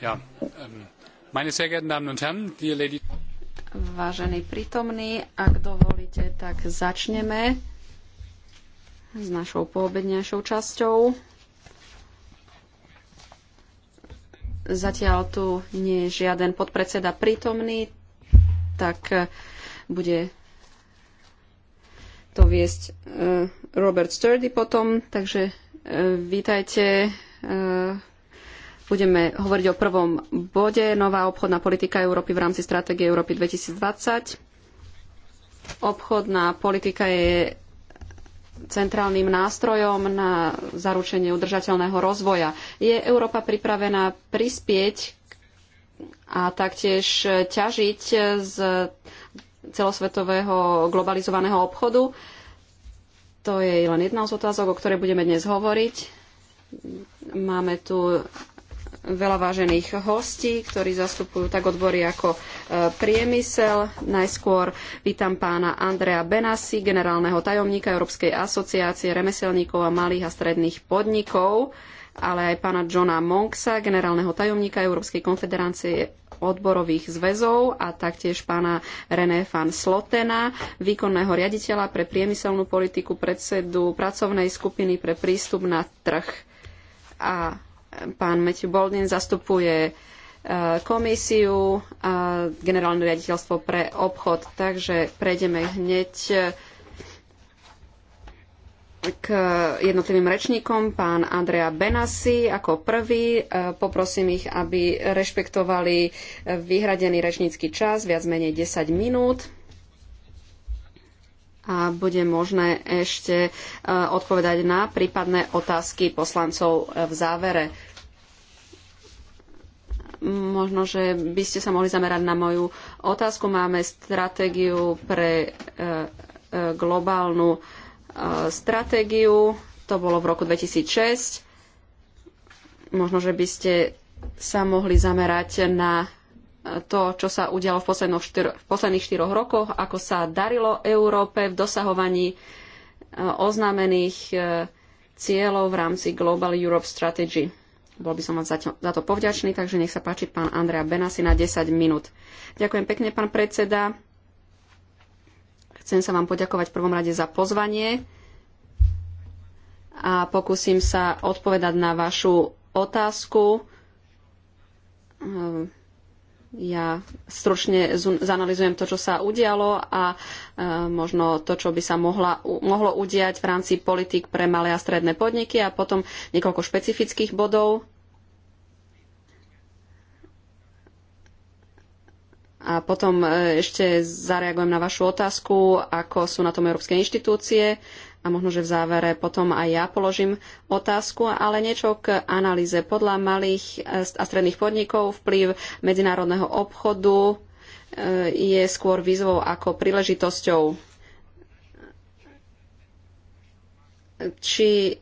Ähm, Vážení prítomní, ak dovolíte, tak začneme s našou poobedňajšou časťou. Zatiaľ tu nie je žiaden podpredseda prítomný, tak eh, bude to viesť eh, Robert Sturdy potom. Takže eh, vítajte Budeme hovoriť o prvom bode, nová obchodná politika Európy v rámci stratégie Európy 2020. Obchodná politika je centrálnym nástrojom na zaručenie udržateľného rozvoja. Je Európa pripravená prispieť a taktiež ťažiť z celosvetového globalizovaného obchodu? To je len jedna z otázok, o ktorej budeme dnes hovoriť. Máme tu veľa vážených hostí, ktorí zastupujú tak odbory ako e, priemysel. Najskôr vítam pána Andrea Benasi, generálneho tajomníka Európskej asociácie remeselníkov a malých a stredných podnikov, ale aj pána Johna Monksa, generálneho tajomníka Európskej konfederácie odborových zväzov a taktiež pána René van Slotena, výkonného riaditeľa pre priemyselnú politiku, predsedu pracovnej skupiny pre prístup na trh a Pán Matthew Baldwin zastupuje e, komisiu a generálne riaditeľstvo pre obchod. Takže prejdeme hneď e, k jednotlivým rečníkom. Pán Andrea Benasi ako prvý. E, poprosím ich, aby rešpektovali vyhradený rečnícky čas, viac menej 10 minút a bude možné ešte odpovedať na prípadné otázky poslancov v závere. Možno, že by ste sa mohli zamerať na moju otázku. Máme stratégiu pre e, e, globálnu e, stratégiu. To bolo v roku 2006. Možno, že by ste sa mohli zamerať na to, čo sa udialo v, v posledných štyroch rokoch, ako sa darilo Európe v dosahovaní oznámených cieľov v rámci Global Europe Strategy. Bol by som vám za to, povďačný, takže nech sa páči pán Andrea Benasi na 10 minút. Ďakujem pekne, pán predseda. Chcem sa vám poďakovať v prvom rade za pozvanie a pokúsim sa odpovedať na vašu otázku ehm, ja stručne zanalizujem to, čo sa udialo a e, možno to, čo by sa mohla, mohlo udiať v rámci politik pre malé a stredné podniky a potom niekoľko špecifických bodov. A potom e, ešte zareagujem na vašu otázku, ako sú na tom európske inštitúcie a možno, že v závere potom aj ja položím otázku, ale niečo k analýze. Podľa malých eh, a stredných podnikov vplyv medzinárodného obchodu eh, je skôr výzvou ako príležitosťou. Či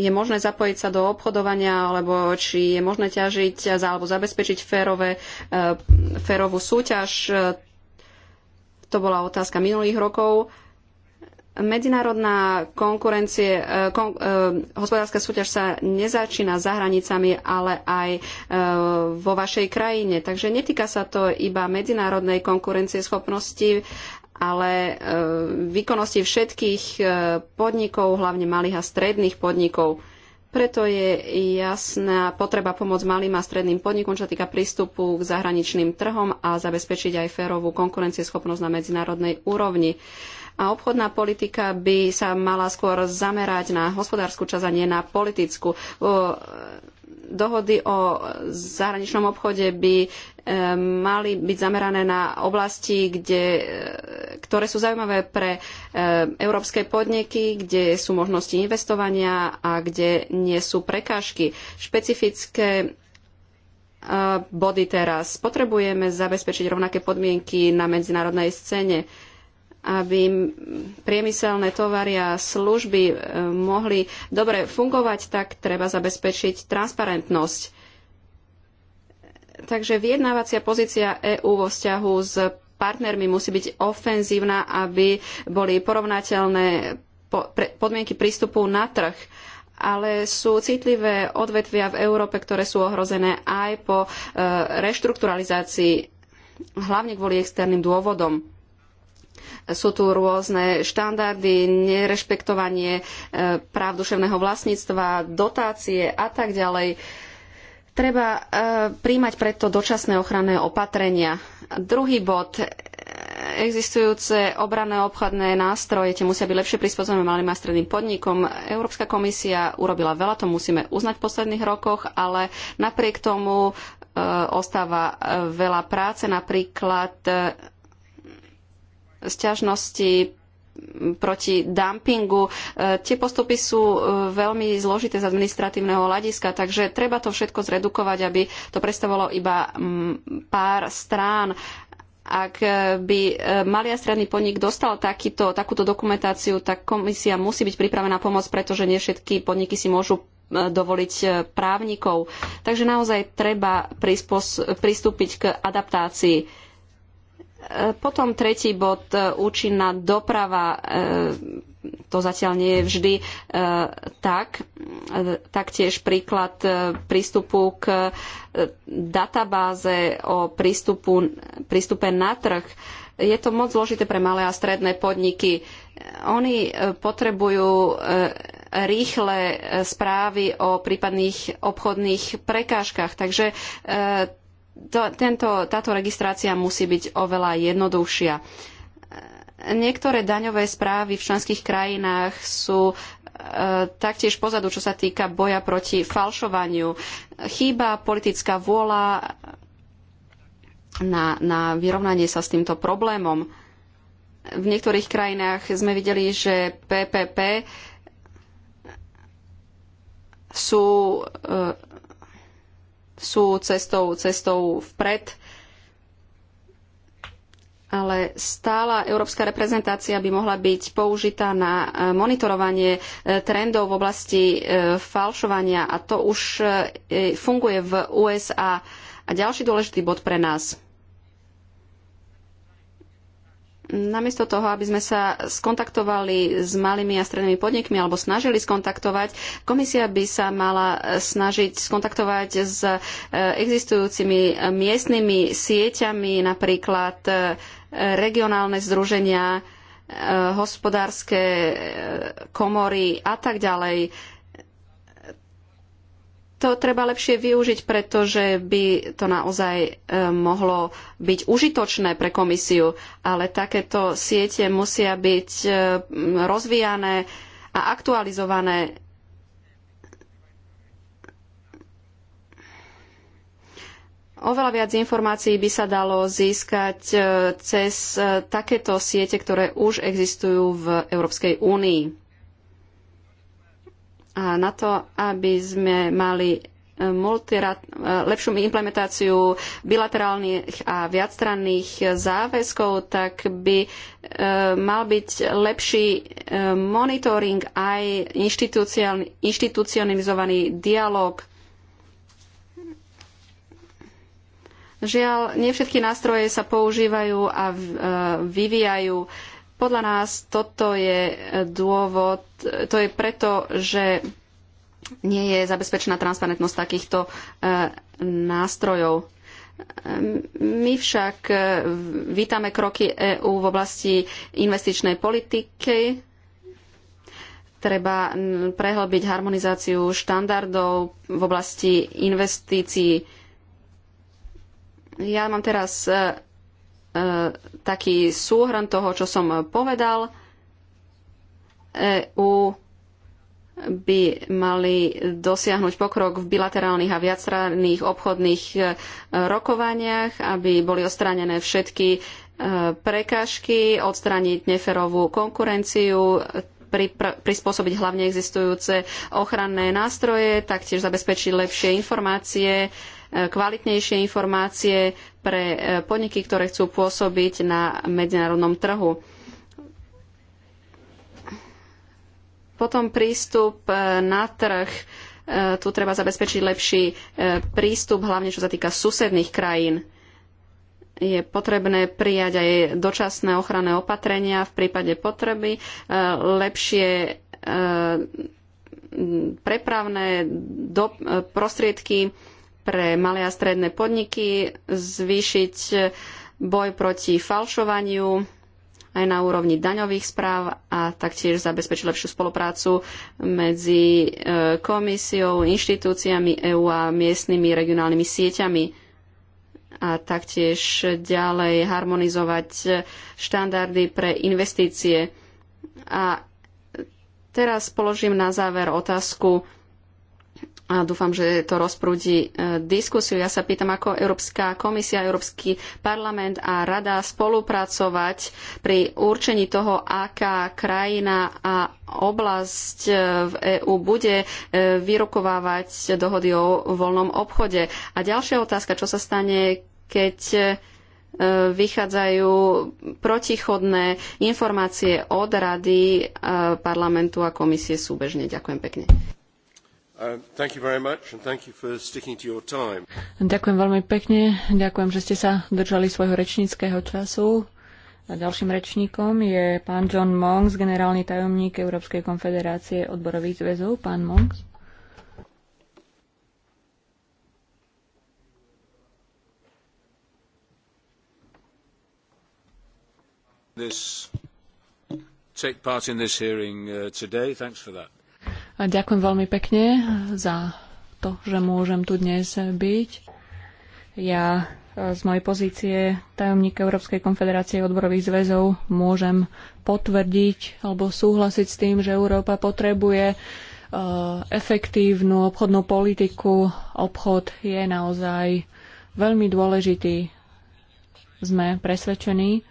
je možné zapojiť sa do obchodovania, alebo či je možné ťažiť alebo zabezpečiť férové, eh, férovú súťaž to bola otázka minulých rokov. Medzinárodná konkurencie, e, kon, eh, hospodárska súťaž sa nezačína za hranicami, ale aj eh, vo vašej krajine. Takže netýka sa to iba medzinárodnej konkurencie schopnosti, ale eh, výkonnosti všetkých e, podnikov, hlavne malých a stredných podnikov. Preto je jasná potreba pomôcť malým a stredným podnikom, čo týka prístupu k zahraničným trhom a zabezpečiť aj férovú konkurencieschopnosť na medzinárodnej úrovni. A obchodná politika by sa mala skôr zamerať na hospodárskú časť a nie na politickú. Dohody o zahraničnom obchode by E, mali byť zamerané na oblasti, kde, e, ktoré sú zaujímavé pre e, európske podniky, kde sú možnosti investovania a kde nie sú prekážky. Špecifické body teraz. Potrebujeme zabezpečiť rovnaké podmienky na medzinárodnej scéne aby priemyselné tovary a služby mohli dobre fungovať, tak treba zabezpečiť transparentnosť Takže vyjednávacia pozícia EÚ vo vzťahu s partnermi musí byť ofenzívna, aby boli porovnateľné podmienky prístupu na trh ale sú citlivé odvetvia v Európe, ktoré sú ohrozené aj po e, reštrukturalizácii, hlavne kvôli externým dôvodom. Sú tu rôzne štandardy, nerešpektovanie e, práv duševného vlastníctva, dotácie a tak ďalej. Treba e, príjmať preto dočasné ochranné opatrenia. Druhý bod. E, existujúce obranné obchodné nástroje tie musia byť lepšie prispôsobené malým a stredným podnikom. Európska komisia urobila veľa, to musíme uznať v posledných rokoch, ale napriek tomu e, ostáva veľa práce, napríklad sťažnosti proti dumpingu. E, tie postupy sú e, veľmi zložité z administratívneho hľadiska, takže treba to všetko zredukovať, aby to predstavovalo iba mm, pár strán ak e, by malý a stredný podnik dostal takýto, takúto dokumentáciu, tak komisia musí byť pripravená pomôcť, pretože nie všetky podniky si môžu dovoliť právnikov. Takže naozaj treba pristúpiť k adaptácii E, potom tretí bod, e, účinná doprava. E, to zatiaľ nie je vždy tak. Taktiež príklad prístupu k databáze o prístupu, prístupe na trh. Je to moc zložité pre malé a stredné podniky. Oni potrebujú rýchle správy o prípadných obchodných prekážkach. Takže to, tento, táto registrácia musí byť oveľa jednoduchšia. Niektoré daňové správy v členských krajinách sú e, taktiež pozadu, čo sa týka boja proti falšovaniu. Chýba politická vôľa na, na vyrovnanie sa s týmto problémom. V niektorých krajinách sme videli, že PPP sú e, sú cestou, cestou vpred, ale stála európska reprezentácia by mohla byť použitá na e, monitorovanie e, trendov v oblasti e, falšovania a to už funguje v USA. A ďalší dôležitý bod pre nás namiesto toho, aby sme sa skontaktovali s malými a strednými podnikmi alebo snažili skontaktovať, komisia by sa mala snažiť skontaktovať s e, existujúcimi miestnymi sieťami, napríklad e, regionálne združenia, e, hospodárske komory a tak ďalej to treba lepšie využiť, pretože by to naozaj e, mohlo byť užitočné pre komisiu, ale takéto siete musia byť e, rozvíjane a aktualizované. Oveľa viac informácií by sa dalo získať e, cez takéto siete, ktoré už existujú v Európskej únii. A na to, aby sme mali e, e, lepšiu implementáciu bilaterálnych a viacstranných záväzkov, tak by e, mal byť lepší monitoring aj inštitucionalizovaný dialog. Žiaľ, nie všetky nástroje sa používajú a vyvíjajú podľa nás toto je dôvod, to je preto, že nie je zabezpečená transparentnosť takýchto e, nástrojov. My však e, vítame kroky EÚ v oblasti investičnej politiky. Treba prehlbiť harmonizáciu štandardov v oblasti investícií. Ja mám teraz e, E, taký súhrn toho, čo som povedal. EU by mali dosiahnuť pokrok v bilaterálnych a viacstranných obchodných e, rokovaniach, aby boli odstránené všetky e, prekážky, odstrániť neferovú konkurenciu, prispôsobiť hlavne existujúce ochranné nástroje, taktiež zabezpečiť lepšie informácie, E, kvalitnejšie informácie pre e, podniky, ktoré chcú pôsobiť na medzinárodnom trhu. Potom prístup e, na trh. Tu treba zabezpečiť lepší prístup, hlavne čo sa týka susedných krajín je potrebné prijať aj dočasné ochranné opatrenia v prípade potreby, lepšie prepravné prostriedky pre malé a stredné podniky, zvýšiť boj proti falšovaniu aj na úrovni daňových správ a taktiež zabezpečiť lepšiu spoluprácu medzi e, komisiou, inštitúciami EÚ a miestnymi regionálnymi sieťami a taktiež ďalej harmonizovať štandardy pre investície. A teraz položím na záver otázku, a dúfam, že to rozprúdi e, diskusiu. Ja sa pýtam, ako Európska komisia, Európsky parlament a rada spolupracovať pri určení toho, aká krajina a oblasť e, v EÚ bude e, vyrokovávať dohody o voľnom obchode. A ďalšia otázka, čo sa stane, keď vychádzajú protichodné informácie od rady parlamentu a komisie súbežne. Ďakujem pekne. Ďakujem veľmi pekne. Ďakujem, že ste sa držali svojho rečníckého času. A ďalším rečníkom je pán John Monks, generálny tajomník Európskej konfederácie odborových zväzov. Pán Monks. This, take part in this hearing uh, today. Thanks for that. Ďakujem veľmi pekne za to, že môžem tu dnes byť. Ja e, z mojej pozície tajomníka Európskej konfederácie odborových zväzov môžem potvrdiť alebo súhlasiť s tým, že Európa potrebuje e, efektívnu obchodnú politiku. Obchod je naozaj veľmi dôležitý. Sme presvedčení,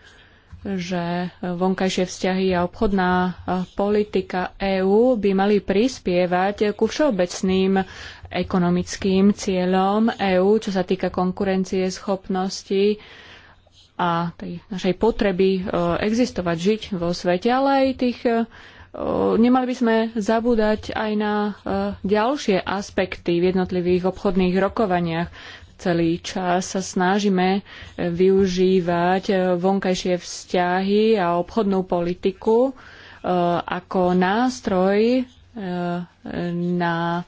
že vonkajšie vzťahy a obchodná politika EÚ by mali prispievať ku všeobecným ekonomickým cieľom EÚ, čo sa týka konkurencie, schopnosti a tej našej potreby e, existovať, žiť vo svete, ale aj tých e, nemali by sme zabúdať aj na e, ďalšie aspekty v jednotlivých obchodných rokovaniach celý čas sa snažíme eh, využívať eh, vonkajšie vzťahy a obchodnú politiku eh, ako nástroj na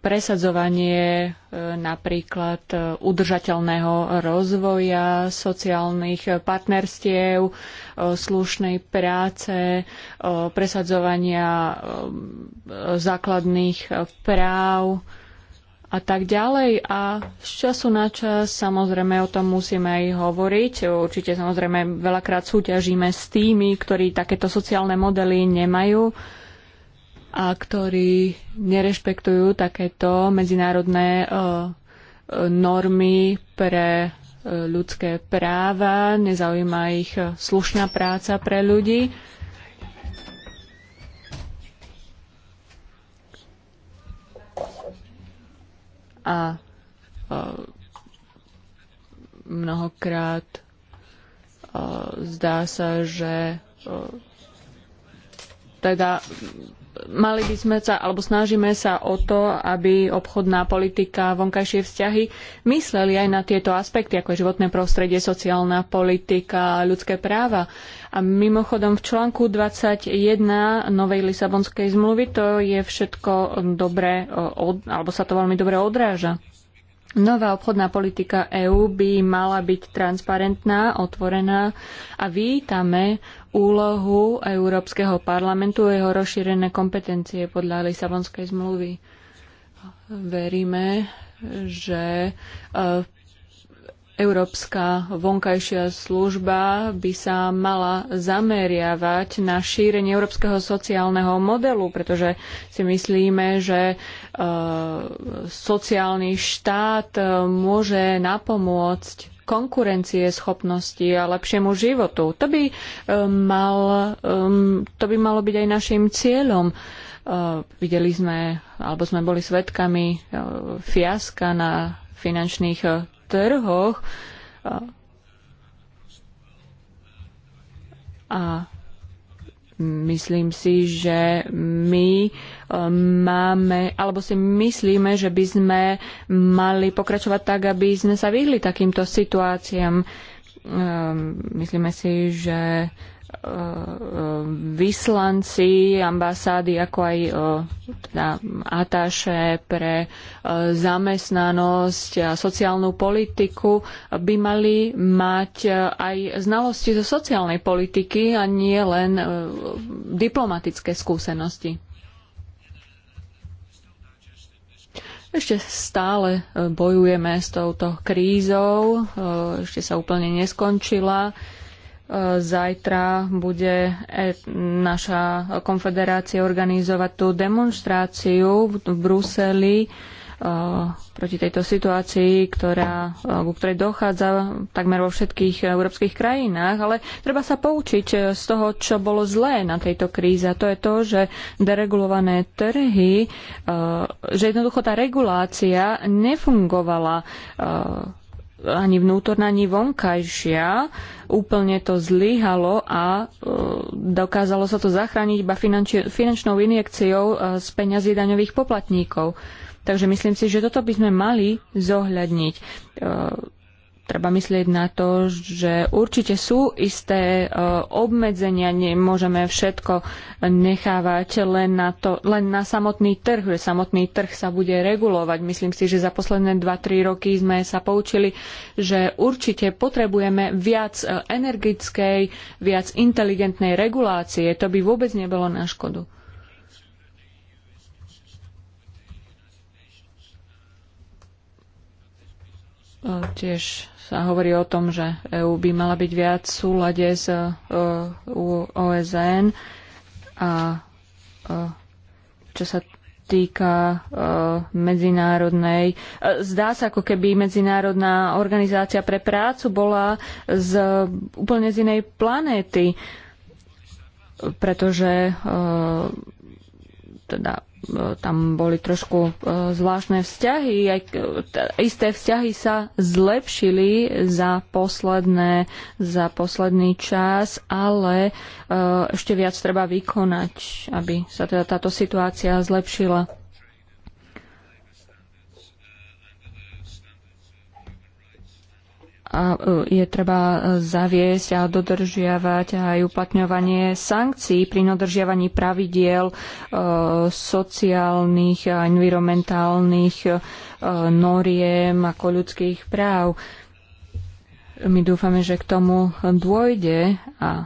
presadzovanie napríklad udržateľného rozvoja, sociálnych partnerstiev, slušnej práce, presadzovania základných práv, a tak ďalej. A z času na čas samozrejme o tom musíme aj hovoriť. Určite samozrejme veľakrát súťažíme s tými, ktorí takéto sociálne modely nemajú a ktorí nerešpektujú takéto medzinárodné e, e, normy pre e, ľudské práva, nezaujíma ich slušná práca pre ľudí. a mnohokrát zdá sa, že teda mali by sme sa, alebo snažíme sa o to, aby obchodná politika, vonkajšie vzťahy mysleli aj na tieto aspekty, ako je životné prostredie, sociálna politika, ľudské práva. Uh, a mimochodom v článku 21 novej Lisabonskej zmluvy to je všetko dobre, od, alebo sa to veľmi dobre odráža. Nová obchodná politika EÚ by mala byť transparentná, otvorená a vítame úlohu Európskeho parlamentu a jeho rozšírené kompetencie podľa Lisabonskej zmluvy. Veríme, že v e, Európska vonkajšia služba by sa mala zameriavať na šírenie európskeho sociálneho modelu, pretože si myslíme, že e, sociálny štát eh, môže napomôcť konkurencie schopnosti a lepšiemu životu. To by, eh, mal, to by malo byť aj našim cieľom. Videli sme, alebo sme boli svedkami fiaska na finančných trhoch a myslím si, že my e, máme, alebo si myslíme, že by sme mali pokračovať tak, aby sme sa vyhli takýmto situáciám. E, myslíme si, že Eh, vyslanci ambasády, ako aj eh, teda ataše pre eh, zamestnanosť a sociálnu politiku by mali mať aj znalosti zo sociálnej politiky a nie len diplomatické skúsenosti. Ešte stále bojujeme s touto krízou, ešte sa úplne neskončila Zajtra bude naša konfederácia organizovať tú demonstráciu v Bruseli e, proti tejto situácii, ktorá, e, ku ktorej dochádza takmer vo všetkých európskych krajinách, ale treba sa poučiť e, z toho, čo bolo zlé na tejto kríze. A to je to, že deregulované trhy, že jednoducho tá regulácia nefungovala ani vnútorná, ani vonkajšia. Úplne to zlyhalo a e, dokázalo sa to zachrániť iba finanči- finančnou injekciou e, z peňazí daňových poplatníkov. Takže myslím si, že toto by sme mali zohľadniť. E, treba myslieť na to, že určite sú isté e, obmedzenia, nemôžeme všetko nechávať len na, to, len na samotný trh, že samotný trh sa bude regulovať. Myslím si, že za posledné 2-3 roky sme sa poučili, že určite potrebujeme viac e, energickej, viac inteligentnej regulácie. To by vôbec nebolo na škodu. dear sa hovorí o tom, že EÚ by mala byť viac v súlade s e, OSN a e, čo sa týka e, medzinárodnej. Zdá sa, ako keby Medzinárodná organizácia pre prácu bola z úplne z inej planéty, pretože teda tam boli trošku e, zvláštne vzťahy. Aj, e, isté vzťahy sa zlepšili za, posledné, za posledný čas, ale e, ešte viac treba vykonať, aby sa teda táto situácia zlepšila. E, je treba e, zaviesť a dodržiavať aj uplatňovanie sankcií pri nadržiavaní pravidiel e, sociálnych a environmentálnych noriem ako ľudských práv. My dúfame, že k tomu dôjde a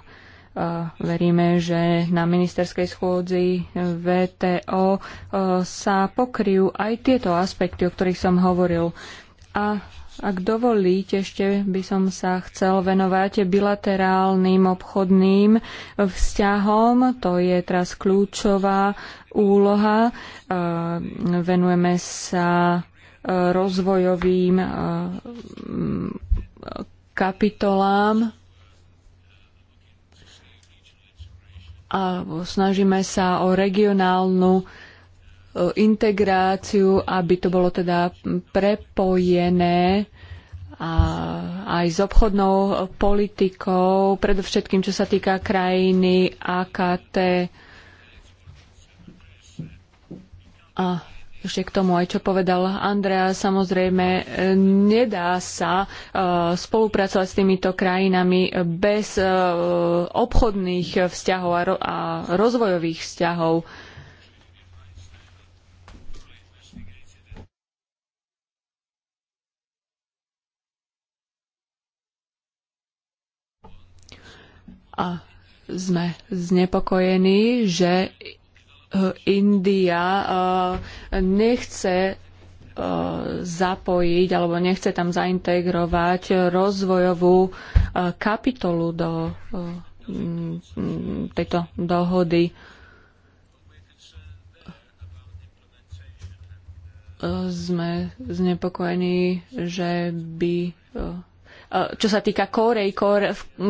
veríme, že na ministerskej schôdzi VTO sa pokryjú aj tieto aspekty, o ktorých som hovoril. A ak dovolíte, ešte by som sa chcel venovať bilaterálnym obchodným vzťahom. To je teraz kľúčová úloha. E, venujeme sa e, rozvojovým e, kapitolám a snažíme sa o regionálnu integráciu, aby to bolo teda prepojené a aj s obchodnou politikou, predovšetkým čo sa týka krajiny AKT. A ešte k tomu aj čo povedal Andrea, samozrejme nedá sa e, spolupracovať s týmito krajinami bez e, obchodných vzťahov a rozvojových vzťahov A sme znepokojení, že e, India e, nechce e, zapojiť alebo nechce tam zaintegrovať rozvojovú kapitolu do tejto dohody. Sme znepokojení, že by čo sa týka Kórej,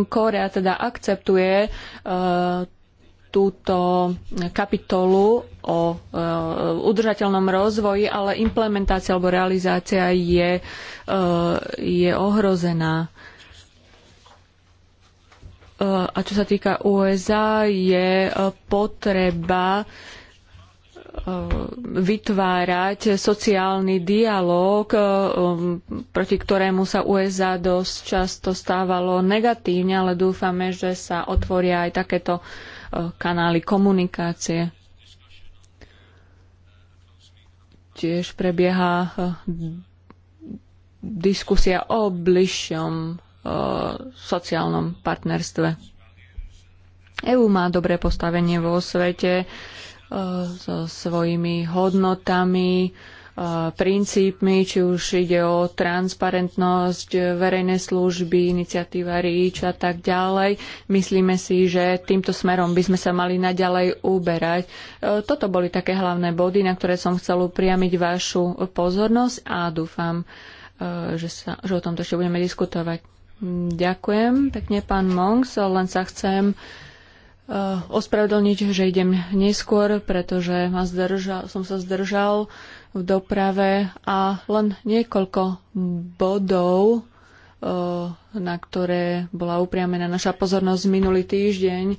Kórea teda akceptuje e, túto kapitolu o e, udržateľnom rozvoji, ale implementácia alebo realizácia je, e, je ohrozená. A čo sa týka USA, je potreba E, vytvárať sociálny dialog, e, um, proti ktorému sa USA dosť často stávalo negatívne, ale dúfame, že sa otvoria aj takéto e, kanály komunikácie. Tiež prebieha diskusia o bližšom sociálnom partnerstve. EÚ má dobré postavenie vo svete, so svojimi hodnotami, e, princípmi, či už ide o transparentnosť verejnej služby, iniciatíva REACH a tak ďalej. Myslíme si, že týmto smerom by sme sa mali naďalej uberať. E, toto boli také hlavné body, na ktoré som chcel upriamiť vašu pozornosť a dúfam, e, že, sa, že o tomto ešte budeme diskutovať. Ďakujem pekne, pán Monks. Len sa chcem uh, Eh, ospravedlniť, že idem neskôr, pretože ma zdržal, som sa zdržal v doprave a len niekoľko bodov, eh, na ktoré bola upriamená naša pozornosť minulý týždeň, eh,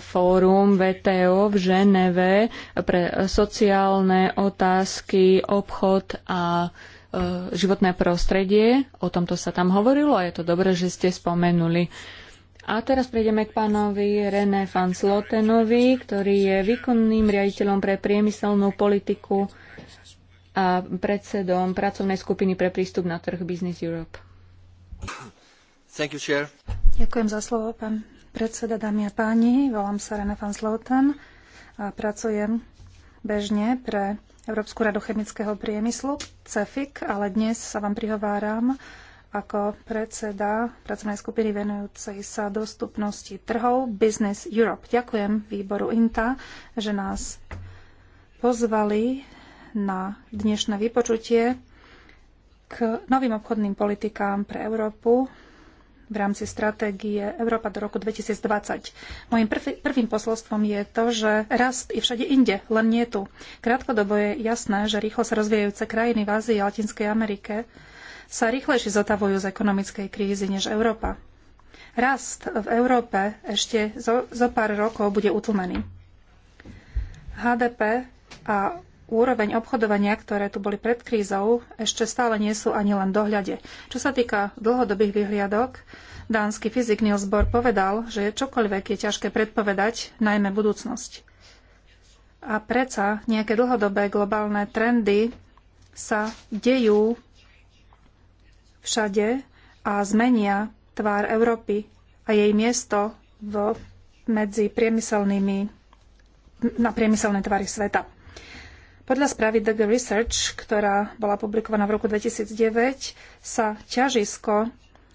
fórum VTO v Ženeve pre sociálne otázky, obchod a životné prostredie. O tomto sa tam hovorilo a je to dobré, že ste spomenuli. A teraz prejdeme k pánovi René van Slotenovi, ktorý je výkonným riaditeľom pre priemyselnú politiku a predsedom pracovnej skupiny pre prístup na trh Business Europe. You, Ďakujem za slovo, pán predseda, dámy a páni. Volám sa René van Sloten a pracujem bežne pre Európsku radu chemického priemyslu, CEFIC, ale dnes sa vám prihováram ako predseda pracovnej skupiny venujúcej sa dostupnosti trhov Business Europe. Ďakujem výboru INTA, že nás pozvali na dnešné vypočutie k novým obchodným politikám pre Európu v rámci stratégie Európa do roku 2020. Mojím prvým posolstvom je to, že rast je všade inde, len nie tu. Krátkodobo je jasné, že rýchlo sa rozvíjajúce krajiny v Ázii a Latinskej Amerike sa rýchlejšie zotavujú z ekonomickej krízy než Európa. Rast v Európe ešte zo, zo pár rokov bude utlmený. HDP a úroveň obchodovania, ktoré tu boli pred krízou, ešte stále nie sú ani len dohľade. Čo sa týka dlhodobých vyhliadok, dánsky fyzik Niels Bohr povedal, že čokoľvek je ťažké predpovedať, najmä budúcnosť. A predsa nejaké dlhodobé globálne trendy sa dejú všade a zmenia tvár Európy a jej miesto v, medzi priemyselnými, na priemyselnej tvary sveta. Podľa správy The Research, ktorá bola publikovaná v roku 2009, sa ťažisko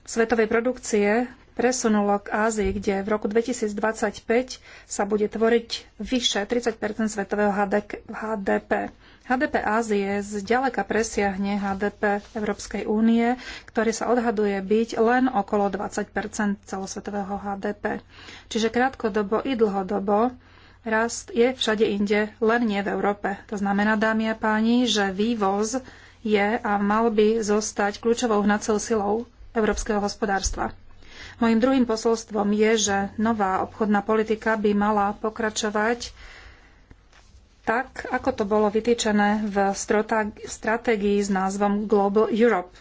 svetovej produkcie presunulo k Ázii, kde v roku 2025 sa bude tvoriť vyše 30 svetového HDP. HDP Ázie zďaleka presiahne HDP Európskej únie, ktorý sa odhaduje byť len okolo 20 celosvetového HDP. Čiže krátkodobo i dlhodobo rast je všade inde, len nie v Európe. To znamená, dámy a páni, že vývoz je a mal by zostať kľúčovou hnacou silou európskeho hospodárstva. Mojím druhým posolstvom je, že nová obchodná politika by mala pokračovať tak, ako to bolo vytýčené v stratégii s názvom Global Europe.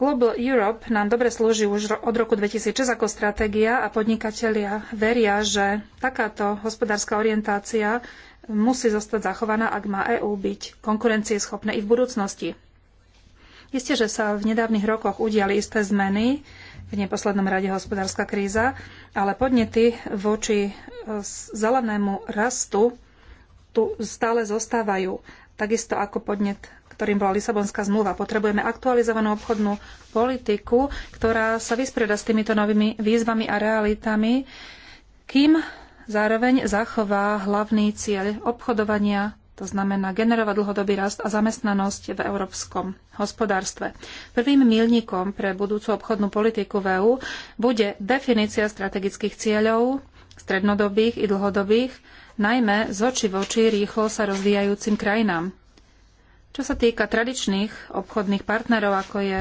Global Europe nám dobre slúži už od roku 2006 ako stratégia a podnikatelia veria, že takáto hospodárska orientácia musí zostať zachovaná, ak má EÚ byť konkurencieschopné i v budúcnosti. Isté, že sa v nedávnych rokoch udiali isté zmeny, v neposlednom rade hospodárska kríza, ale podnety voči e, zelenému rastu tu stále zostávajú. Takisto ako podnet, ktorým bola Lisabonská zmluva. Potrebujeme aktualizovanú obchodnú politiku, ktorá sa vysporiada s týmito novými výzvami a realitami, kým zároveň zachová hlavný cieľ obchodovania to znamená generovať dlhodobý rast a zamestnanosť v európskom hospodárstve. Prvým milníkom pre budúcu obchodnú politiku v EÚ bude definícia strategických cieľov, strednodobých i dlhodobých, najmä z oči v oči rýchlo sa rozvíjajúcim krajinám. Čo sa týka tradičných obchodných partnerov, ako je,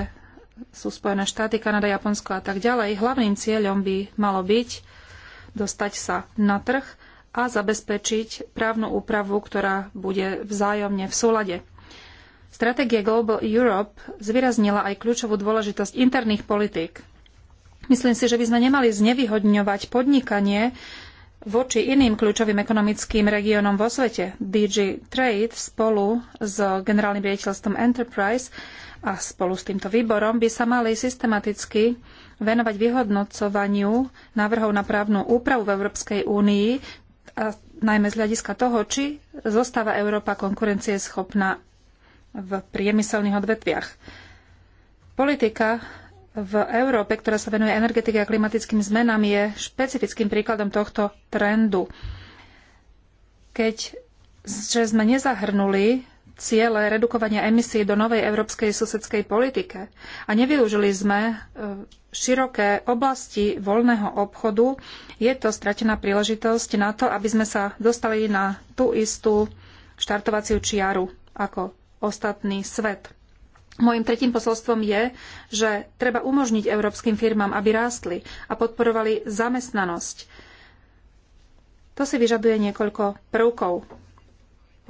sú Spojené štáty, Kanada, Japonsko a tak ďalej, hlavným cieľom by malo byť dostať sa na trh a zabezpečiť právnu úpravu, ktorá bude vzájomne v súlade. Stratégia Global Europe zvýraznila aj kľúčovú dôležitosť interných politík. Myslím si, že by sme nemali znevýhodňovať podnikanie voči iným kľúčovým ekonomickým regiónom vo svete. DG Trade spolu s generálnym riaditeľstvom Enterprise a spolu s týmto výborom by sa mali systematicky venovať vyhodnocovaniu návrhov na právnu úpravu v Európskej únii, a najmä z hľadiska toho, či zostáva Európa konkurencieschopná v priemyselných odvetviach. Politika v Európe, ktorá sa venuje energetike a klimatickým zmenám, je špecifickým príkladom tohto trendu. Keď že sme nezahrnuli ciele redukovania emisí do novej európskej susedskej politike a nevyužili sme e, široké oblasti voľného obchodu, je to stratená príležitosť na to, aby sme sa dostali na tú istú štartovaciu čiaru ako ostatný svet. Mojím tretím posolstvom je, že treba umožniť európskym firmám, aby rástli a podporovali zamestnanosť. To si vyžaduje niekoľko prvkov.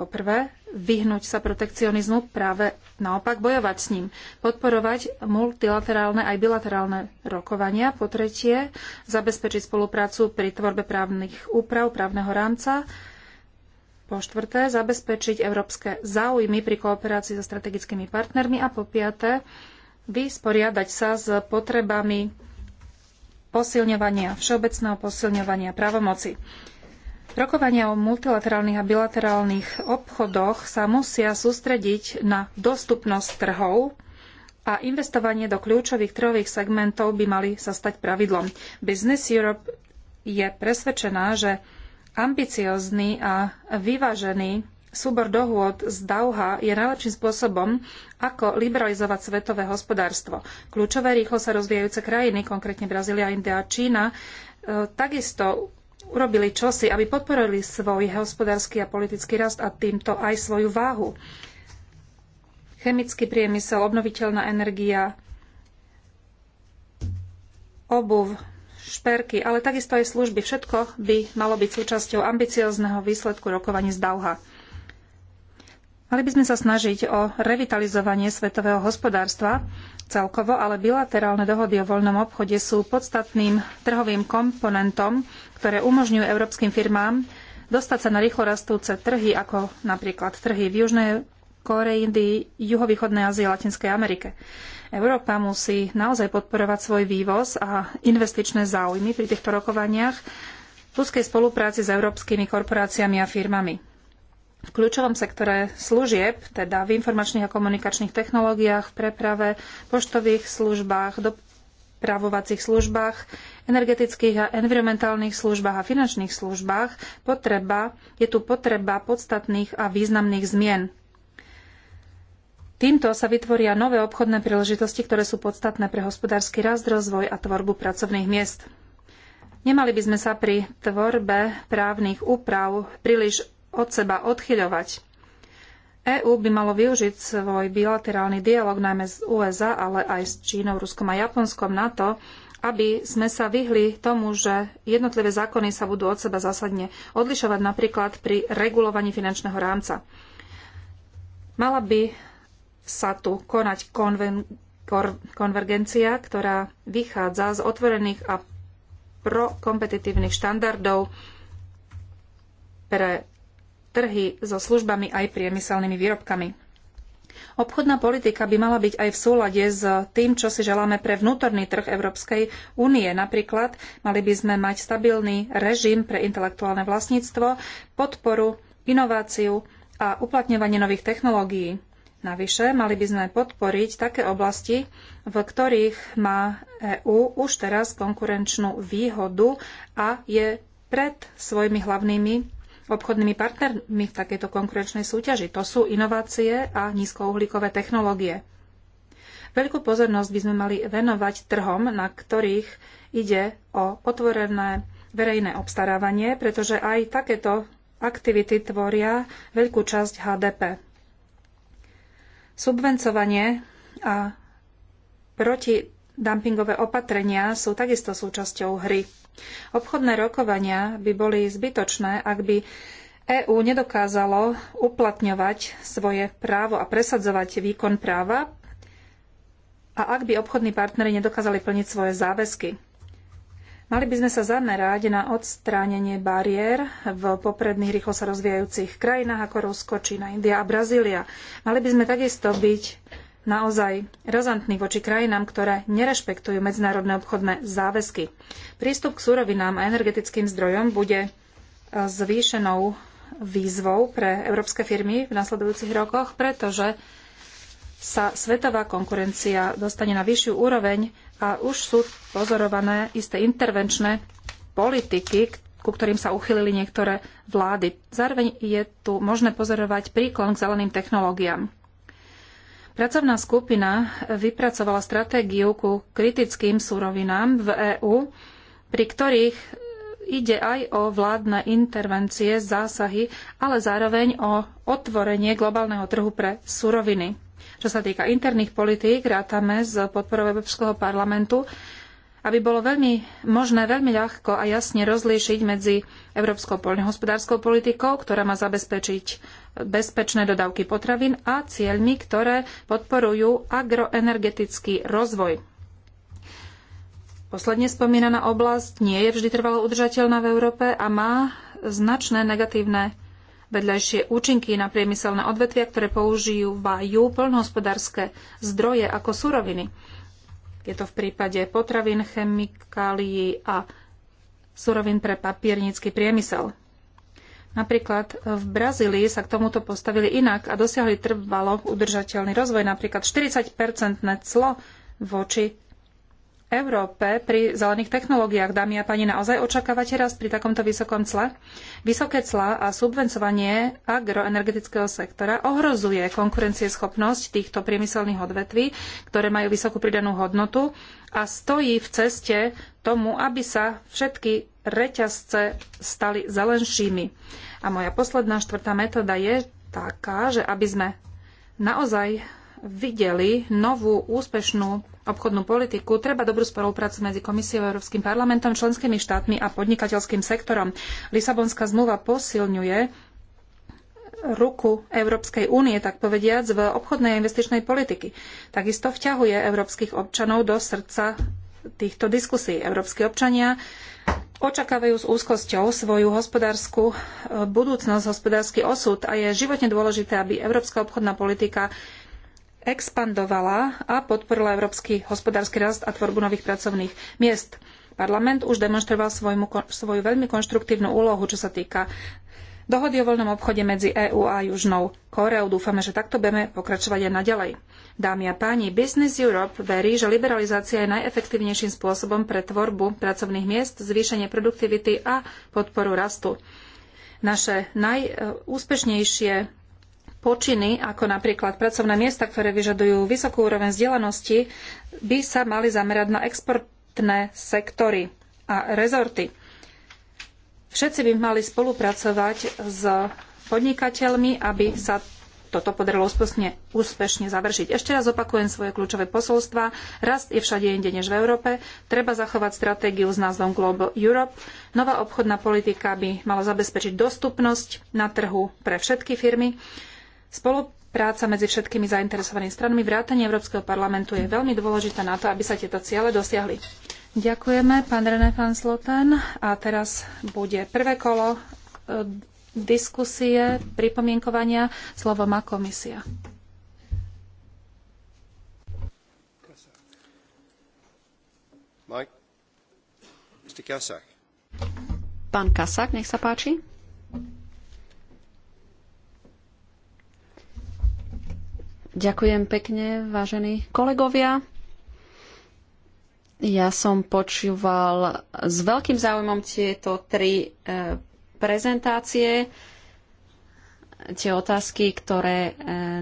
Po prvé, vyhnúť sa protekcionizmu, práve naopak bojovať s ním. Podporovať multilaterálne aj bilaterálne rokovania. Po tretie, zabezpečiť spoluprácu pri tvorbe právnych úprav, právneho rámca po štvrté, zabezpečiť európske záujmy pri kooperácii so strategickými partnermi. A po piaté, vysporiadať sa s potrebami posilňovania, všeobecného posilňovania právomoci. Rokovania o multilaterálnych a bilaterálnych obchodoch sa musia sústrediť na dostupnosť trhov a investovanie do kľúčových trhových segmentov by mali sa stať pravidlom. Business Europe je presvedčená, že Ambiciózny a vyvážený súbor dohôd z Dauha je najlepším spôsobom, ako liberalizovať svetové hospodárstvo. Kľúčové rýchlo sa rozvíjajúce krajiny, konkrétne Brazília, India a Čína, e, takisto urobili čosi, aby podporili svoj hospodársky a politický rast a týmto aj svoju váhu. Chemický priemysel, obnoviteľná energia, obuv, šperky, ale takisto aj služby. Všetko by malo byť súčasťou ambiciozneho výsledku rokovaní z Dauha. Mali by sme sa snažiť o revitalizovanie svetového hospodárstva celkovo, ale bilaterálne dohody o voľnom obchode sú podstatným trhovým komponentom, ktoré umožňujú európskym firmám dostať sa na rýchlo rastúce trhy, ako napríklad trhy v Južnej Koreji, Juhovýchodnej Ázii a Latinskej Amerike. Európa musí naozaj podporovať svoj vývoz a investičné záujmy pri týchto rokovaniach v úzkej spolupráci s európskymi korporáciami a firmami. V kľúčovom sektore služieb, teda v informačných a komunikačných technológiách, v preprave, poštových službách, dopravovacích službách, energetických a environmentálnych službách a finančných službách, potreba, je tu potreba podstatných a významných zmien. Týmto sa vytvoria nové obchodné príležitosti, ktoré sú podstatné pre hospodársky rast, rozvoj a tvorbu pracovných miest. Nemali by sme sa pri tvorbe právnych úprav príliš od seba odchyľovať. EÚ by malo využiť svoj bilaterálny dialog najmä s USA, ale aj s Čínou, Ruskom a Japonskom na to, aby sme sa vyhli tomu, že jednotlivé zákony sa budú od seba zásadne odlišovať napríklad pri regulovaní finančného rámca. Mala by sa tu konať konven, kor, konvergencia, ktorá vychádza z otvorených a prokompetitívnych štandardov pre trhy so službami aj priemyselnými výrobkami. Obchodná politika by mala byť aj v súlade s tým, čo si želáme pre vnútorný trh Európskej únie. Napríklad mali by sme mať stabilný režim pre intelektuálne vlastníctvo, podporu, inováciu a uplatňovanie nových technológií. Navyše, mali by sme podporiť také oblasti, v ktorých má EÚ už teraz konkurenčnú výhodu a je pred svojimi hlavnými obchodnými partnermi v takejto konkurenčnej súťaži. To sú inovácie a nízkouhlíkové technológie. Veľkú pozornosť by sme mali venovať trhom, na ktorých ide o otvorené verejné obstarávanie, pretože aj takéto aktivity tvoria veľkú časť HDP. Subvencovanie a protidumpingové opatrenia sú takisto súčasťou hry. Obchodné rokovania by boli zbytočné, ak by EÚ nedokázalo uplatňovať svoje právo a presadzovať výkon práva a ak by obchodní partnery nedokázali plniť svoje záväzky. Mali by sme sa zamerať na odstránenie bariér v popredných rýchlo sa rozvíjajúcich krajinách ako Rusko, Čína, India a Brazília. Mali by sme takisto byť naozaj razantný voči krajinám, ktoré nerešpektujú medzinárodné obchodné záväzky. Prístup k surovinám a energetickým zdrojom bude e, zvýšenou výzvou pre európske firmy v nasledujúcich rokoch, pretože sa svetová konkurencia dostane na vyššiu úroveň a už sú pozorované isté intervenčné politiky, ku ktorým sa uchylili niektoré vlády. Zároveň je tu možné pozorovať príklon k zeleným technológiám. Pracovná skupina vypracovala stratégiu ku kritickým surovinám v EÚ, pri ktorých ide aj o vládne intervencie, zásahy, ale zároveň o otvorenie globálneho trhu pre suroviny. Čo sa týka interných politík, rátame s podporou Európskeho parlamentu, aby bolo veľmi možné veľmi ľahko a jasne rozlíšiť medzi európskou poľnohospodárskou politikou, ktorá má zabezpečiť bezpečné dodávky potravín a cieľmi, ktoré podporujú agroenergetický rozvoj. Posledne spomínaná oblasť nie je vždy trvalo udržateľná v Európe a má značné negatívne vedľajšie účinky na priemyselné odvetvia, ktoré používajú plnohospodárske zdroje ako suroviny. Je to v prípade potravín, chemikálií a surovín pre papiernícky priemysel. Napríklad v Brazílii sa k tomuto postavili inak a dosiahli trvalo udržateľný rozvoj, napríklad 40-percentné clo voči Európe pri zelených technológiách, dámy a pani, naozaj očakávate rast pri takomto vysokom cle? Vysoké clá a subvencovanie agroenergetického sektora ohrozuje konkurencieschopnosť týchto priemyselných odvetví, ktoré majú vysokú pridanú hodnotu a stojí v ceste tomu, aby sa všetky reťazce stali zelenšími. A moja posledná štvrtá metóda je taká, že aby sme naozaj videli novú úspešnú obchodnú politiku, treba dobrú spoluprácu medzi Komisiou, Európskym parlamentom, členskými štátmi a podnikateľským sektorom. Lisabonská zmluva posilňuje ruku Európskej únie, tak povediac, v obchodnej a investičnej politiky. Takisto vťahuje európskych občanov do srdca týchto diskusí. Európski občania očakávajú s úzkosťou svoju hospodársku e, budúcnosť, hospodársky osud a je životne dôležité, aby európska obchodná politika expandovala a podporila európsky hospodársky rast a tvorbu nových pracovných miest. Parlament už demonstroval svojmu, svoju veľmi konštruktívnu úlohu, čo sa týka dohody o voľnom obchode medzi EÚ a Južnou Kóreou. Dúfame, že takto budeme pokračovať aj naďalej. Dámy a páni, Business Europe verí, že liberalizácia je najefektívnejším spôsobom pre tvorbu pracovných miest, zvýšenie produktivity a podporu rastu. Naše najúspešnejšie počiny, ako napríklad pracovné miesta, ktoré vyžadujú vysokú úroveň vzdelanosti, by sa mali zamerať na exportné sektory a rezorty. Všetci by mali spolupracovať s podnikateľmi, aby sa toto podarilo úspešne, úspešne završiť. Ešte raz opakujem svoje kľúčové posolstva. Rast je všade inde než v Európe. Treba zachovať stratégiu s názvom Global Europe. Nová obchodná politika by mala zabezpečiť dostupnosť na trhu pre všetky firmy. Spolupráca medzi všetkými zainteresovanými stranami vrátane Európskeho parlamentu je veľmi dôležitá na to, aby sa tieto ciele dosiahli. Ďakujeme, pán René van Sloten. A teraz bude prvé kolo e, diskusie, pripomienkovania. Slovo má komisia. Mike? Pán Kasák, nech sa páči. Ďakujem pekne, vážení kolegovia. Ja som počúval s veľkým záujmom tieto tri e, prezentácie. Tie otázky, ktoré e,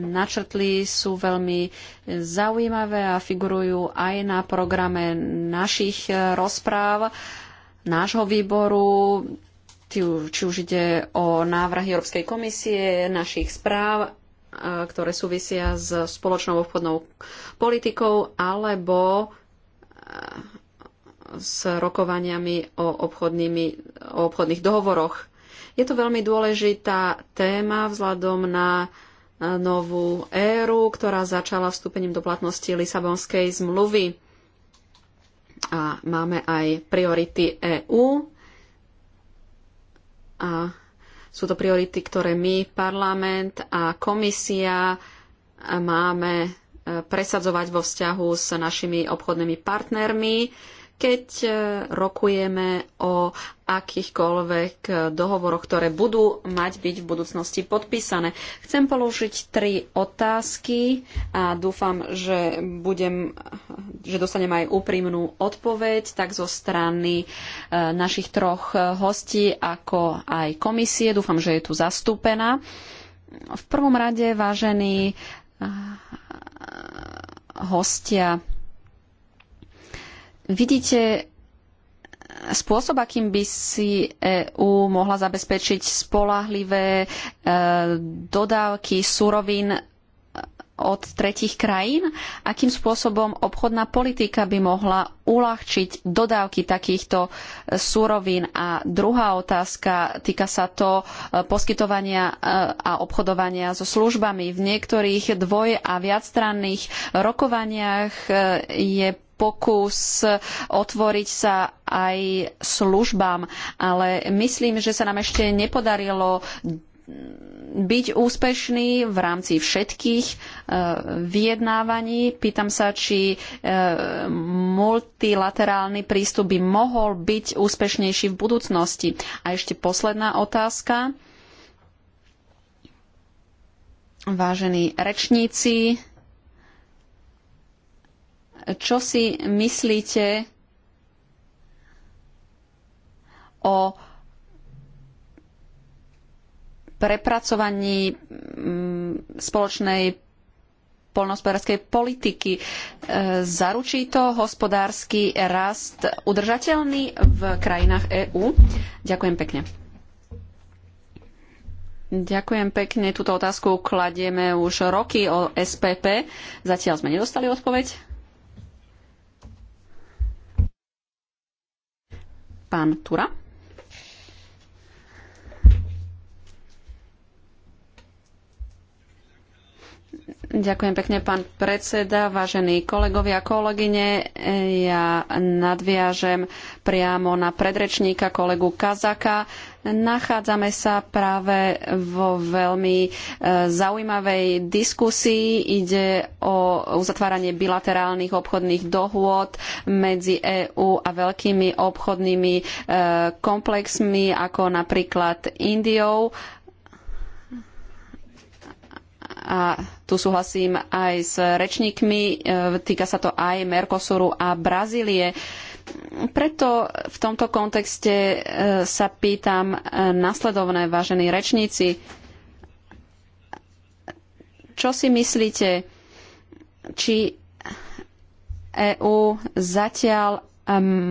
načrtli, sú veľmi zaujímavé a figurujú aj na programe našich e, rozpráv, nášho výboru, či už ide o návrhy Európskej komisie, našich správ ktoré súvisia s spoločnou obchodnou politikou alebo s rokovaniami o, o obchodných dohovoroch. Je to veľmi dôležitá téma vzhľadom na novú éru, ktorá začala vstúpením do platnosti Lisabonskej zmluvy. A máme aj priority EÚ. A sú to priority, ktoré my, parlament a komisia máme e, presadzovať vo vzťahu s našimi obchodnými partnermi, keď e, rokujeme o akýchkoľvek eh, dohovoroch, ktoré budú mať byť v budúcnosti podpísané. Chcem položiť tri otázky a dúfam, že, budem, že dostanem aj úprimnú odpoveď, tak zo strany eh, našich troch eh, hostí, ako aj komisie. Dúfam, že je tu zastúpená. V prvom rade, vážení hostia, vidíte spôsob, akým by si EÚ mohla zabezpečiť spolahlivé e, dodávky surovín e, od tretich krajín, akým spôsobom obchodná politika by mohla uľahčiť dodávky takýchto e, súrovín. A druhá otázka týka sa to poskytovania a obchodovania so službami. V niektorých dvoj a viacstranných rokovaniach je pokus otvoriť sa aj službám, ale myslím, že sa nám ešte nepodarilo byť úspešný v rámci všetkých e, vyjednávaní. Pýtam sa, či e, multilaterálny prístup by mohol byť úspešnejší v budúcnosti. A ešte posledná otázka. Vážení rečníci, čo si myslíte o prepracovaní mm, spoločnej poľnohospodárskej politiky. E, zaručí to hospodársky rast udržateľný v krajinách EÚ? Ďakujem pekne. Ďakujem pekne. Túto otázku kladieme už roky o SPP. Zatiaľ sme nedostali odpoveď. Pán Tura? Ďakujem pekne, pán predseda, vážení kolegovia a kolegyne. Ja nadviažem priamo na predrečníka kolegu Kazaka. Nachádzame sa práve vo veľmi e, zaujímavej diskusii. Ide o uzatváranie bilaterálnych obchodných dohôd medzi EÚ a veľkými obchodnými e, komplexmi, ako napríklad Indiou a tu súhlasím aj s rečníkmi, e, týka sa to aj Mercosuru a Brazílie. Preto v tomto kontexte e, sa pýtam e, nasledovné, vážení rečníci, čo si myslíte, či EÚ zatiaľ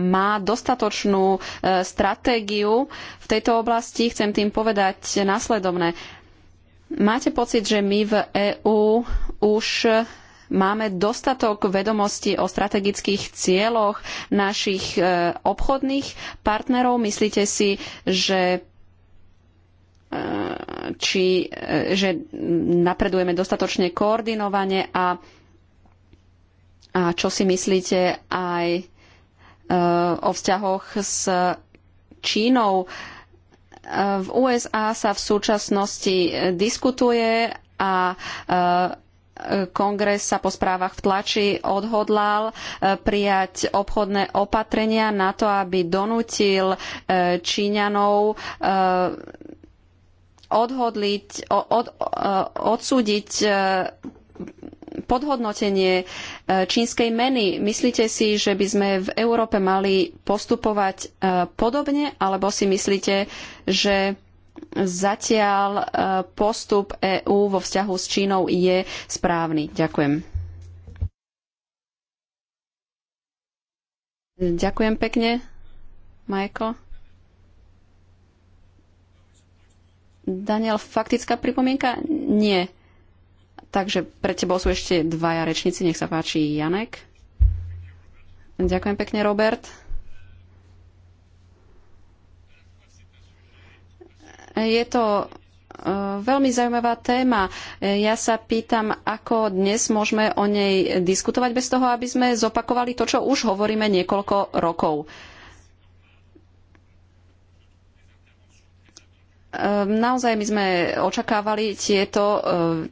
má dostatočnú stratégiu v tejto oblasti. Chcem tým povedať nasledovné Máte pocit, že my v EÚ už máme dostatok vedomostí o strategických cieloch našich e, obchodných partnerov? Myslíte si, že e, či e, že napredujeme dostatočne koordinovane a, a čo si myslíte aj o vzťahoch s Čínou? V USA sa v súčasnosti e, diskutuje a e, kongres sa po správach v tlači odhodlal e, prijať obchodné opatrenia na to, aby donútil Číňanov odhodliť, od, odsúdiť od, podhodnotenie e, čínskej meny. Myslíte si, že by sme v Európe mali postupovať e, podobne, alebo si myslíte, že zatiaľ e, postup EÚ vo vzťahu s Čínou je správny? Ďakujem. Ďakujem pekne, Majko. Daniel, faktická pripomienka? Nie. Takže pre tebou sú ešte dvaja rečníci. Nech sa páči, Janek. Ďakujem pekne, Robert. Je to e, veľmi zaujímavá téma. Ja sa pýtam, ako dnes môžeme o nej diskutovať bez toho, aby sme zopakovali to, čo už hovoríme niekoľko rokov. Ehm, naozaj my sme očakávali tieto ehm,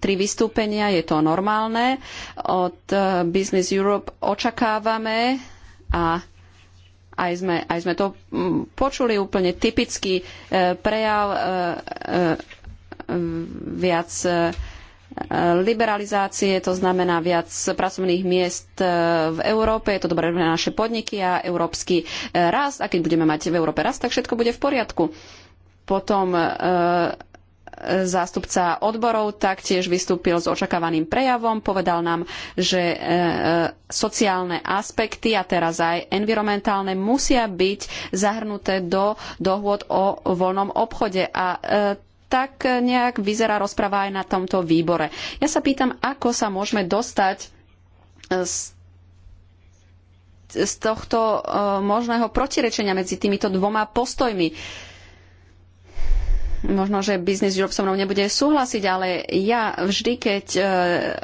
tri vystúpenia, je to normálne. Od eh, Business Europe očakávame a aj sme, aj sme to mm, počuli úplne typický eh, prejav eh, viac liberalizácie, to znamená viac pracovných miest v Európe, je to dobré pre naše podniky a európsky rast. A keď budeme mať v Európe rast, tak všetko bude v poriadku. Potom e, zástupca odborov taktiež vystúpil s očakávaným prejavom, povedal nám, že e, sociálne aspekty a teraz aj environmentálne musia byť zahrnuté do dohôd o voľnom obchode a e, tak nejak vyzerá rozpráva aj na tomto výbore. Ja sa pýtam, ako sa môžeme dostať z z tohto možného protirečenia medzi týmito dvoma postojmi možno, že Business Europe so mnou nebude súhlasiť, ale ja vždy, keď e,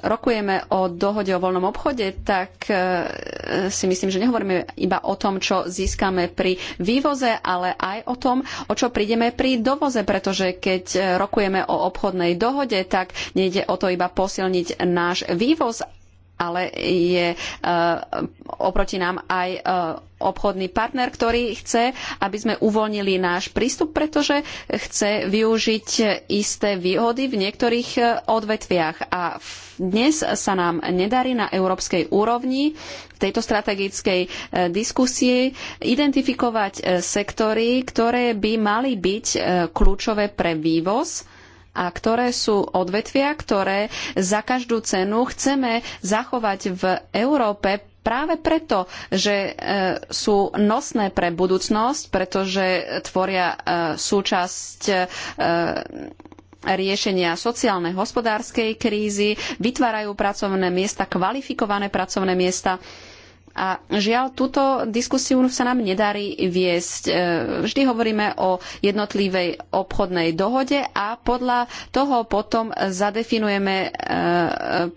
rokujeme o dohode o voľnom obchode, tak e, si myslím, že nehovoríme iba o tom, čo získame pri vývoze, ale aj o tom, o čo prídeme pri dovoze, pretože keď e, rokujeme o obchodnej dohode, tak nejde o to iba posilniť náš vývoz, ale je e, oproti nám aj e, obchodný partner, ktorý chce, aby sme uvoľnili náš prístup, pretože chce využiť isté výhody v niektorých e, odvetviach. A dnes sa nám nedarí na európskej úrovni v tejto strategickej diskusii identifikovať sektory, ktoré by mali byť kľúčové pre vývoz a ktoré sú odvetvia, ktoré za každú cenu chceme zachovať v Európe práve preto, že e, sú nosné pre budúcnosť, pretože tvoria e, súčasť e, riešenia sociálnej, hospodárskej krízy, vytvárajú pracovné miesta, kvalifikované pracovné miesta. A žiaľ, túto diskusiu sa nám nedarí viesť. E, vždy hovoríme o jednotlivej obchodnej dohode a podľa toho potom zadefinujeme e,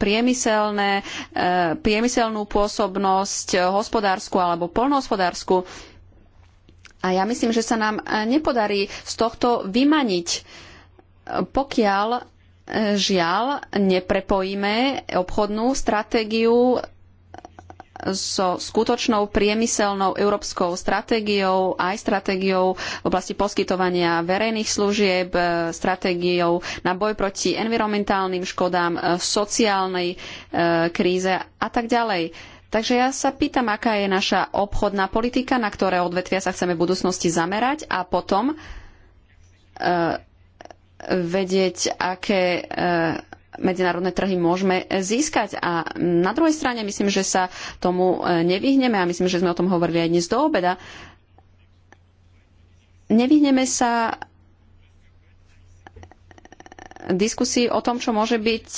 priemyselné, e, priemyselnú pôsobnosť, hospodárskú alebo polnohospodárskú. A ja myslím, že sa nám nepodarí z tohto vymaniť, pokiaľ žiaľ neprepojíme obchodnú stratégiu so skutočnou priemyselnou európskou stratégiou, aj stratégiou v oblasti poskytovania verejných služieb, e, stratégiou na boj proti environmentálnym škodám, e, sociálnej e, kríze a tak ďalej. Takže ja sa pýtam, aká je naša obchodná politika, na ktoré odvetvia sa chceme v budúcnosti zamerať a potom vedieť, aké medzinárodné trhy môžeme e, získať. A na druhej strane myslím, že sa tomu e, nevyhneme a myslím, že sme o tom hovorili aj dnes do obeda. Nevyhneme sa e, diskusii o tom, čo môže byť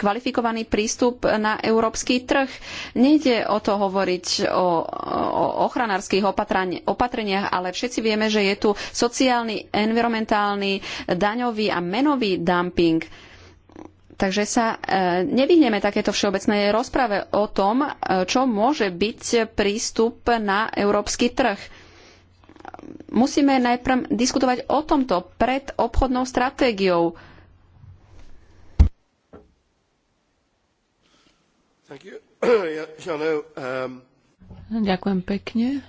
kvalifikovaný prístup na európsky trh. Nejde o to hovoriť o, o ochranárskych opatreniach, ale všetci vieme, že je tu sociálny, environmentálny, daňový a menový dumping. Takže sa e, nevyhneme takéto všeobecnej rozprave o tom, e, čo môže byť prístup na európsky trh. Musíme najprv diskutovať o tomto pred obchodnou stratégiou No, um, Ďakujem pekne.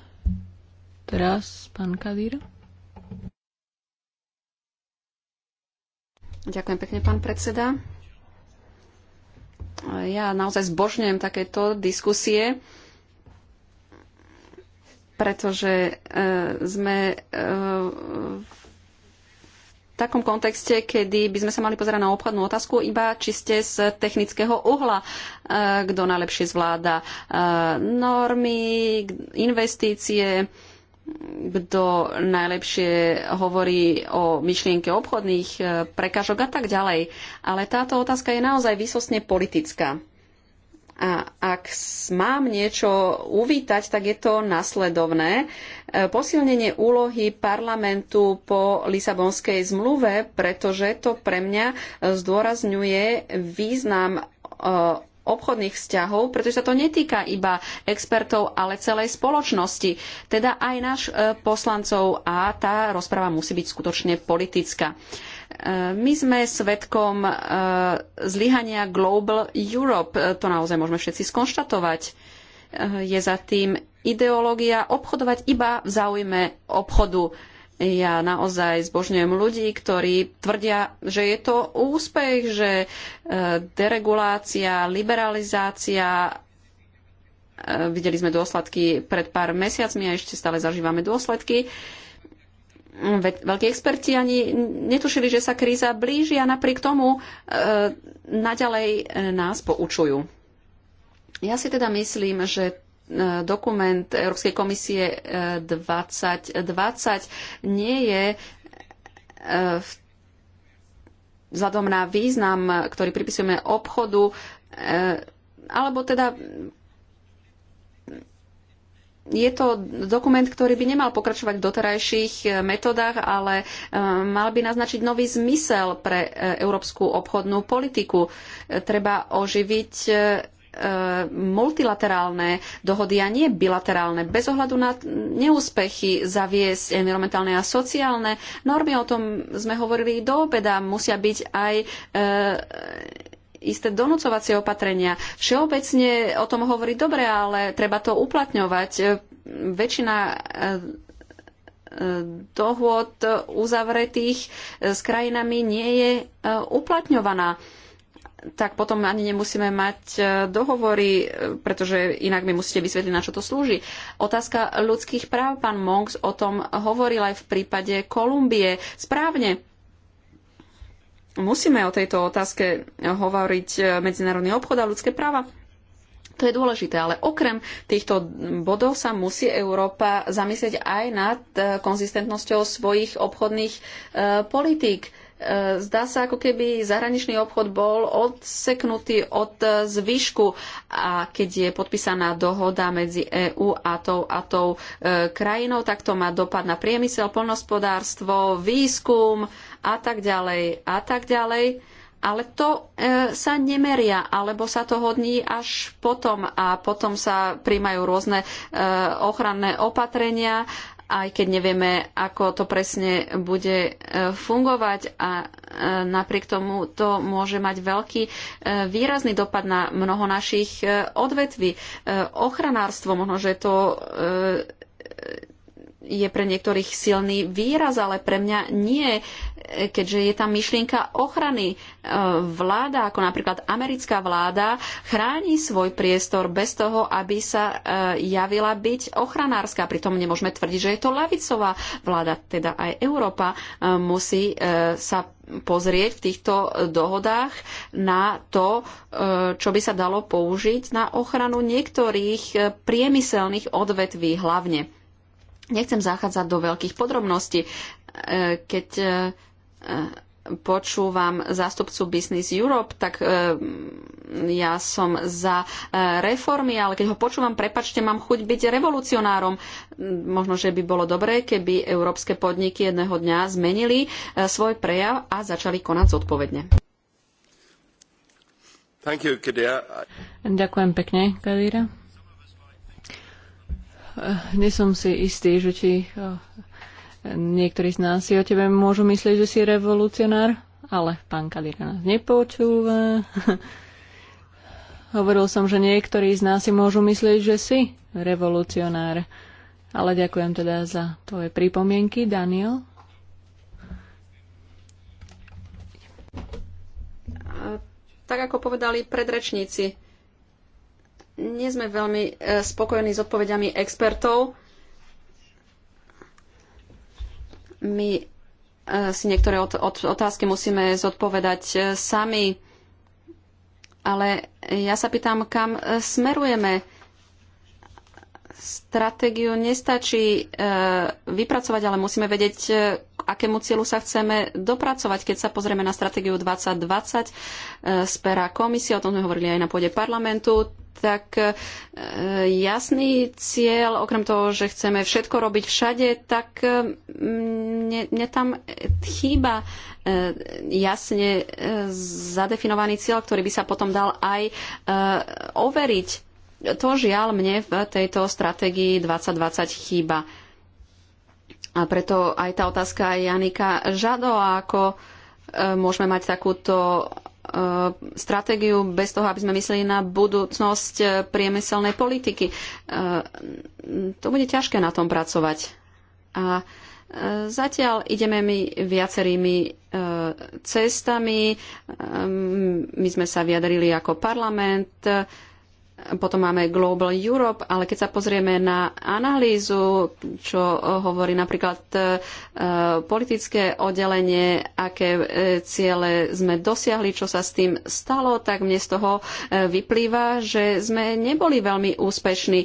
Teraz pán Kadír. Ďakujem pekne, pán predseda. Ja naozaj zbožňujem takéto diskusie, pretože e, sme e, v takom kontexte, kedy by sme sa mali pozerať na obchodnú otázku iba čiste z technického uhla, e, kto najlepšie zvláda e, normy, investície, kto najlepšie hovorí o myšlienke obchodných e, prekažok a tak ďalej. Ale táto otázka je naozaj výsostne politická. A ak mám niečo uvítať, tak je to nasledovné. E, posilnenie úlohy parlamentu po Lisabonskej zmluve, pretože to pre mňa e, zdôrazňuje význam e, obchodných vzťahov, pretože sa to netýka iba expertov, ale celej spoločnosti, teda aj náš poslancov a tá rozpráva musí byť skutočne politická. My sme svetkom e, zlyhania Global Europe. E, to naozaj môžeme všetci skonštatovať. E, je za tým ideológia obchodovať iba v záujme obchodu. Ja naozaj zbožňujem ľudí, ktorí tvrdia, že je to úspech, že deregulácia, liberalizácia videli sme dôsledky pred pár mesiacmi a ešte stále zažívame dôsledky veľkí experti ani netušili, že sa kríza blíži a napriek tomu e, naďalej e, nás poučujú. Ja si teda myslím, že e, dokument Európskej komisie 2020 e, nie je vzhľadom na význam, ktorý pripisujeme obchodu, alebo teda je to dokument, ktorý by nemal pokračovať v doterajších eh, metodách, ale eh, mal by naznačiť nový zmysel pre eh, európsku obchodnú politiku. Treba oživiť multilaterálne dohody a nie bilaterálne. Bez ohľadu na neúspechy zaviesť environmentálne a sociálne normy, o tom sme hovorili do obeda, musia byť aj isté donúcovacie opatrenia. Všeobecne o tom hovorí dobre, ale treba to uplatňovať. Väčšina eh, dohôd uzavretých eh, s krajinami nie je eh, uplatňovaná tak potom ani nemusíme mať dohovory, pretože inak mi musíte vysvetliť, na čo to slúži. Otázka ľudských práv, pán Monks o tom hovoril aj v prípade Kolumbie. Správne, musíme o tejto otázke hovoriť e, medzinárodný obchod a ľudské práva. To je dôležité, ale okrem týchto bodov sa musí Európa zamyslieť aj nad e, konzistentnosťou svojich obchodných e, politík. Zdá sa, ako keby zahraničný obchod bol odseknutý od zvyšku a keď je podpísaná dohoda medzi EÚ a tou a tou krajinou, tak to má dopad na priemysel, poľnohospodárstvo, výskum, a tak ďalej a tak ďalej. Ale to e, sa nemeria, alebo sa to hodní až potom a potom sa príjmajú rôzne e, ochranné opatrenia, aj keď nevieme, ako to presne bude e, fungovať a e, napriek tomu to môže mať veľký e, výrazný dopad na mnoho našich e, odvetví. E, ochranárstvo, možno, že to e, je pre niektorých silný výraz, ale pre mňa nie, keďže je tam myšlienka ochrany. E, vláda, ako napríklad americká vláda, chráni svoj priestor bez toho, aby sa e, javila byť ochranárska. Pritom nemôžeme tvrdiť, že je to lavicová vláda, teda aj Európa e, musí sa pozrieť v týchto dohodách na to, čo by sa dalo použiť na ochranu niektorých priemyselných odvetví hlavne. Nechcem zachádzať do veľkých podrobností. E, keď e, e, počúvam zástupcu Business Europe, tak ja som za reformy, ale keď ho počúvam, prepačte, mám chuť byť revolucionárom. Možno, že by bolo dobré, keby európske podniky jedného dňa zmenili svoj prejav a začali konať zodpovedne. You, Ďakujem pekne, Kadíra. Eh, nesom si istý, že či eh, niektorí z nás si o tebe môžu myslieť, že si revolucionár, ale pán Kadira nás nepočúva. Hovoril som, že niektorí z nás si môžu myslieť, že si revolucionár. Ale ďakujem teda za tvoje pripomienky, Daniel. Tak ako povedali predrečníci, nie sme veľmi e, spokojní s odpovediami expertov. My e, si niektoré otázky musíme zodpovedať e, sami, ale ja sa pýtam, kam smerujeme. Stratégiu nestačí vypracovať, ale musíme vedieť, k akému cieľu sa chceme dopracovať. Keď sa pozrieme na stratégiu 2020 z pera komisie, o tom sme hovorili aj na pôde parlamentu, tak e, jasný cieľ, okrem toho, že chceme všetko robiť všade, tak e, mne, mne tam chýba e, jasne zadefinovaný cieľ, ktorý by sa potom dal aj overiť. To žiaľ mne v tejto stratégii 2020 chýba. A preto aj tá otázka Janika Žado, ako môžeme mať takúto E, stratégiu bez toho, aby sme mysleli na budúcnosť e, priemyselnej politiky. E, to bude ťažké na tom pracovať. A Zatiaľ ideme my viacerými cestami. My sme sa vyjadrili ako parlament. Potom máme Global Europe, ale keď sa pozrieme na analýzu, čo hovorí napríklad e, politické oddelenie, aké e, ciele sme dosiahli, čo sa s tým stalo, tak mne z toho e, vyplýva, že sme neboli veľmi úspešní.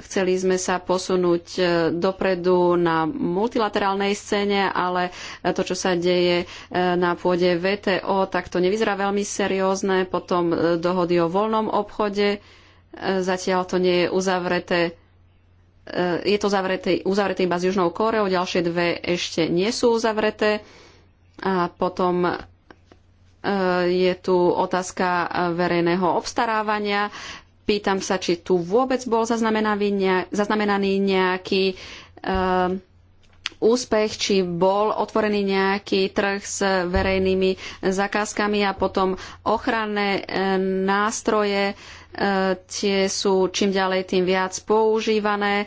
Chceli sme sa posunúť dopredu na multilaterálnej scéne, ale to, čo sa deje na pôde VTO, tak to nevyzerá veľmi seriózne. Potom dohody o voľnom obchode, zatiaľ to nie je uzavreté. E, je to zavreté, uzavreté iba s Južnou Kóreou, ďalšie dve ešte nie sú uzavreté. A potom e, je tu otázka verejného obstarávania. Pýtam sa, či tu vôbec bol zaznamenaný nejaký e, úspech, či bol otvorený nejaký trh s verejnými zakázkami a potom ochranné nástroje tie sú čím ďalej tým viac používané. E,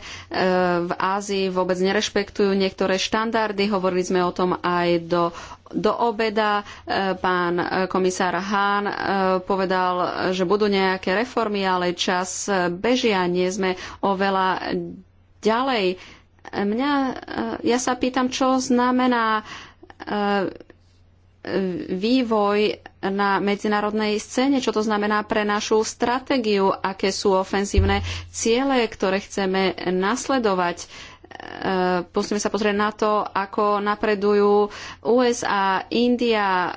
v Ázii vôbec nerešpektujú niektoré štandardy, hovorili sme o tom aj do do obeda e, pán komisár Hahn e, povedal, že budú nejaké reformy, ale čas beží a nie sme oveľa ďalej. Mňa, ja sa pýtam, čo znamená vývoj na medzinárodnej scéne, čo to znamená pre našu stratégiu, aké sú ofenzívne ciele, ktoré chceme nasledovať e, musíme sa pozrieť na to, ako napredujú USA, India, e,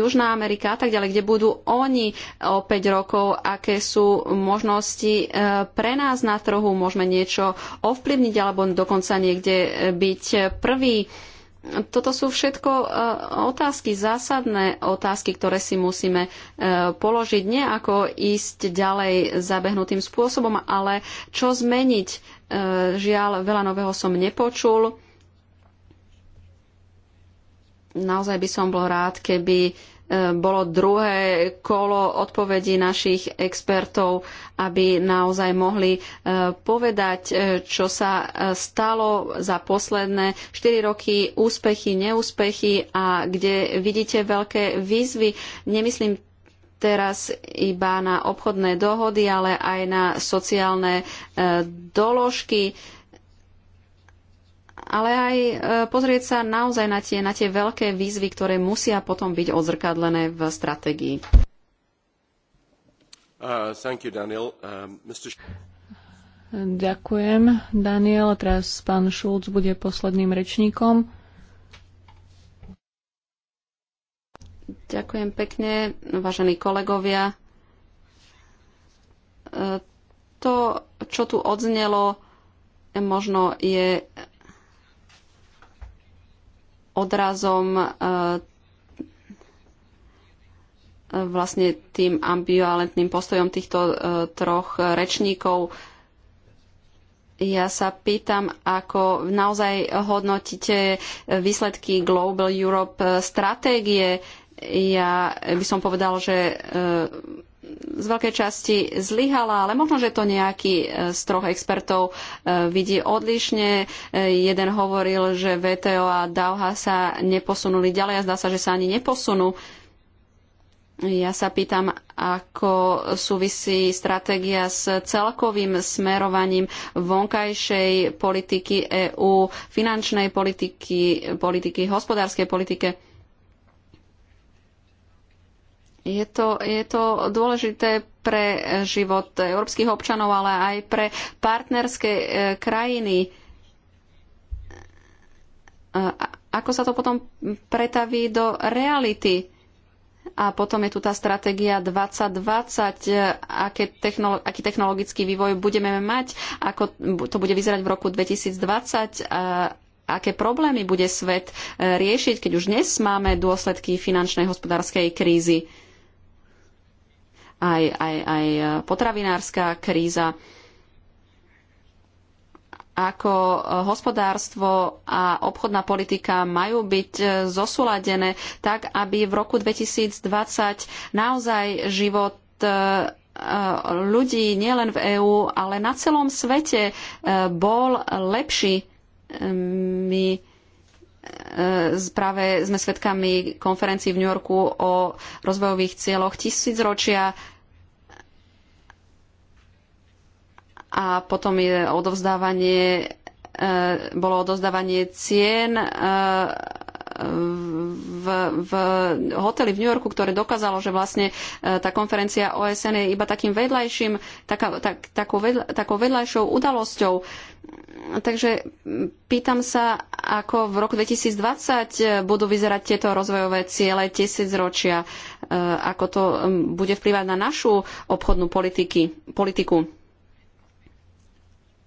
Južná Amerika a tak ďalej, kde budú oni o 5 rokov, aké sú možnosti e, pre nás na trhu, môžeme niečo ovplyvniť alebo dokonca niekde byť prvý toto sú všetko e, otázky, zásadné otázky, ktoré si musíme e, položiť. Nie ako ísť ďalej zabehnutým spôsobom, ale čo zmeniť. E, žiaľ, veľa nového som nepočul. Naozaj by som bol rád, keby bolo druhé kolo odpovedí našich expertov, aby naozaj mohli e, povedať, e, čo sa e, stalo za posledné 4 roky, úspechy, neúspechy a kde vidíte veľké výzvy. Nemyslím teraz iba na obchodné dohody, ale aj na sociálne doložky ale aj e, pozrieť sa naozaj na tie, na tie veľké výzvy, ktoré musia potom byť odzrkadlené v stratégii. Uh, you, Daniel. Um, Mr... Ďakujem, Daniel. Teraz pán Šulc bude posledným rečníkom. Ďakujem pekne, vážení kolegovia. E, to, čo tu odznelo, možno je odrazom e, vlastne tým ambivalentným postojom týchto e, troch rečníkov. Ja sa pýtam, ako naozaj hodnotíte výsledky Global Europe stratégie. Ja by som povedal, že e, z veľkej časti zlyhala, ale možno, že to nejaký e, z troch expertov e, vidí odlišne. E, jeden hovoril, že VTO a Dauha sa neposunuli ďalej a zdá sa, že sa ani neposunú. Ja sa pýtam, ako súvisí stratégia s celkovým smerovaním vonkajšej politiky EÚ, finančnej politiky, politiky, hospodárskej politike je to, je to dôležité pre život európskych občanov, ale aj pre partnerské e, krajiny. E, ako sa to potom pretaví do reality? A potom je tu tá stratégia 2020, e, aké technolo- aký technologický vývoj budeme mať, ako to bude vyzerať v roku 2020, a aké problémy bude svet riešiť, keď už dnes máme dôsledky finančnej hospodárskej krízy aj, aj, aj e, potravinárska kríza. Ako e, hospodárstvo a obchodná politika majú byť e, zosúladené tak, aby v roku 2020 naozaj život ľudí nielen v EÚ, ale na celom svete bol lepší. My E, práve sme svedkami konferencií v New Yorku o rozvojových cieľoch tisícročia a potom je odovzdávanie e, bolo odovzdávanie cien e, v, v hoteli v New Yorku, ktoré dokázalo, že vlastne e, tá konferencia OSN je iba takým vedľajším, taká, tak, takou, vedľa, takou vedľajšou udalosťou. Takže pýtam sa, ako v roku 2020 budú vyzerať tieto rozvojové ciele tisícročia, e, ako to bude vplyvať na našu obchodnú politiky, politiku.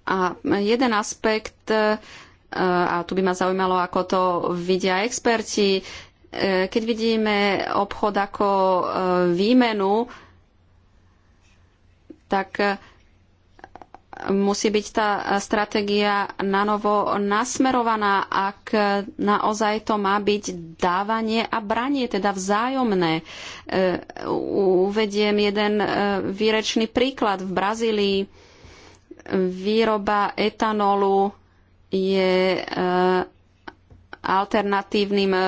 A jeden aspekt e, a tu by ma zaujímalo, ako to vidia experti. E, keď vidíme obchod ako e, výmenu, tak e, musí byť tá stratégia nanovo nasmerovaná, ak naozaj to má byť dávanie a branie, teda vzájomné. Uvediem jeden výrečný príklad. V Brazílii výroba etanolu je eh, alternatívnym, eh,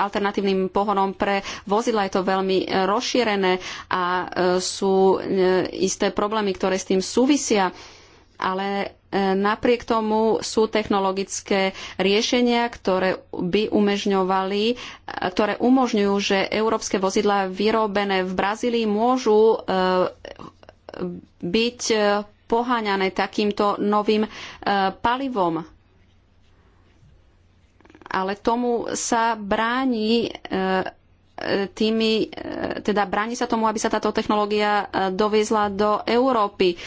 alternatívnym pohonom pre vozidla. Je to veľmi eh, rozšírené a sú isté problémy, ktoré s tým súvisia. Ale napriek tomu sú technologické riešenia, ktoré by umožňovali, ktoré umožňujú, že európske vozidlá vyrobené v Brazílii môžu byť poháňané takýmto novým e, palivom. Ale tomu sa bráni e, e, tými, teda bráni sa tomu, aby sa táto technológia doviezla do Európy.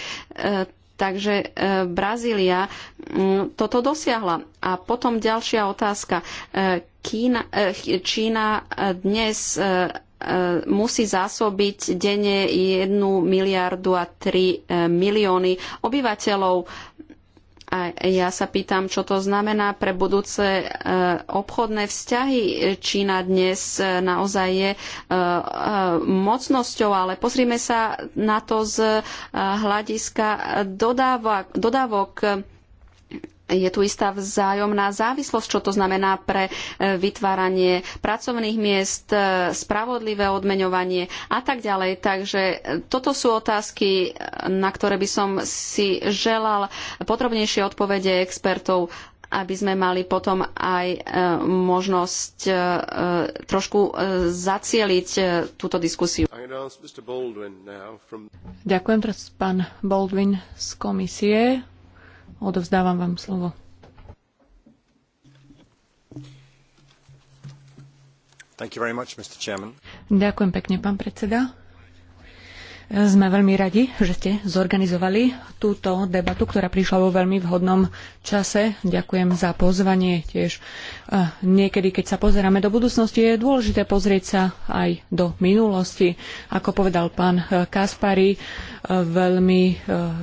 Takže Brazília toto dosiahla. A potom ďalšia otázka. Kína, Čína dnes E, musí zásobiť denne 1 miliardu a 3 e, milióny obyvateľov. A ja sa pýtam, čo to znamená pre budúce e, obchodné vzťahy. Čína dnes naozaj je mocnosťou, ale pozrime sa na to z hľadiska dodávok. dodávok je tu istá vzájomná závislosť, čo to znamená pre e, vytváranie pracovných miest, e, spravodlivé odmeňovanie a tak ďalej. Takže e, toto sú otázky, na ktoré by som si želal podrobnejšie odpovede expertov aby sme mali potom aj možnosť trošku zacieliť túto diskusiu. Ďakujem teraz pán Baldwin z komisie. Odovzdávam vám slovo. Thank you very much, Mr. Chairman. Ďakujem pekne, pán predseda. Sme veľmi radi, že ste zorganizovali túto debatu, ktorá prišla vo veľmi vhodnom čase. Ďakujem za pozvanie tiež niekedy, keď sa pozeráme do budúcnosti, je dôležité pozrieť sa aj do minulosti. Ako povedal pán e, Kaspari, e, veľmi e,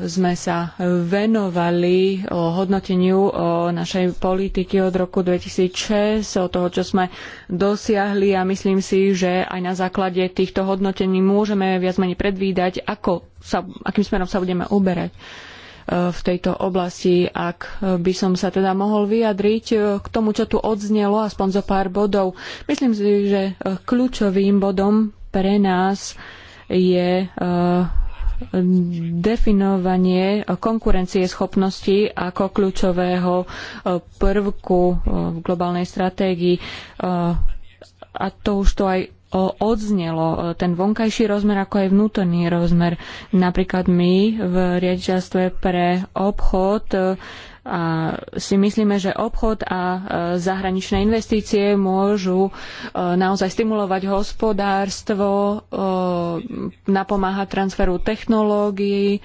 sme sa venovali o hodnoteniu o našej politiky od roku 2006, o toho, čo sme dosiahli a myslím si, že aj na základe týchto hodnotení môžeme viac menej predvídať, ako sa, akým smerom sa budeme uberať v tejto oblasti. Ak by som sa teda mohol vyjadriť eh, k tomu, čo tu odznelo, aspoň zo pár bodov, myslím si, že eh, kľúčovým bodom pre nás je eh, definovanie konkurencieschopnosti ako kľúčového prvku v globálnej stratégii. A to už to aj odznelo ten vonkajší rozmer, ako aj vnútorný rozmer. Napríklad my v riaditeľstve pre obchod e, a si myslíme, že obchod a e, zahraničné investície môžu e, naozaj stimulovať hospodárstvo, napomáhať transferu technológií,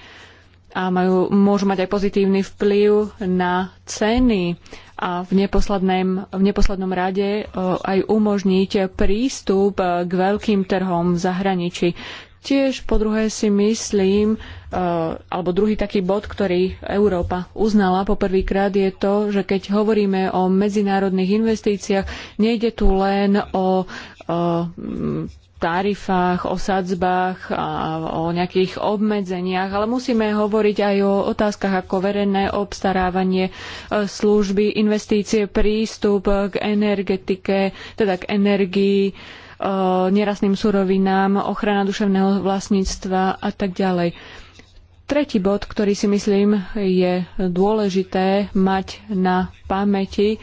a majú, môžu mať aj pozitívny vplyv na ceny a v, v neposlednom rade e, aj umožniť prístup k veľkým trhom v zahraničí. Tiež po druhé si myslím, e, alebo druhý taký bod, ktorý Európa uznala poprvýkrát je to, že keď hovoríme o medzinárodných investíciách, nejde tu len o e, tarifách, o sadzbách a o nejakých obmedzeniach, ale musíme hovoriť aj o otázkach ako verejné obstarávanie e, služby, investície, prístup k energetike, teda k energii, e, nerastným surovinám, ochrana duševného vlastníctva a tak ďalej. Tretí bod, ktorý si myslím je dôležité mať na pamäti,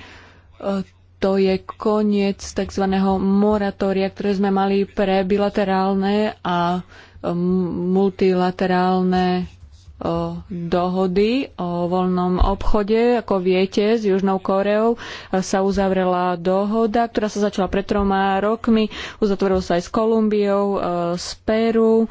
e, to je koniec tzv. moratória, ktoré sme mali pre bilaterálne a um, multilaterálne dohody o voľnom obchode. Ako viete, s Južnou Kóreou sa uzavrela dohoda, ktorá sa začala pred troma rokmi. Uzatvoril sa aj s Kolumbiou, s Peru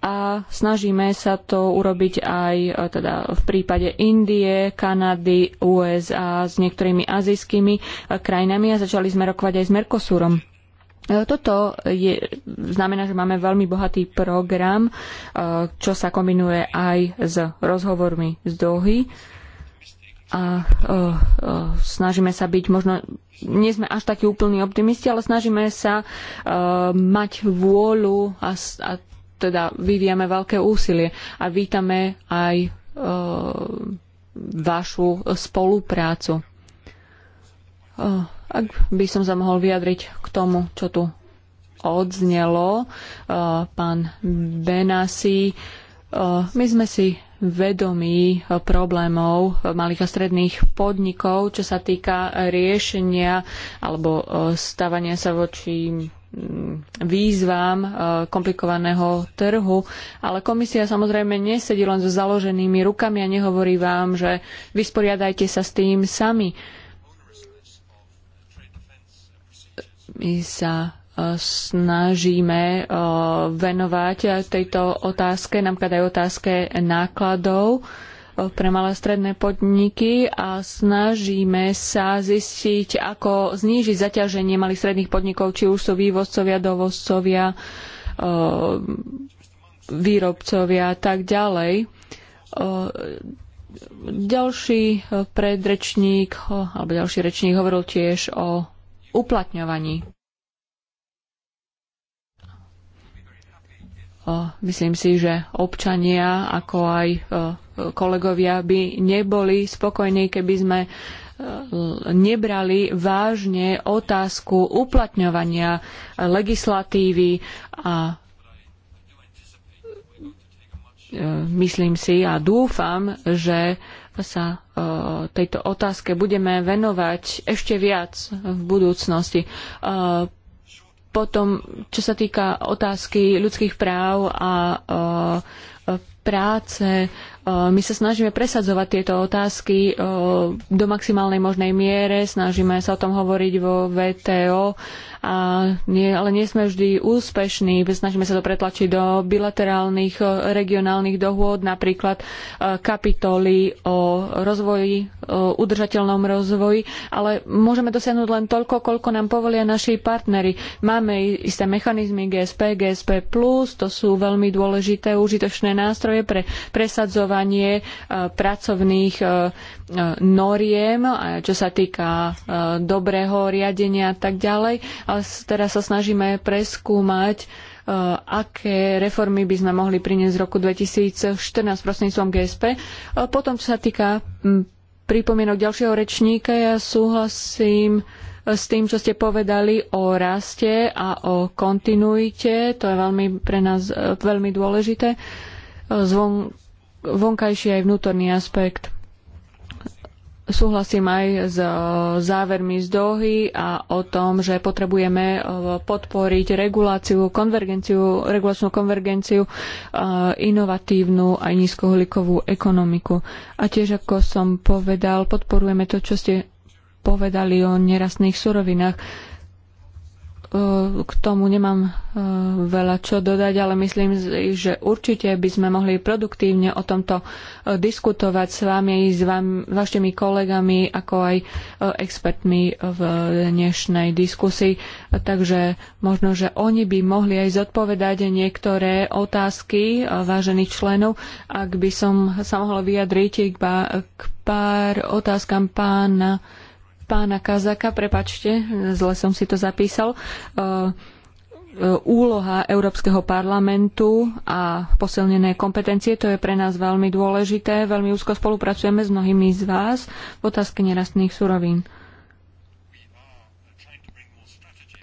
a snažíme sa to urobiť aj e, teda v prípade Indie, Kanady, USA s niektorými azijskými e, krajinami a začali sme rokovať aj s Mercosurom. E, toto je, znamená, že máme veľmi bohatý program, čo sa kombinuje aj s rozhovormi z Dohy a uh, uh, snažíme sa byť možno, nie sme až takí úplní optimisti, ale snažíme sa uh, mať vôľu a, a teda vyvíjame veľké úsilie a vítame aj e, vašu spoluprácu. E, ak by som sa mohol vyjadriť k tomu, čo tu odznelo, e, pán Benasi, e, my sme si vedomí e, problémov e, malých a stredných podnikov, čo sa týka riešenia alebo stavania sa voči Mm, výzvam e, komplikovaného trhu, ale komisia samozrejme nesedí len so založenými rukami a nehovorí vám, že vysporiadajte sa s tým sami. My sa e, snažíme e, venovať tejto otázke, napríklad aj otázke nákladov pre malé a stredné podniky a snažíme sa zistiť, ako znížiť zaťaženie malých stredných podnikov, či už sú vývozcovia, dovozcovia, e, výrobcovia a tak ďalej. E, ďalší e, predrečník alebo ďalší rečník hovoril tiež o uplatňovaní myslím si, že občania, ako aj e, kolegovia by neboli spokojní, keby sme e, nebrali vážne otázku uplatňovania legislatívy a e, myslím si a dúfam, že sa tejto otázke budeme venovať ešte viac v budúcnosti. Potom, čo sa týka otázky ľudských práv a e, e, práce, e, my sa snažíme presadzovať tieto otázky do maximálnej možnej miere, snažíme sa o tom hovoriť vo VTO a nie, ale nie sme vždy úspešní. Snažíme sa to pretlačiť do bilaterálnych e, regionálnych dohôd, napríklad e, kapitoly o rozvoji, o e, udržateľnom rozvoji, ale môžeme dosiahnuť len toľko, koľko nám povolia naši partnery. Máme isté mechanizmy GSP, GSP+, to sú veľmi dôležité, užitočné nástroje pre presadzovanie pracovných noriem, čo sa týka dobrého riadenia a tak ďalej. A teraz sa snažíme preskúmať, e, aké reformy by sme mohli priniesť v roku 2014 prostredníctvom GSP. E, potom, čo sa týka pripomienok ďalšieho rečníka, ja súhlasím e, s tým, čo ste povedali o raste a o kontinuite. To je veľmi pre nás veľmi dôležité. Zvon, vonkajší aj vnútorný aspekt. Súhlasím aj s e, závermi z Dohy a o tom, že potrebujeme e, podporiť reguláciu, konvergenciu, regulačnú konvergenciu, e, inovatívnu aj nízkoholikovú ekonomiku. A tiež, ako som povedal, podporujeme to, čo ste povedali o nerastných surovinách Eh, k tomu nemám eh, veľa čo dodať, ale myslím, že určite by sme mohli produktívne o tomto eh, diskutovať s vami, s vami, vašimi kolegami, ako aj expertmi v dnešnej diskusii. Takže možno, že oni by mohli aj zodpovedať niektoré otázky vážených členov. Ak by som sa mohla vyjadriť iba k pár otázkam pána pána Kazaka, prepačte, zle som si to zapísal, eh, úloha Európskeho parlamentu a posilnené kompetencie, to je pre nás veľmi dôležité. Veľmi úzko spolupracujeme s mnohými z vás v otázke nerastných surovín.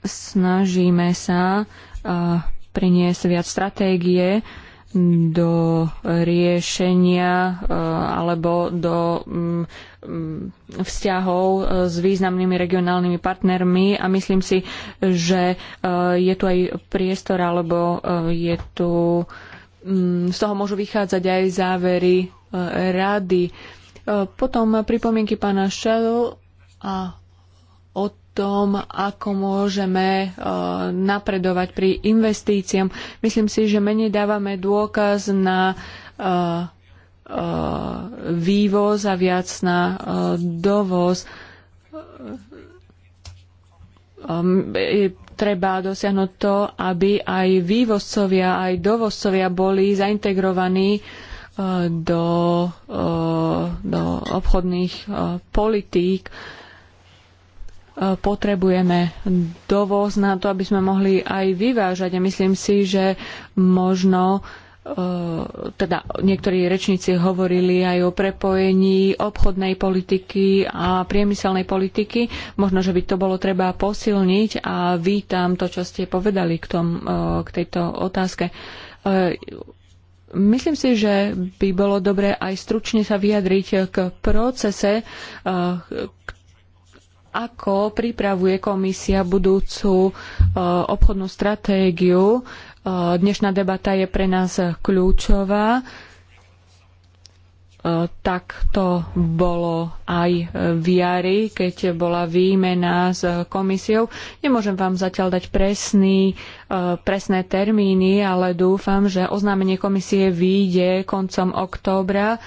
Snažíme sa eh, priniesť viac stratégie do riešenia eh, alebo do mm, Mm, vzťahov e, s významnými regionálnymi partnermi a myslím si, že e, je tu aj priestor alebo e, je tu mm, z toho môžu vychádzať aj závery rady. Potom pripomienky pána Shell a o tom, ako môžeme napredovať pri investíciám. Myslím si, že menej dávame dôkaz na Uh, vývoz a viac na uh, dovoz. Um, treba dosiahnuť to, aby aj vývozcovia, aj dovozcovia boli zaintegrovaní uh, do, do obchodných politík. Potrebujeme dovoz na to, aby sme mohli aj vyvážať. A myslím si, že možno uh, Eh, teda niektorí rečníci hovorili aj o prepojení obchodnej politiky a priemyselnej politiky. Možno, že by to bolo treba posilniť a vítam to, čo ste povedali k, tom, eh, k tejto otázke. Eh, myslím si, že by bolo dobré aj stručne sa vyjadriť k procese, ako pripravuje komisia budúcu obchodnú stratégiu Dnešná debata je pre nás kľúčová. Tak to bolo aj v jari, keď bola výmena s komisiou. Nemôžem vám zatiaľ dať presný, presné termíny, ale dúfam, že oznámenie komisie vyjde koncom októbra.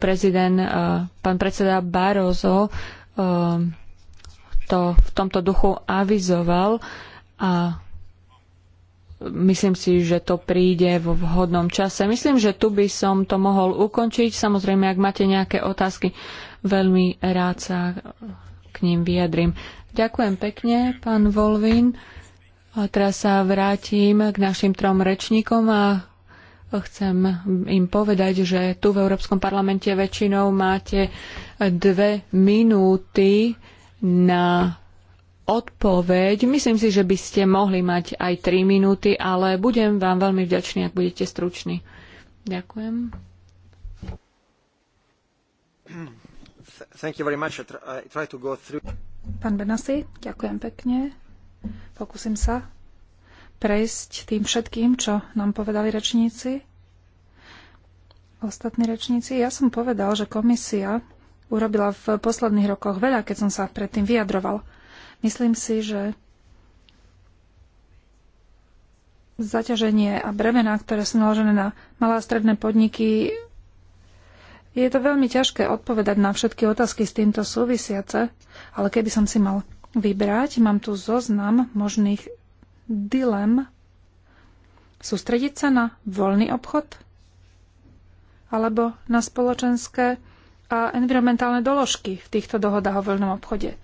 Prezident, pán predseda Barroso to v tomto duchu avizoval a Myslím si, že to príde vo vhodnom čase. Myslím, že tu by som to mohol ukončiť. Samozrejme, ak máte nejaké otázky, veľmi rád sa k ním vyjadrím. Ďakujem pekne, pán Volvin. A teraz sa vrátim k našim trom rečníkom a chcem im povedať, že tu v Európskom parlamente väčšinou máte dve minúty na odpoveď. Myslím si, že by ste mohli mať aj 3 minúty, ale budem vám veľmi vďačný, ak budete struční. Ďakujem. Pán Benasi, ďakujem pekne. Pokúsim sa prejsť tým všetkým, čo nám povedali rečníci. Ostatní rečníci. Ja som povedal, že komisia urobila v posledných rokoch veľa, keď som sa predtým vyjadroval. Myslím si, že zaťaženie a bremená, ktoré sú naložené na malé a stredné podniky, je to veľmi ťažké odpovedať na všetky otázky s týmto súvisiace, ale keby som si mal vybrať, mám tu zoznam možných dilem. Sústrediť sa na voľný obchod alebo na spoločenské a environmentálne doložky v týchto dohodách o voľnom obchode.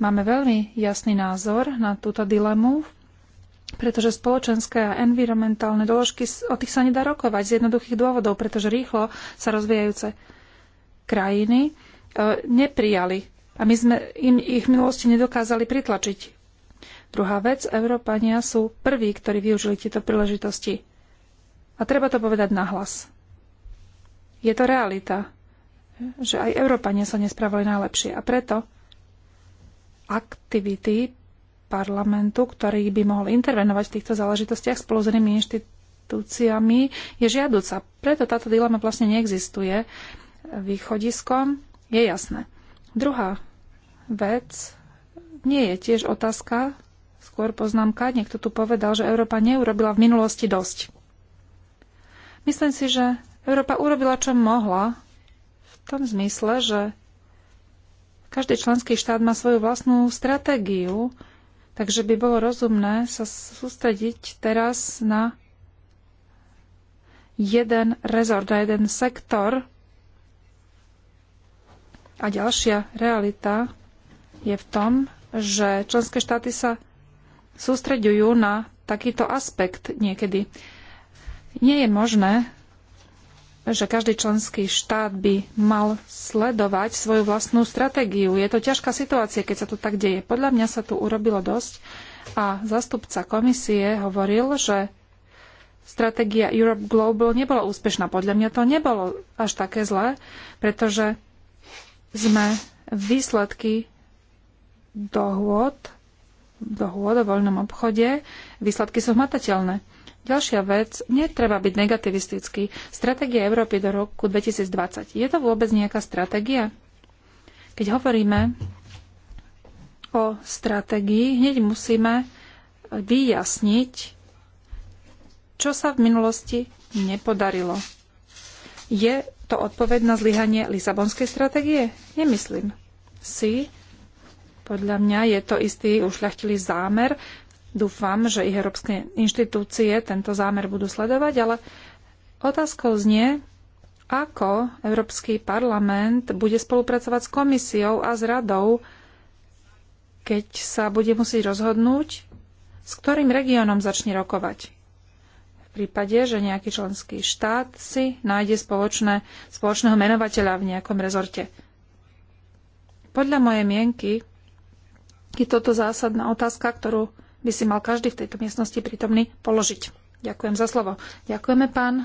Máme veľmi jasný názor na túto dilemu, pretože spoločenské a environmentálne doložky, o tých sa nedá rokovať z jednoduchých dôvodov, pretože rýchlo sa rozvíjajúce krajiny e, neprijali a my sme im ich v minulosti nedokázali pritlačiť. Druhá vec, Európania sú prví, ktorí využili tieto príležitosti. A treba to povedať nahlas. Je to realita, že aj Európania sa nespravili najlepšie. A preto aktivity parlamentu, ktorý by mohol intervenovať v týchto záležitostiach spolu s inými inštitúciami, je žiaduca. Preto táto dilema vlastne neexistuje. Východiskom je jasné. Druhá vec nie je tiež otázka, skôr poznámka. Niekto tu povedal, že Európa neurobila v minulosti dosť. Myslím si, že Európa urobila, čo mohla, v tom zmysle, že každý členský štát má svoju vlastnú stratégiu, takže by bolo rozumné sa sústrediť teraz na jeden rezort a jeden sektor. A ďalšia realita je v tom, že členské štáty sa sústreďujú na takýto aspekt niekedy. Nie je možné že každý členský štát by mal sledovať svoju vlastnú stratégiu. Je to ťažká situácia, keď sa to tak deje. Podľa mňa sa tu urobilo dosť a zastupca komisie hovoril, že stratégia Europe Global nebola úspešná. Podľa mňa to nebolo až také zlé, pretože sme výsledky dohôd, dohôd o voľnom obchode, výsledky sú hmatateľné. Ďalšia vec, netreba byť negativistický. Stratégia Európy do roku 2020. Je to vôbec nejaká stratégia? Keď hovoríme o stratégii, hneď musíme vyjasniť, čo sa v minulosti nepodarilo. Je to odpoveď na zlyhanie Lisabonskej stratégie? Nemyslím si. Podľa mňa je to istý ušľachtilý zámer, Dúfam, že ich európske inštitúcie tento zámer budú sledovať, ale otázkou znie, ako Európsky parlament bude spolupracovať s komisiou a s radou, keď sa bude musieť rozhodnúť, s ktorým regiónom začne rokovať. V prípade, že nejaký členský štát si nájde spoločné, spoločného menovateľa v nejakom rezorte. Podľa mojej mienky je toto zásadná otázka, ktorú by si mal každý v tejto miestnosti prítomný položiť. Ďakujem za slovo. Ďakujeme pán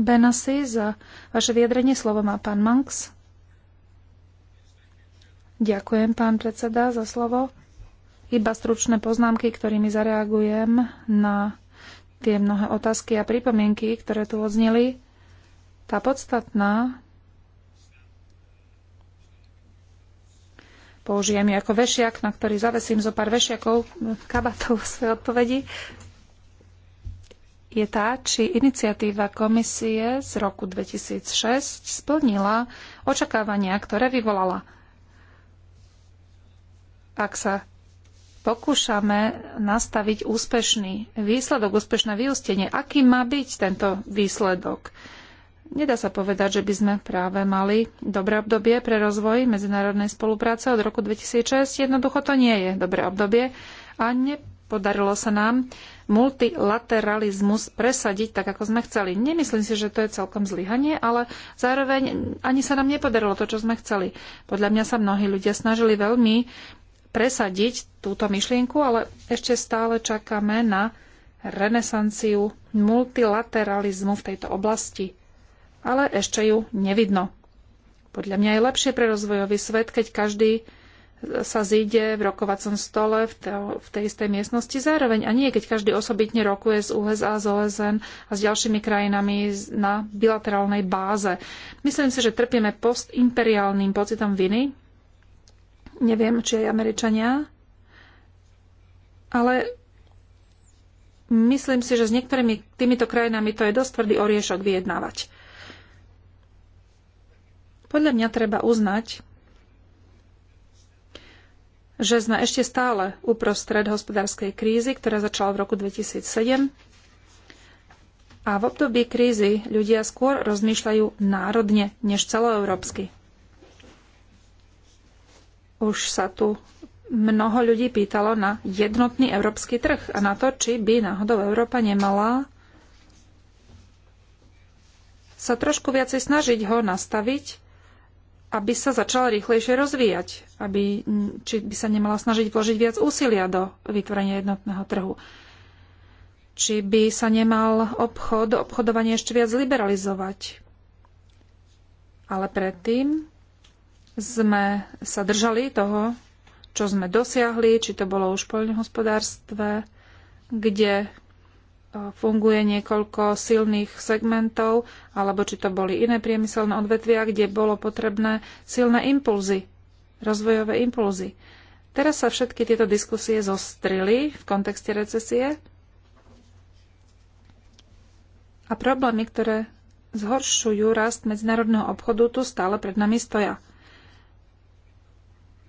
Benasi za vaše vyjadrenie. Slovo má pán Manx. Ďakujem, pán predseda, za slovo. Iba stručné poznámky, ktorými zareagujem na tie mnohé otázky a pripomienky, ktoré tu odzneli. Tá podstatná použijem ju ako vešiak, na ktorý zavesím zo pár vešiakov no, kabatov v svojej odpovedi, je tá, či iniciatíva komisie z roku 2006 splnila očakávania, ktoré vyvolala. Ak sa pokúšame nastaviť úspešný výsledok, úspešné vyústenie, aký má byť tento výsledok? Nedá sa povedať, že by sme práve mali dobré obdobie pre rozvoj medzinárodnej spolupráce od roku 2006. Jednoducho to nie je dobré obdobie a nepodarilo sa nám multilateralizmus presadiť tak, ako sme chceli. Nemyslím si, že to je celkom zlyhanie, ale zároveň ani sa nám nepodarilo to, čo sme chceli. Podľa mňa sa mnohí ľudia snažili veľmi presadiť túto myšlienku, ale ešte stále čakáme na renesanciu multilateralizmu v tejto oblasti ale ešte ju nevidno. Podľa mňa je lepšie pre rozvojový svet, keď každý sa zíde v rokovacom stole v, to, v tej istej miestnosti zároveň a nie, keď každý osobitne rokuje z USA, z OSN a s ďalšími krajinami na bilaterálnej báze. Myslím si, že trpieme postimperiálnym pocitom viny. Neviem, či aj Američania, ale myslím si, že s niektorými týmito krajinami to je dosť tvrdý oriešok vyjednávať. Podľa mňa treba uznať, že sme ešte stále uprostred hospodárskej krízy, ktorá začala v roku 2007. A v období krízy ľudia skôr rozmýšľajú národne než celoeurópsky. Už sa tu mnoho ľudí pýtalo na jednotný európsky trh a na to, či by náhodou Európa nemala sa trošku viacej snažiť ho nastaviť aby sa začala rýchlejšie rozvíjať, aby, či by sa nemala snažiť vložiť viac úsilia do vytvorenia jednotného trhu. Či by sa nemal obchod, obchodovanie ešte viac liberalizovať. Ale predtým sme sa držali toho, čo sme dosiahli, či to bolo už v poľnohospodárstve, kde funguje niekoľko silných segmentov, alebo či to boli iné priemyselné odvetvia, kde bolo potrebné silné impulzy, rozvojové impulzy. Teraz sa všetky tieto diskusie zostrili v kontexte recesie a problémy, ktoré zhoršujú rast medzinárodného obchodu, tu stále pred nami stoja.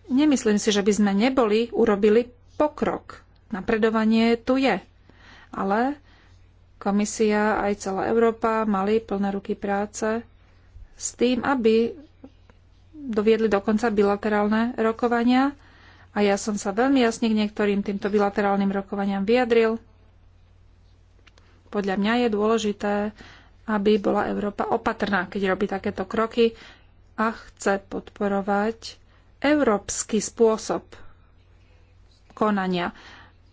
Nemyslím si, že by sme neboli urobili pokrok. Napredovanie tu je. Ale komisia aj celá Európa mali plné ruky práce s tým, aby doviedli dokonca bilaterálne rokovania a ja som sa veľmi jasne k niektorým týmto bilaterálnym rokovaniam vyjadril. Podľa mňa je dôležité, aby bola Európa opatrná, keď robí takéto kroky a chce podporovať európsky spôsob konania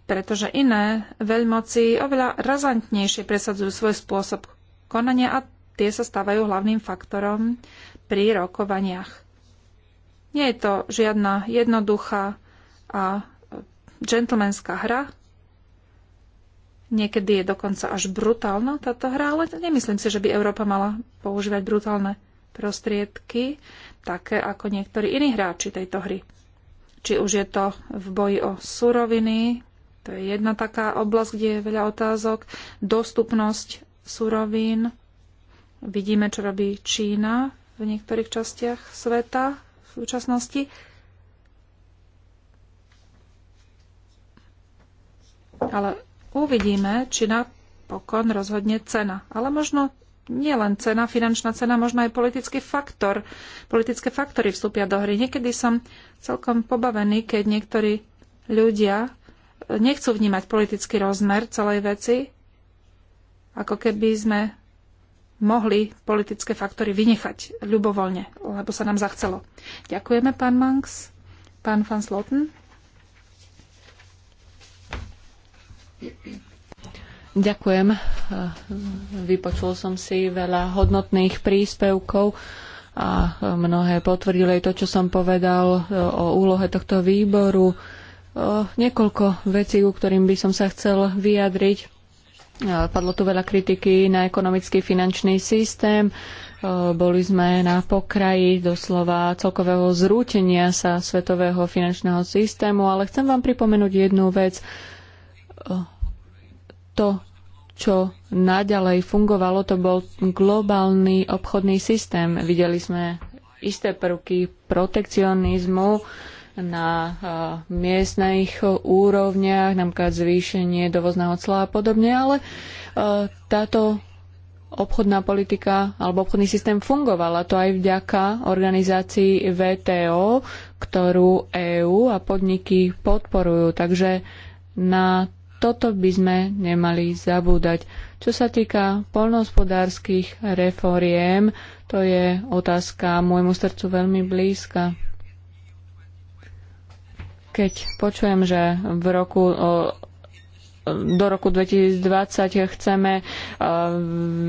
pretože iné veľmoci oveľa razantnejšie presadzujú svoj spôsob konania a tie sa stávajú hlavným faktorom pri rokovaniach. Nie je to žiadna jednoduchá a džentlmenská hra. Niekedy je dokonca až brutálna táto hra, ale nemyslím si, že by Európa mala používať brutálne prostriedky, také ako niektorí iní hráči tejto hry. Či už je to v boji o suroviny, to je jedna taká oblasť, kde je veľa otázok. Dostupnosť surovín. Vidíme, čo robí Čína v niektorých častiach sveta v súčasnosti. Ale uvidíme, či napokon rozhodne cena. Ale možno nie len cena, finančná cena, možno aj politický faktor. Politické faktory vstúpia do hry. Niekedy som celkom pobavený, keď niektorí ľudia nechcú vnímať politický rozmer celej veci, ako keby sme mohli politické faktory vynechať ľubovoľne, lebo sa nám zachcelo. Ďakujeme, pán Manx, pán van Sloten. Ďakujem. Vypočul som si veľa hodnotných príspevkov a mnohé potvrdili to, čo som povedal o úlohe tohto výboru niekoľko vecí, ku ktorým by som sa chcel vyjadriť. E, padlo tu veľa kritiky na ekonomický finančný systém. E, boli sme na pokraji doslova celkového zrútenia sa svetového finančného systému, ale chcem vám pripomenúť jednu vec. E, to, čo naďalej fungovalo, to bol globálny obchodný systém. Videli sme isté prvky protekcionizmu, na miestnych úrovniach, napríklad zvýšenie dovozného cla a podobne, ale táto obchodná politika alebo obchodný systém fungovala. To aj vďaka organizácii VTO, ktorú EÚ a podniky podporujú. Takže na toto by sme nemali zabúdať. Čo sa týka poľnohospodárskych reforiem, to je otázka môjmu srdcu veľmi blízka. Keď počujem, že v roku do roku 2020 chceme e,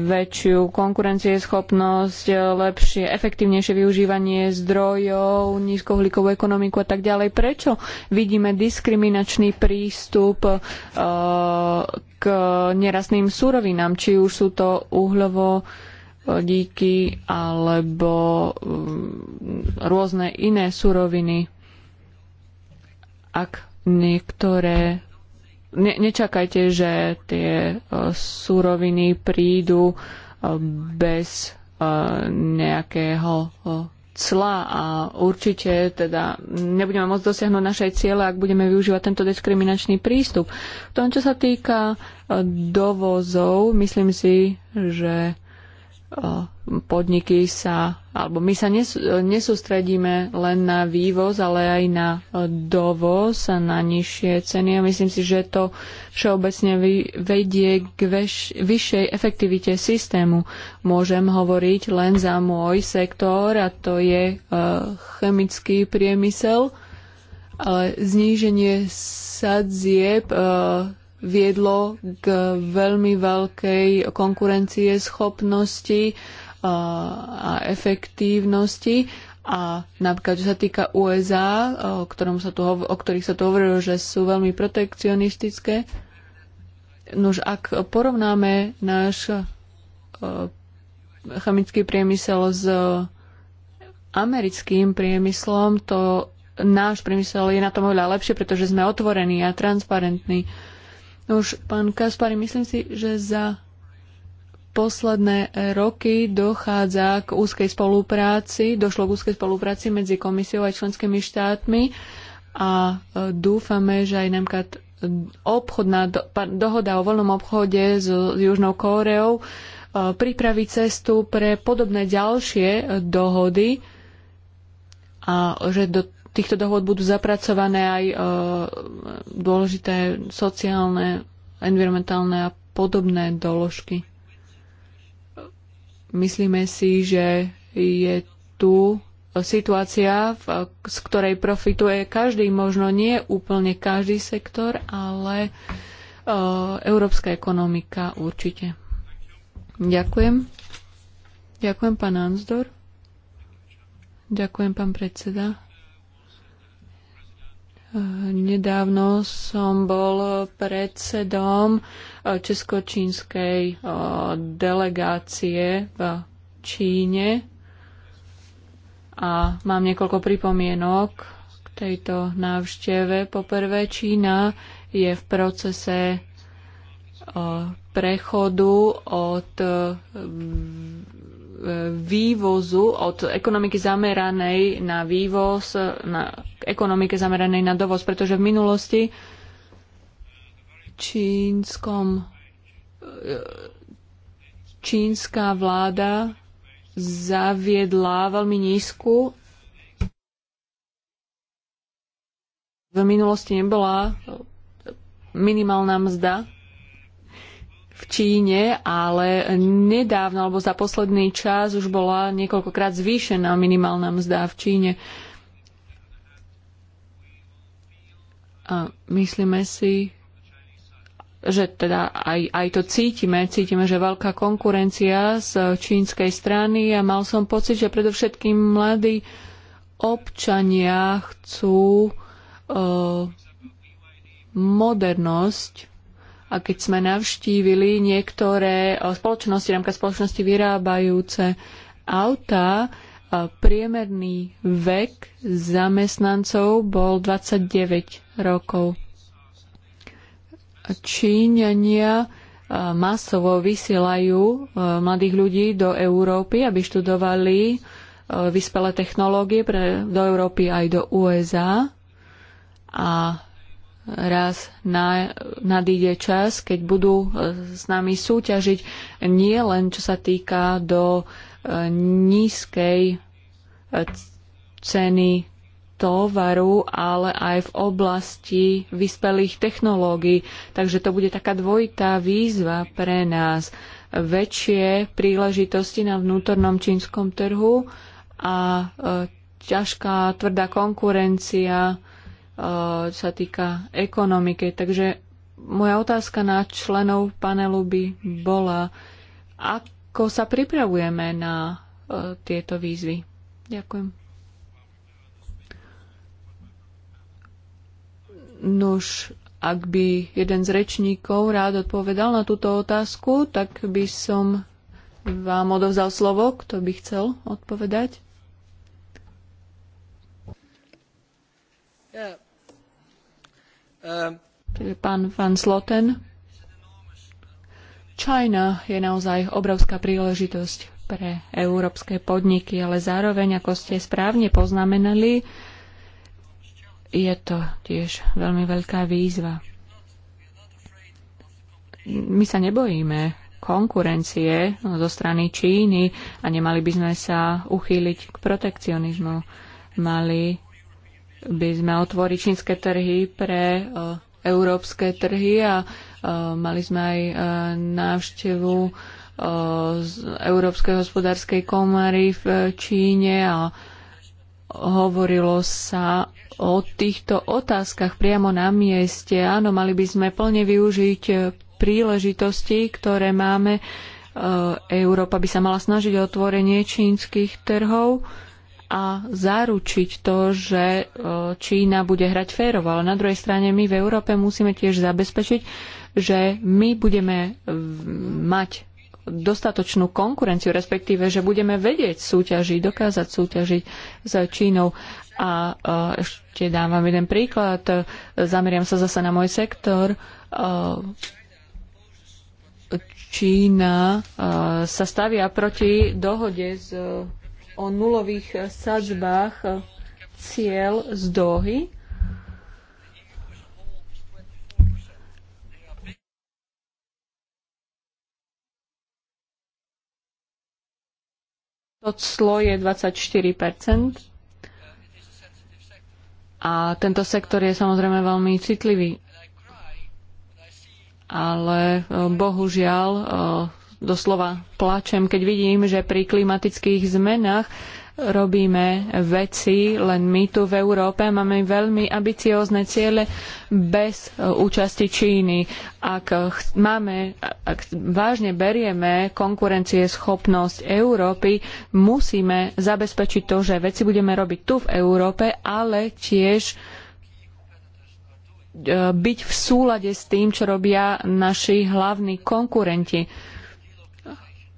väčšiu konkurencieschopnosť, lepšie, efektívnejšie využívanie zdrojov, nízkohlíkovú ekonomiku a tak ďalej. Prečo vidíme diskriminačný prístup e, k nerastným surovinám, či už sú to uhľovo e, díky alebo rôzne iné suroviny? ak niektoré ne, nečakajte, že tie e, súroviny prídu e, bez e, nejakého cla a určite teda nebudeme môcť dosiahnuť naše ciele, ak budeme využívať tento diskriminačný prístup. V tom, čo sa týka dovozov, myslím si, že podniky sa, alebo my sa nesústredíme len na vývoz, ale aj na dovoz a na nižšie ceny. A myslím si, že to všeobecne vedie k vyššej efektivite systému. Môžem hovoriť len za môj sektor, a to je e, chemický priemysel. Ale zníženie sadzieb e, viedlo k veľmi veľkej konkurencie schopnosti eh, a efektívnosti. A napríklad, čo sa týka USA, o, ktorom sa tu, o ktorých sa tu hovorilo, že sú veľmi protekcionistické, nož ak porovnáme náš o, eh, chemický priemysel s americkým priemyslom, to náš priemysel je na tom oveľa lepšie, pretože sme otvorení a transparentní. Uh, No už, pán Kaspari, myslím si, že za posledné roky dochádza k úzkej spolupráci, došlo k úzkej spolupráci medzi komisiou a členskými štátmi a e, dúfame, že aj napríklad e, obchodná do, dohoda o voľnom obchode s, s Južnou Kóreou e, pripraví cestu pre podobné ďalšie dohody a že do týchto dohôd budú zapracované aj e, dôležité sociálne, environmentálne a podobné doložky. Myslíme si, že je tu situácia, z ktorej profituje každý, možno nie úplne každý sektor, ale e, európska ekonomika určite. Ďakujem. Ďakujem, pán Ansdor. Ďakujem, pán predseda. Nedávno som bol predsedom e, česko-čínskej e, delegácie v Číne a mám niekoľko pripomienok k tejto návšteve. Poprvé, Čína je v procese e, prechodu od vývozu, od ekonomiky zameranej na vývoz, na ekonomike zameranej na dovoz, pretože v minulosti čínskom čínska vláda zaviedla veľmi nízku v minulosti nebola minimálna mzda v Číne, ale nedávno alebo za posledný čas už bola niekoľkokrát zvýšená minimálna mzda v Číne. A myslíme si, že teda aj, aj to cítime, cítime, že veľká konkurencia z čínskej strany a mal som pocit, že predovšetkým mladí občania chcú uh, modernosť a keď sme navštívili niektoré eh, spoločnosti, napríklad spoločnosti vyrábajúce auta, eh, priemerný vek zamestnancov bol 29 rokov. Číňania eh, masovo vysielajú mladých ľudí do Európy, aby študovali vyspelé technológie pre, do Európy aj do USA. A raz na, nadíde čas, keď budú e, s nami súťažiť nie len čo sa týka do e, nízkej e, ceny tovaru, ale aj v oblasti vyspelých technológií. Takže to bude taká dvojitá výzva pre nás. Väčšie príležitosti na vnútornom čínskom trhu a ťažká, tvrdá konkurencia Eh, sa týka ekonomiky. Takže moja otázka na členov panelu by bola, ako sa pripravujeme na eh, tieto výzvy. Ďakujem. Nuž, ak by jeden z rečníkov rád odpovedal na túto otázku, tak by som vám odovzal slovo, kto by chcel odpovedať. Yeah. Ehm, pán Van Sloten. China je naozaj obrovská príležitosť pre európske podniky, ale zároveň, ako ste správne poznamenali, je to tiež veľmi veľká výzva. My sa nebojíme konkurencie zo strany Číny a nemali by sme sa uchýliť k protekcionizmu. Mali by sme otvorili čínske trhy pre e, európske trhy a e, mali sme aj e, návštevu z Európskej hospodárskej komory v Číne a hovorilo sa o týchto otázkach priamo na mieste. Áno, mali by sme plne využiť príležitosti, ktoré máme. Európa by sa mala snažiť o otvorenie čínskych trhov a zaručiť to, že e, Čína bude hrať férovo. Ale na druhej strane my v Európe musíme tiež zabezpečiť, že my budeme e, mať dostatočnú konkurenciu, respektíve, že budeme vedieť súťažiť, dokázať súťažiť s Čínou. A e, ešte dám vám jeden príklad, zameriam sa zase na môj sektor. Čína sa stavia proti dohode s o nulových sadzbách cieľ z Dohy. To clo je 24 a tento sektor je samozrejme veľmi citlivý. Ale eh, bohužiaľ eh, doslova plačem, keď vidím, že pri klimatických zmenách robíme veci, len my tu v Európe máme veľmi ambiciózne ciele bez e, účasti Číny. Ak máme, ak vážne berieme konkurencieschopnosť Európy, musíme zabezpečiť to, že veci budeme robiť tu v Európe, ale tiež e, byť v súlade s tým, čo robia naši hlavní konkurenti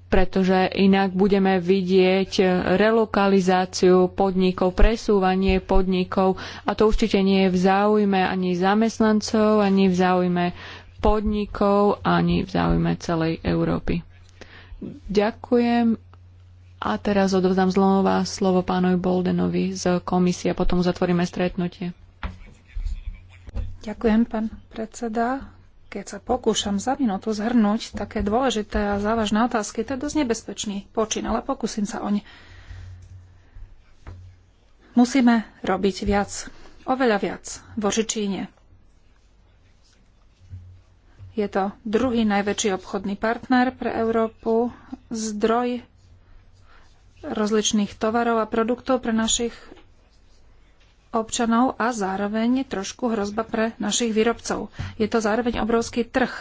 pretože inak budeme vidieť relokalizáciu podnikov, presúvanie podnikov a to určite nie je v záujme ani zamestnancov, ani v záujme podnikov, ani v záujme celej Európy. Ďakujem a teraz odovzdám zlomová slovo pánovi Boldenovi z komisie a potom zatvoríme stretnutie. Ďakujem, pán predseda keď sa pokúšam za minútu zhrnúť také dôležité a závažné otázky, to je dosť nebezpečný počin, ale pokúsim sa o ne. Musíme robiť viac, oveľa viac, vo Žičíne. Je to druhý najväčší obchodný partner pre Európu, zdroj rozličných tovarov a produktov pre našich občanov a zároveň trošku hrozba pre našich výrobcov. Je to zároveň obrovský trh.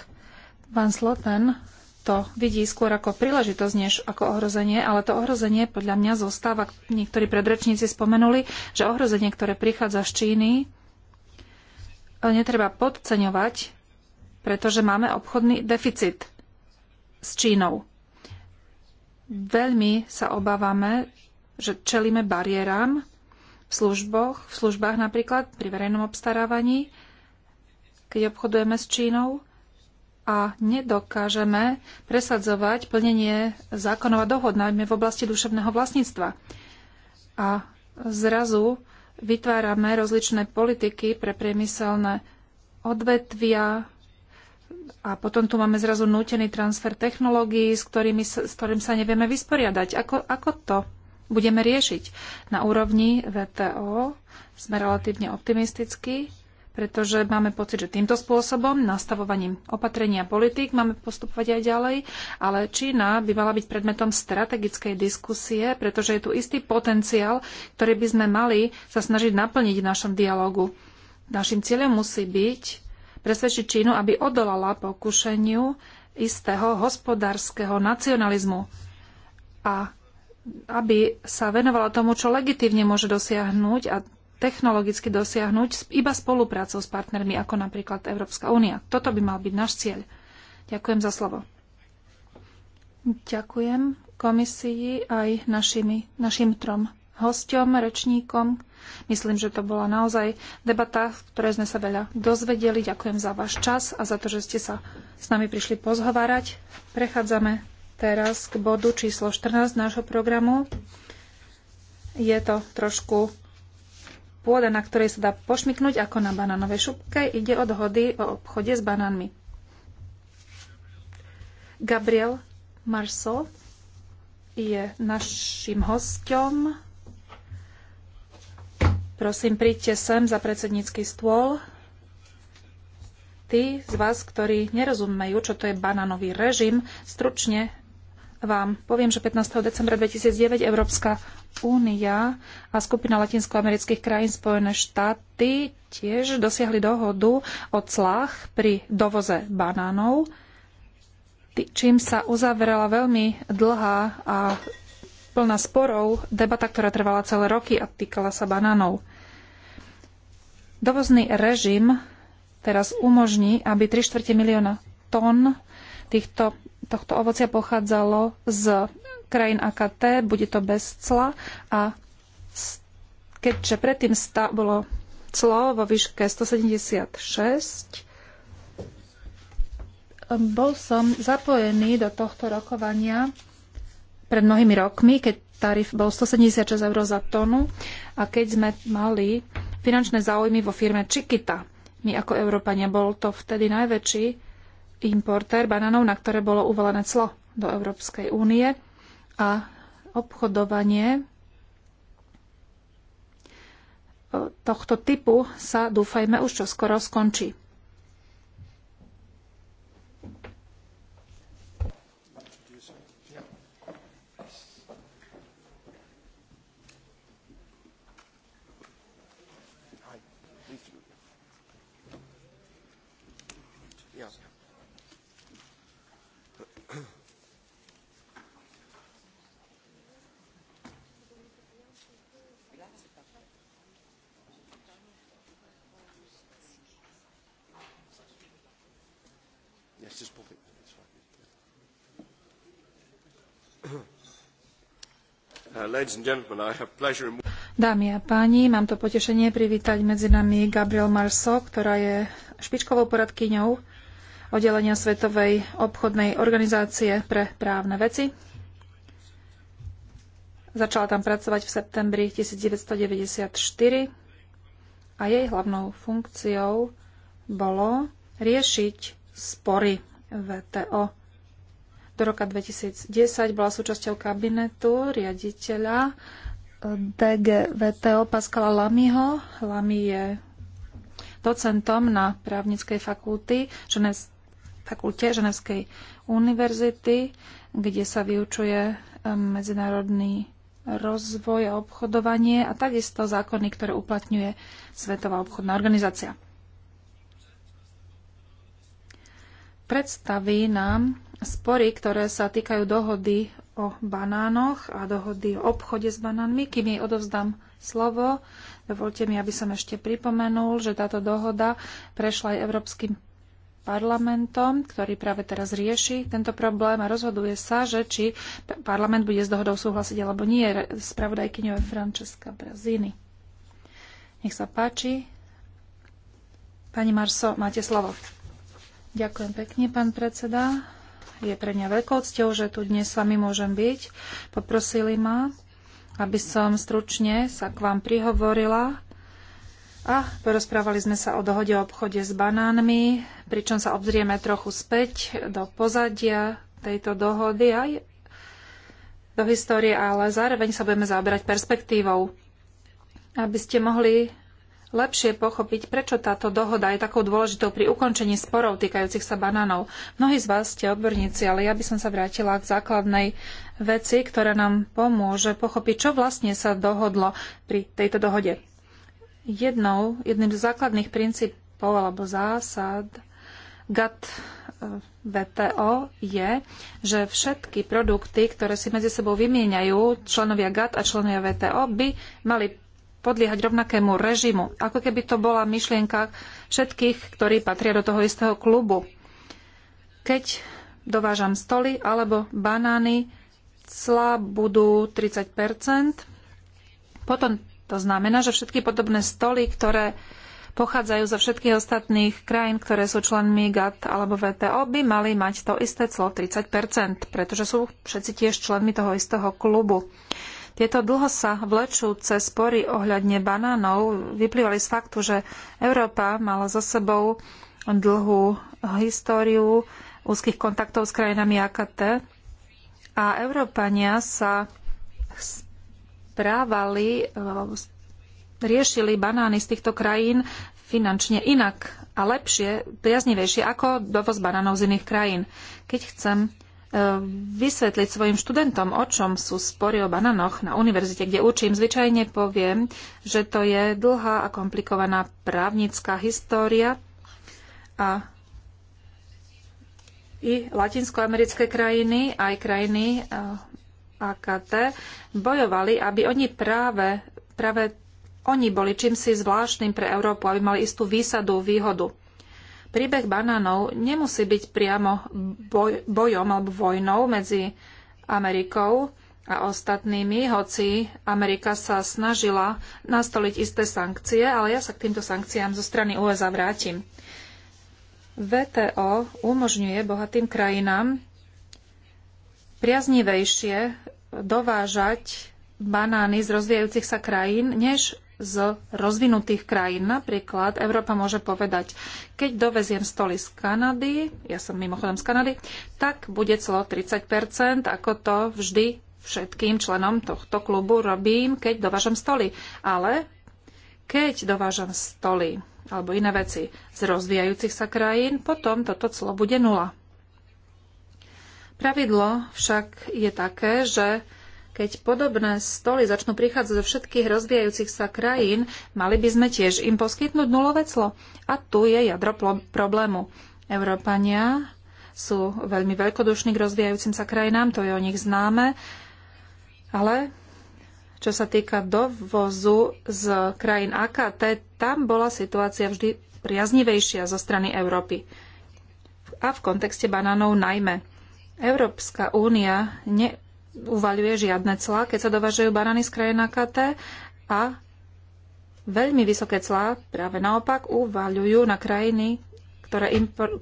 Van Sloten to vidí skôr ako príležitosť, než ako ohrozenie, ale to ohrozenie podľa mňa zostáva, niektorí predrečníci spomenuli, že ohrozenie, ktoré prichádza z Číny, netreba podceňovať, pretože máme obchodný deficit s Čínou. Veľmi sa obávame, že čelíme bariéram, v služboch, v službách napríklad, pri verejnom obstarávaní, keď obchodujeme s Čínou a nedokážeme presadzovať plnenie zákonov a dohod, najmä v oblasti duševného vlastníctva. A zrazu vytvárame rozličné politiky pre priemyselné odvetvia a potom tu máme zrazu nútený transfer technológií, s, ktorými, s ktorým sa nevieme vysporiadať. Ako, ako to budeme riešiť. Na úrovni VTO sme relatívne optimistickí, pretože máme pocit, že týmto spôsobom, nastavovaním opatrenia politik, máme postupovať aj ďalej, ale Čína by mala byť predmetom strategickej diskusie, pretože je tu istý potenciál, ktorý by sme mali sa snažiť naplniť v našom dialogu. Našim cieľom musí byť presvedčiť Čínu, aby odolala pokušeniu istého hospodárskeho nacionalizmu a aby sa venovala tomu, čo legitívne môže dosiahnuť a technologicky dosiahnuť iba spoluprácou s partnermi, ako napríklad Európska únia. Toto by mal byť náš cieľ. Ďakujem za slovo. Ďakujem komisii aj našimi, našim trom hosťom, rečníkom. Myslím, že to bola naozaj debata, v ktorej sme sa veľa dozvedeli. Ďakujem za váš čas a za to, že ste sa s nami prišli pozhovárať. Prechádzame teraz k bodu číslo 14 nášho programu. Je to trošku pôda, na ktorej sa dá pošmiknúť ako na banánovej šupke. Ide o dohody o obchode s banánmi. Gabriel Marso je našim hostom. Prosím, príďte sem za predsednícky stôl. Tí z vás, ktorí nerozumejú, čo to je banánový režim, stručne vám poviem, že 15. decembra 2009 Európska únia a skupina latinskoamerických krajín Spojené štáty tiež dosiahli dohodu o clách pri dovoze banánov, čím sa uzavrela veľmi dlhá a plná sporov debata, ktorá trvala celé roky a týkala sa banánov. Dovozný režim teraz umožní, aby 3 štvrte milióna tón týchto tohto ovocia pochádzalo z krajín AKT, bude to bez cla a keďže predtým sta- bolo clo vo výške 176, bol som zapojený do tohto rokovania pred mnohými rokmi, keď tarif bol 176 eur za tonu a keď sme mali finančné záujmy vo firme Čikita. My ako Európania bol to vtedy najväčší importér banánov, na ktoré bolo uvalené clo do Európskej únie a obchodovanie e, tohto typu sa, dúfajme, už čoskoro skončí. Uh, Dámy a páni, mám to potešenie privítať medzi nami Gabriel Marso, ktorá je špičkovou poradkyňou oddelenia Svetovej obchodnej organizácie pre právne veci. Začala tam pracovať v septembri 1994 a jej hlavnou funkciou bolo riešiť spory VTO. Do roka 2010 bola súčasťou kabinetu riaditeľa eh, DG VTO Paskala Lamiho. Lamy je docentom na právnickej fakulty, ženevs- fakulte Ženevskej univerzity, kde sa vyučuje eh, medzinárodný rozvoj a obchodovanie a takisto zákony, ktoré uplatňuje Svetová obchodná organizácia. predstaví nám spory, ktoré sa týkajú dohody o banánoch a dohody o obchode s banánmi. Kým jej odovzdám slovo, dovolte mi, aby som ešte pripomenul, že táto dohoda prešla aj Európskym parlamentom, ktorý práve teraz rieši tento problém a rozhoduje sa, že či parlament bude s dohodou súhlasiť alebo nie. Spravodajkyňou je Francesca Brazini. Nech sa páči. Pani Marso, máte slovo. Ďakujem pekne, pán predseda. Je pre mňa veľkou cťou, že tu dnes s vami môžem byť. Poprosili ma, aby som stručne sa k vám prihovorila a porozprávali sme sa o dohode o obchode s banánmi, pričom sa obzrieme trochu späť do pozadia tejto dohody aj do histórie, ale zároveň sa budeme zaoberať perspektívou. Aby ste mohli lepšie pochopiť, prečo táto dohoda je takou dôležitou pri ukončení sporov týkajúcich sa banánov. Mnohí z vás ste odborníci, ale ja by som sa vrátila k základnej veci, ktorá nám pomôže pochopiť, čo vlastne sa dohodlo pri tejto dohode. Jednou, jedným z základných princípov alebo zásad GATT eh, VTO je, že všetky produkty, ktoré si medzi sebou vymieňajú členovia GATT a členovia VTO, by mali podliehať rovnakému režimu, ako keby to bola myšlienka všetkých, ktorí patria do toho istého klubu. Keď dovážam stoly alebo banány, cla budú 30 Potom to znamená, že všetky podobné stoly, ktoré pochádzajú zo všetkých ostatných krajín, ktoré sú členmi GATT alebo VTO, by mali mať to isté clo 30 pretože sú všetci tiež členmi toho istého klubu. Tieto dlho sa vlečúce spory ohľadne banánov vyplývali z faktu, že Európa mala za sebou dlhú históriu úzkých kontaktov s krajinami AKT a Európania sa správali, e, riešili banány z týchto krajín finančne inak a lepšie, priaznivejšie ako dovoz banánov z iných krajín. Keď chcem Ehm, vysvetliť svojim študentom, o čom sú spory o bananoch na univerzite, kde učím, zvyčajne poviem, že to je dlhá a komplikovaná právnická história a i latinskoamerické krajiny, aj krajiny eh, AKT bojovali, aby oni práve, práve oni boli čímsi zvláštnym pre Európu, aby mali istú výsadu, výhodu. Príbeh banánov nemusí byť priamo boj, bojom alebo vojnou medzi Amerikou a ostatnými, hoci Amerika sa snažila nastoliť isté sankcie, ale ja sa k týmto sankciám zo strany USA vrátim. VTO umožňuje bohatým krajinám priaznivejšie dovážať banány z rozvíjajúcich sa krajín, než z rozvinutých krajín. Napríklad Európa môže povedať, keď doveziem stoly z Kanady, ja som mimochodom z Kanady, tak bude clo 30%, ako to vždy všetkým členom tohto klubu robím, keď dovážam stoly. Ale keď dovážam stoly alebo iné veci z rozvíjajúcich sa krajín, potom toto clo bude nula. Pravidlo však je také, že keď podobné stoly začnú prichádzať zo všetkých rozvíjajúcich sa krajín, mali by sme tiež im poskytnúť nulové clo. A tu je jadro problému. Európania sú veľmi veľkodušní k rozvíjajúcim sa krajinám, to je o nich známe, ale čo sa týka dovozu z krajín AKT, tam bola situácia vždy priaznivejšia zo strany Európy. A v kontexte banánov najmä. Európska únia ne, uvaľuje žiadne clá, keď sa dovažujú barany z krajina KT a veľmi vysoké clá práve naopak uvaľujú na krajiny, ktoré impor-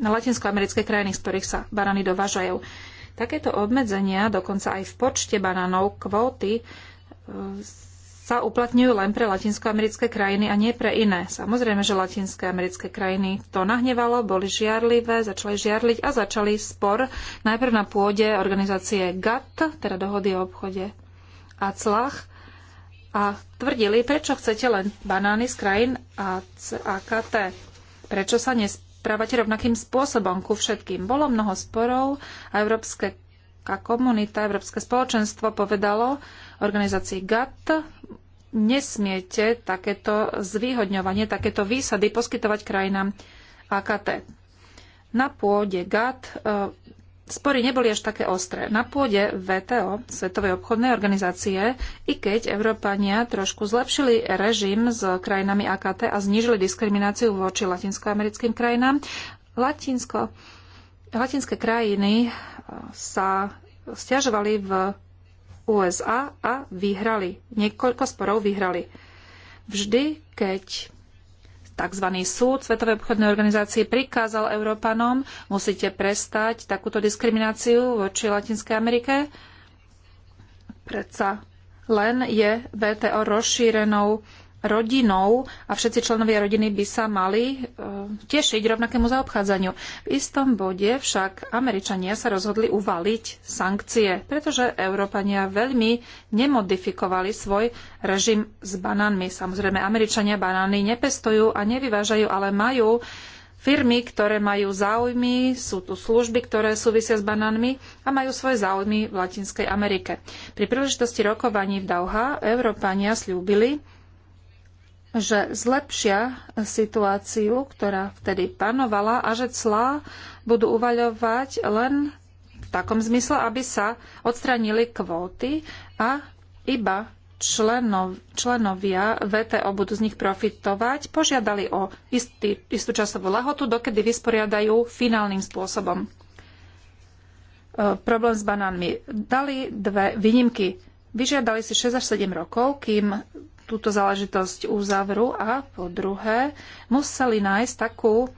na latinskoamerické krajiny, z ktorých sa barany dovažajú. Takéto obmedzenia, dokonca aj v počte bananov, kvóty e, sa uplatňujú len pre latinskoamerické krajiny a nie pre iné. Samozrejme, že latinské americké krajiny to nahnevalo, boli žiarlivé, začali žiarliť a začali spor najprv na pôde organizácie GATT, teda dohody o obchode a clach, a tvrdili, prečo chcete len banány z krajín a AKT. Prečo sa nesprávate rovnakým spôsobom ku všetkým? Bolo mnoho sporov a európske Európska komunita, Európske spoločenstvo povedalo organizácii GATT, nesmiete takéto zvýhodňovanie, takéto výsady poskytovať krajinám AKT. Na pôde GATT e, spory neboli až také ostré. Na pôde VTO, Svetovej obchodnej organizácie, i keď Európania trošku zlepšili režim s krajinami AKT a znížili diskrimináciu voči latinskoamerickým krajinám, Latinsko latinské krajiny e, sa stiažovali v USA a vyhrali. Niekoľko sporov vyhrali. Vždy, keď tzv. súd Svetovej obchodnej organizácie prikázal Európanom, musíte prestať takúto diskrimináciu voči Latinskej Amerike. Predsa len je VTO rozšírenou rodinou a všetci členovia rodiny by sa mali e, tešiť rovnakému zaobchádzaniu. V istom bode však Američania sa rozhodli uvaliť sankcie, pretože Európania veľmi nemodifikovali svoj režim s banánmi. Samozrejme, Američania banány nepestujú a nevyvážajú, ale majú firmy, ktoré majú záujmy, sú tu služby, ktoré súvisia s banánmi a majú svoje záujmy v Latinskej Amerike. Pri príležitosti rokovaní v Dauha Európania slúbili, že zlepšia situáciu, ktorá vtedy panovala a že clá budú uvaľovať len v takom zmysle, aby sa odstranili kvóty a iba členov, členovia VTO budú z nich profitovať, požiadali o istý, istú časovú lahotu, dokedy vysporiadajú finálnym spôsobom. E, problém s banánmi. Dali dve výnimky. Vyžiadali si 6 až 7 rokov, kým túto záležitosť uzavrú a po druhé museli nájsť takú e,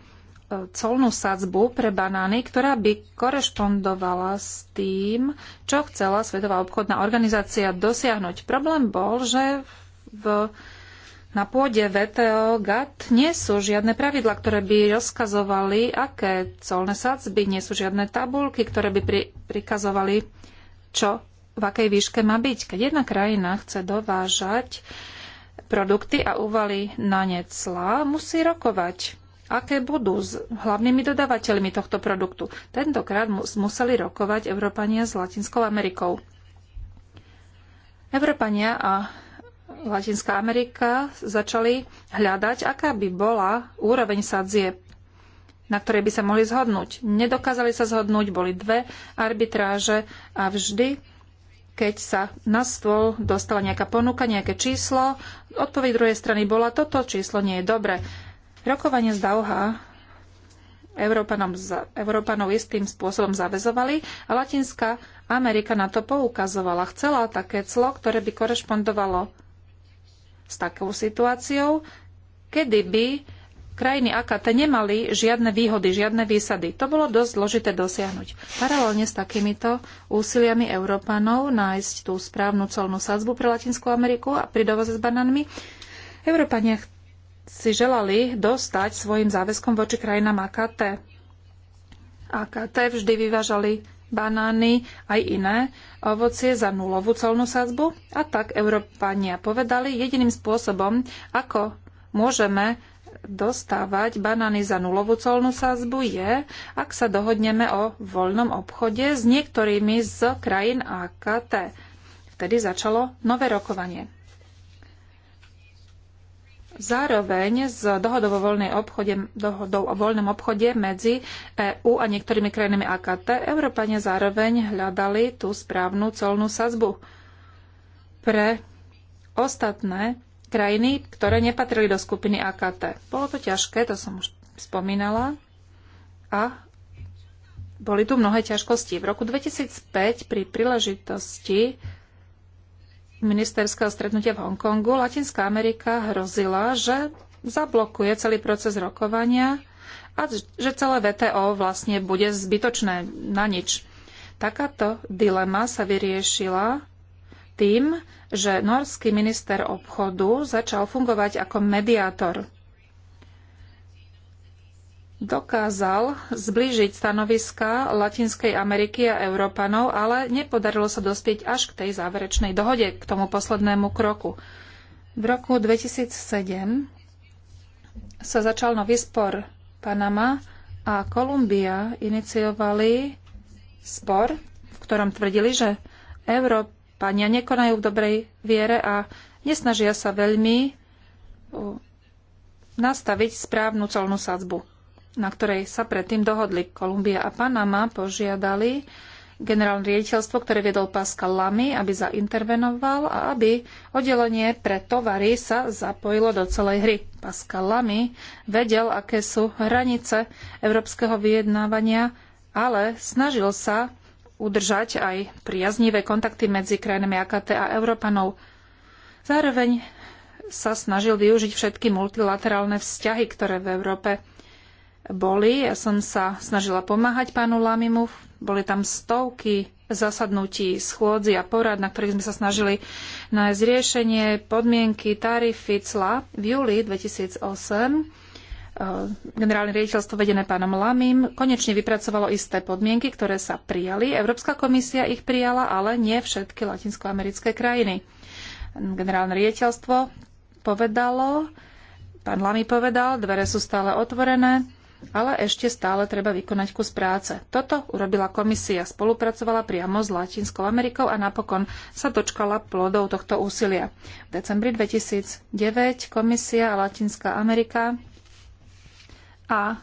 colnú sadzbu pre banány, ktorá by korešpondovala s tým, čo chcela Svetová obchodná organizácia dosiahnuť. Problém bol, že v, na pôde VTO GATT nie sú žiadne pravidla, ktoré by rozkazovali, aké colné sadzby, nie sú žiadne tabulky, ktoré by pri, prikazovali, čo v akej výške má byť. Keď jedna krajina chce dovážať produkty a uvalí na ne clá, musí rokovať, aké budú s hlavnými dodávateľmi tohto produktu. Tentokrát museli rokovať Európania s Latinskou Amerikou. Európania a Latinská Amerika začali hľadať, aká by bola úroveň sadzieb, na ktorej by sa mohli zhodnúť. Nedokázali sa zhodnúť, boli dve arbitráže a vždy keď sa na stôl dostala nejaká ponuka, nejaké číslo, odpoveď druhej strany bola, toto číslo nie je dobre. Rokovanie z Dauha Európanov istým spôsobom zavezovali a Latinská Amerika na to poukazovala. Chcela také clo, ktoré by korešpondovalo s takou situáciou, kedy by krajiny AKT nemali žiadne výhody, žiadne výsady. To bolo dosť zložité dosiahnuť. Paralelne s takýmito úsiliami Európanov nájsť tú správnu colnú sadzbu pre Latinskú Ameriku a pri dovoze s banánmi, Európania si želali dostať svojim záväzkom voči krajinám AKT. AKT vždy vyvážali banány aj iné ovocie za nulovú colnú sadzbu a tak Európania povedali jediným spôsobom, ako môžeme dostávať banány za nulovú colnú sázbu je, ak sa dohodneme o voľnom obchode s niektorými z krajín AKT. Vtedy začalo nové rokovanie. Zároveň s dohodou o, voľnej obchode, dohodou o voľnom obchode medzi EÚ a niektorými krajinami AKT Európania zároveň hľadali tú správnu colnú sazbu pre ostatné krajiny, ktoré nepatrili do skupiny AKT. Bolo to ťažké, to som už spomínala. A boli tu mnohé ťažkosti. V roku 2005 pri príležitosti ministerského stretnutia v Hongkongu Latinská Amerika hrozila, že zablokuje celý proces rokovania a že celé VTO vlastne bude zbytočné na nič. Takáto dilema sa vyriešila tým, že norský minister obchodu začal fungovať ako mediátor. Dokázal zblížiť stanoviska Latinskej Ameriky a Európanov, ale nepodarilo sa dospieť až k tej záverečnej dohode, k tomu poslednému kroku. V roku 2007 sa začal nový spor. Panama a Kolumbia iniciovali spor, v ktorom tvrdili, že Európa Pania nekonajú v dobrej viere a nesnažia sa veľmi uh, nastaviť správnu colnú sadzbu, na ktorej sa predtým dohodli. Kolumbia a Panama požiadali generálne riaditeľstvo, ktoré viedol Pascal Lamy, aby zaintervenoval a aby oddelenie pre tovary sa zapojilo do celej hry. Pascal Lamy vedel, aké sú hranice európskeho vyjednávania, ale snažil sa udržať aj priaznivé kontakty medzi krajinami AKT a Európanov. Zároveň sa snažil využiť všetky multilaterálne vzťahy, ktoré v Európe boli. Ja som sa snažila pomáhať pánu Lamimu. Boli tam stovky zasadnutí, schôdzi a porad, na ktorých sme sa snažili nájsť riešenie, podmienky, tarify, cla. V júli 2008 Eh, generálne riaditeľstvo vedené pánom Lamim konečne vypracovalo isté podmienky, ktoré sa prijali. Európska komisia ich prijala, ale nie všetky latinskoamerické krajiny. Generálne riaditeľstvo povedalo, pán Lamy povedal, dvere sú stále otvorené, ale ešte stále treba vykonať kus práce. Toto urobila komisia, spolupracovala priamo s Latinskou Amerikou a napokon sa dočkala plodov tohto úsilia. V decembri 2009 komisia a Latinská Amerika a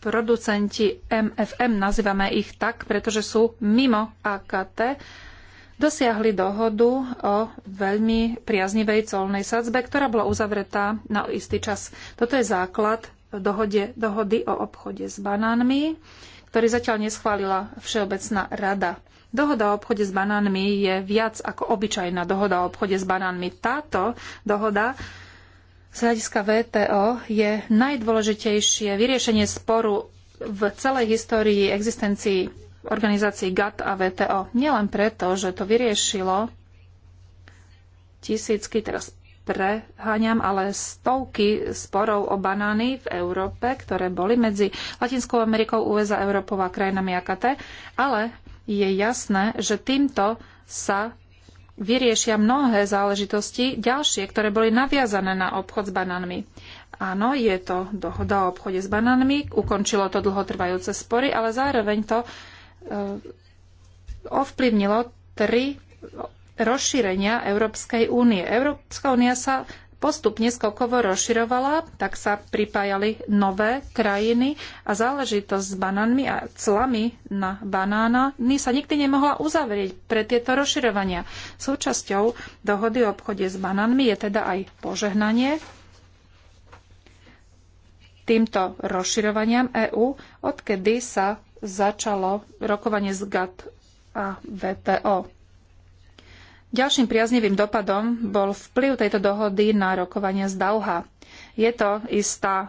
producenti MFM, nazývame ich tak, pretože sú mimo AKT, dosiahli dohodu o veľmi priaznivej colnej sadzbe, ktorá bola uzavretá na istý čas. Toto je základ dohode, dohody o obchode s banánmi, ktorý zatiaľ neschválila Všeobecná rada. Dohoda o obchode s banánmi je viac ako obyčajná dohoda o obchode s banánmi. Táto dohoda z hľadiska VTO je najdôležitejšie vyriešenie sporu v celej histórii existencii organizácií GATT a VTO. Nielen preto, že to vyriešilo tisícky, teraz preháňam, ale stovky sporov o banány v Európe, ktoré boli medzi Latinskou Amerikou, USA, Európou a krajinami AKT, ale je jasné, že týmto sa vyriešia mnohé záležitosti ďalšie, ktoré boli naviazané na obchod s banánmi. Áno, je to dohoda o obchode s banánmi, ukončilo to dlhotrvajúce spory, ale zároveň to e, ovplyvnilo tri rozšírenia Európskej únie. Európska únia sa postupne skokovo rozširovala, tak sa pripájali nové krajiny a záležitosť s banánmi a clami na banána sa nikdy nemohla uzavrieť pre tieto rozširovania. Súčasťou dohody o obchode s banánmi je teda aj požehnanie týmto rozširovaniam EÚ, odkedy sa začalo rokovanie z GATT a VTO. Ďalším priaznivým dopadom bol vplyv tejto dohody na rokovania z Dauha. Je to istá,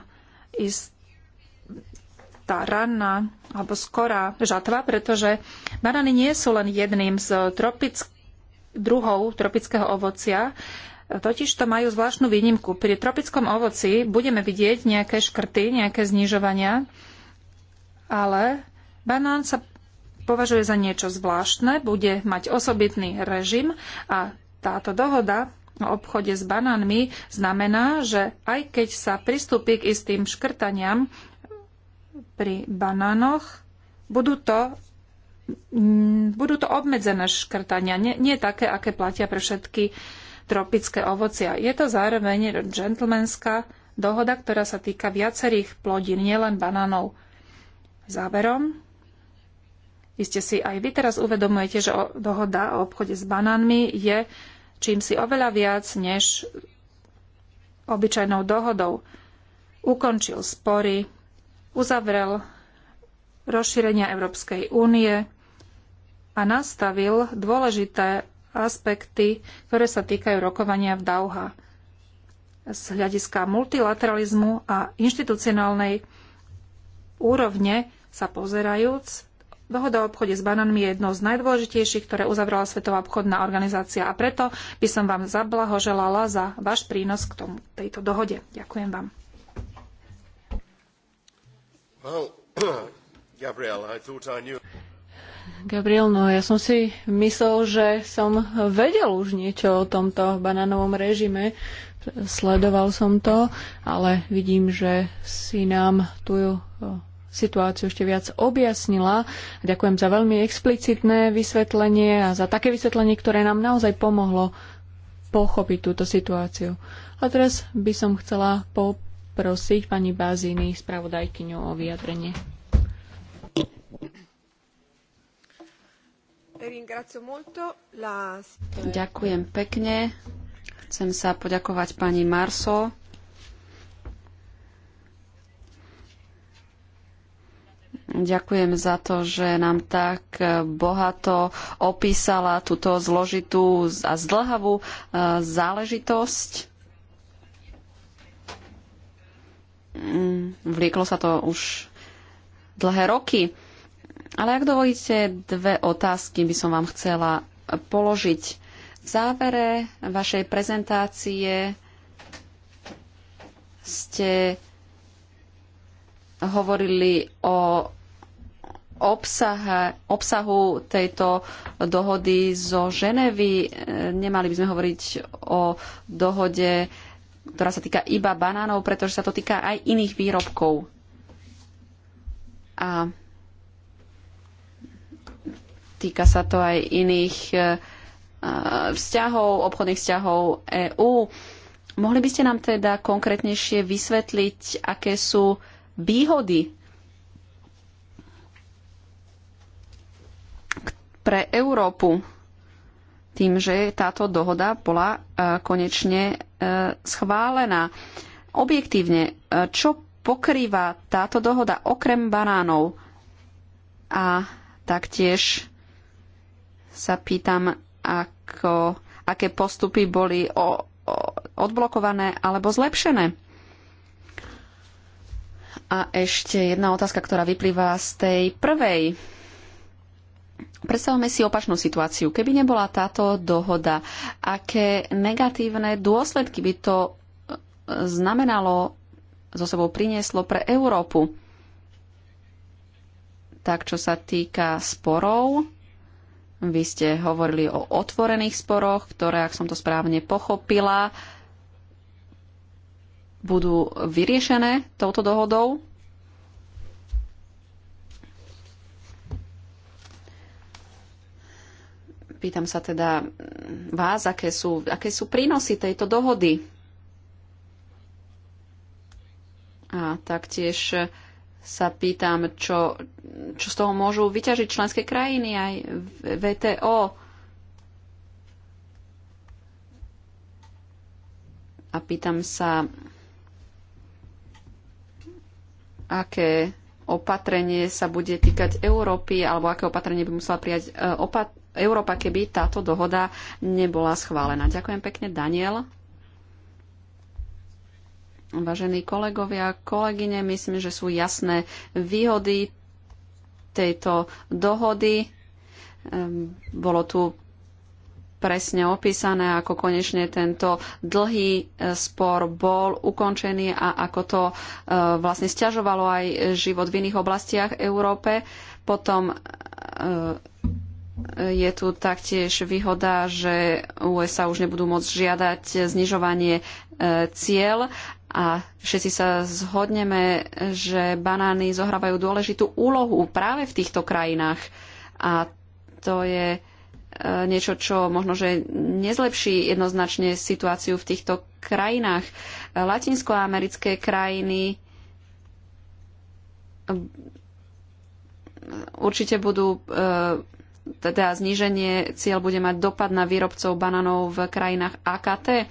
istá ranná alebo skorá žatva, pretože banány nie sú len jedným z tropických druhov tropického ovocia, totiž to majú zvláštnu výnimku. Pri tropickom ovoci budeme vidieť nejaké škrty, nejaké znižovania, ale banán sa považuje za niečo zvláštne, bude mať osobitný režim a táto dohoda o obchode s banánmi znamená, že aj keď sa pristúpi k istým škrtaniam pri banánoch, budú to, mm, budú to obmedzené škrtania, nie, nie také, aké platia pre všetky tropické ovocia. Je to zároveň gentlemanská dohoda, ktorá sa týka viacerých plodín, nielen banánov. Záverom, Iste si aj vy teraz uvedomujete, že dohoda o obchode s banánmi je čím si oveľa viac než obyčajnou dohodou. Ukončil spory, uzavrel rozšírenia Európskej únie a nastavil dôležité aspekty, ktoré sa týkajú rokovania v Dauha z hľadiska multilateralizmu a inštitucionálnej úrovne sa pozerajúc Dohoda o obchode s bananmi je jednou z najdôležitejších, ktoré uzavrala Svetová obchodná organizácia a preto by som vám zablahoželala za váš prínos k tomu, tejto dohode. Ďakujem vám. Well, Gabriel, I I knew... Gabriel, no ja som si myslel, že som vedel už niečo o tomto banánovom režime. Sledoval som to, ale vidím, že si nám tu eh, situáciu ešte viac objasnila. Ďakujem za veľmi explicitné vysvetlenie a za také vysvetlenie, ktoré nám naozaj pomohlo pochopiť túto situáciu. A teraz by som chcela poprosiť pani Bazíny, spravodajkyňu, o vyjadrenie. Ďakujem pekne. Chcem sa poďakovať pani Marso Ďakujem za to, že nám tak bohato opísala túto zložitú a zdlhavú e, záležitosť. Mm, vlieklo sa to už dlhé roky. Ale ak dovolíte, dve otázky by som vám chcela položiť. V závere vašej prezentácie ste hovorili o obsahu tejto dohody zo Ženevy. Nemali by sme hovoriť o dohode, ktorá sa týka iba banánov, pretože sa to týka aj iných výrobkov. A týka sa to aj iných e, vzťahov, obchodných vzťahov EÚ. Mohli by ste nám teda konkrétnejšie vysvetliť, aké sú výhody pre Európu tým, že táto dohoda bola e, konečne e, schválená. Objektívne, e, čo pokrýva táto dohoda okrem banánov? A taktiež sa pýtam, ako, aké postupy boli o, o, odblokované alebo zlepšené. A ešte jedna otázka, ktorá vyplýva z tej prvej Predstavme si opačnú situáciu. Keby nebola táto dohoda, aké negatívne dôsledky by to e, znamenalo, zo sebou prinieslo pre Európu? Tak, čo sa týka sporov, vy ste hovorili o otvorených sporoch, ktoré, ak som to správne pochopila, budú vyriešené touto dohodou. Pýtam sa teda vás, aké sú, aké sú prínosy tejto dohody. A taktiež sa pýtam, čo, čo z toho môžu vyťažiť členské krajiny aj VTO. A pýtam sa, aké opatrenie sa bude týkať Európy, alebo aké opatrenie by musela prijať e, opat- Európa, keby táto dohoda nebola schválená. Ďakujem pekne, Daniel. Vážení kolegovia, kolegyne, myslím, že sú jasné výhody tejto dohody. Ehm, bolo tu presne opísané, ako konečne tento dlhý e, spor bol ukončený a ako to e, vlastne stiažovalo aj život v iných oblastiach Európe. Potom e, je tu taktiež výhoda, že USA už nebudú môcť žiadať znižovanie e, cieľ a všetci sa zhodneme, že banány zohrávajú dôležitú úlohu práve v týchto krajinách. A to je e, niečo, čo možno, že nezlepší jednoznačne situáciu v týchto krajinách. Latinskoamerické krajiny e, určite budú teda zníženie cieľ bude mať dopad na výrobcov bananov v krajinách AKT.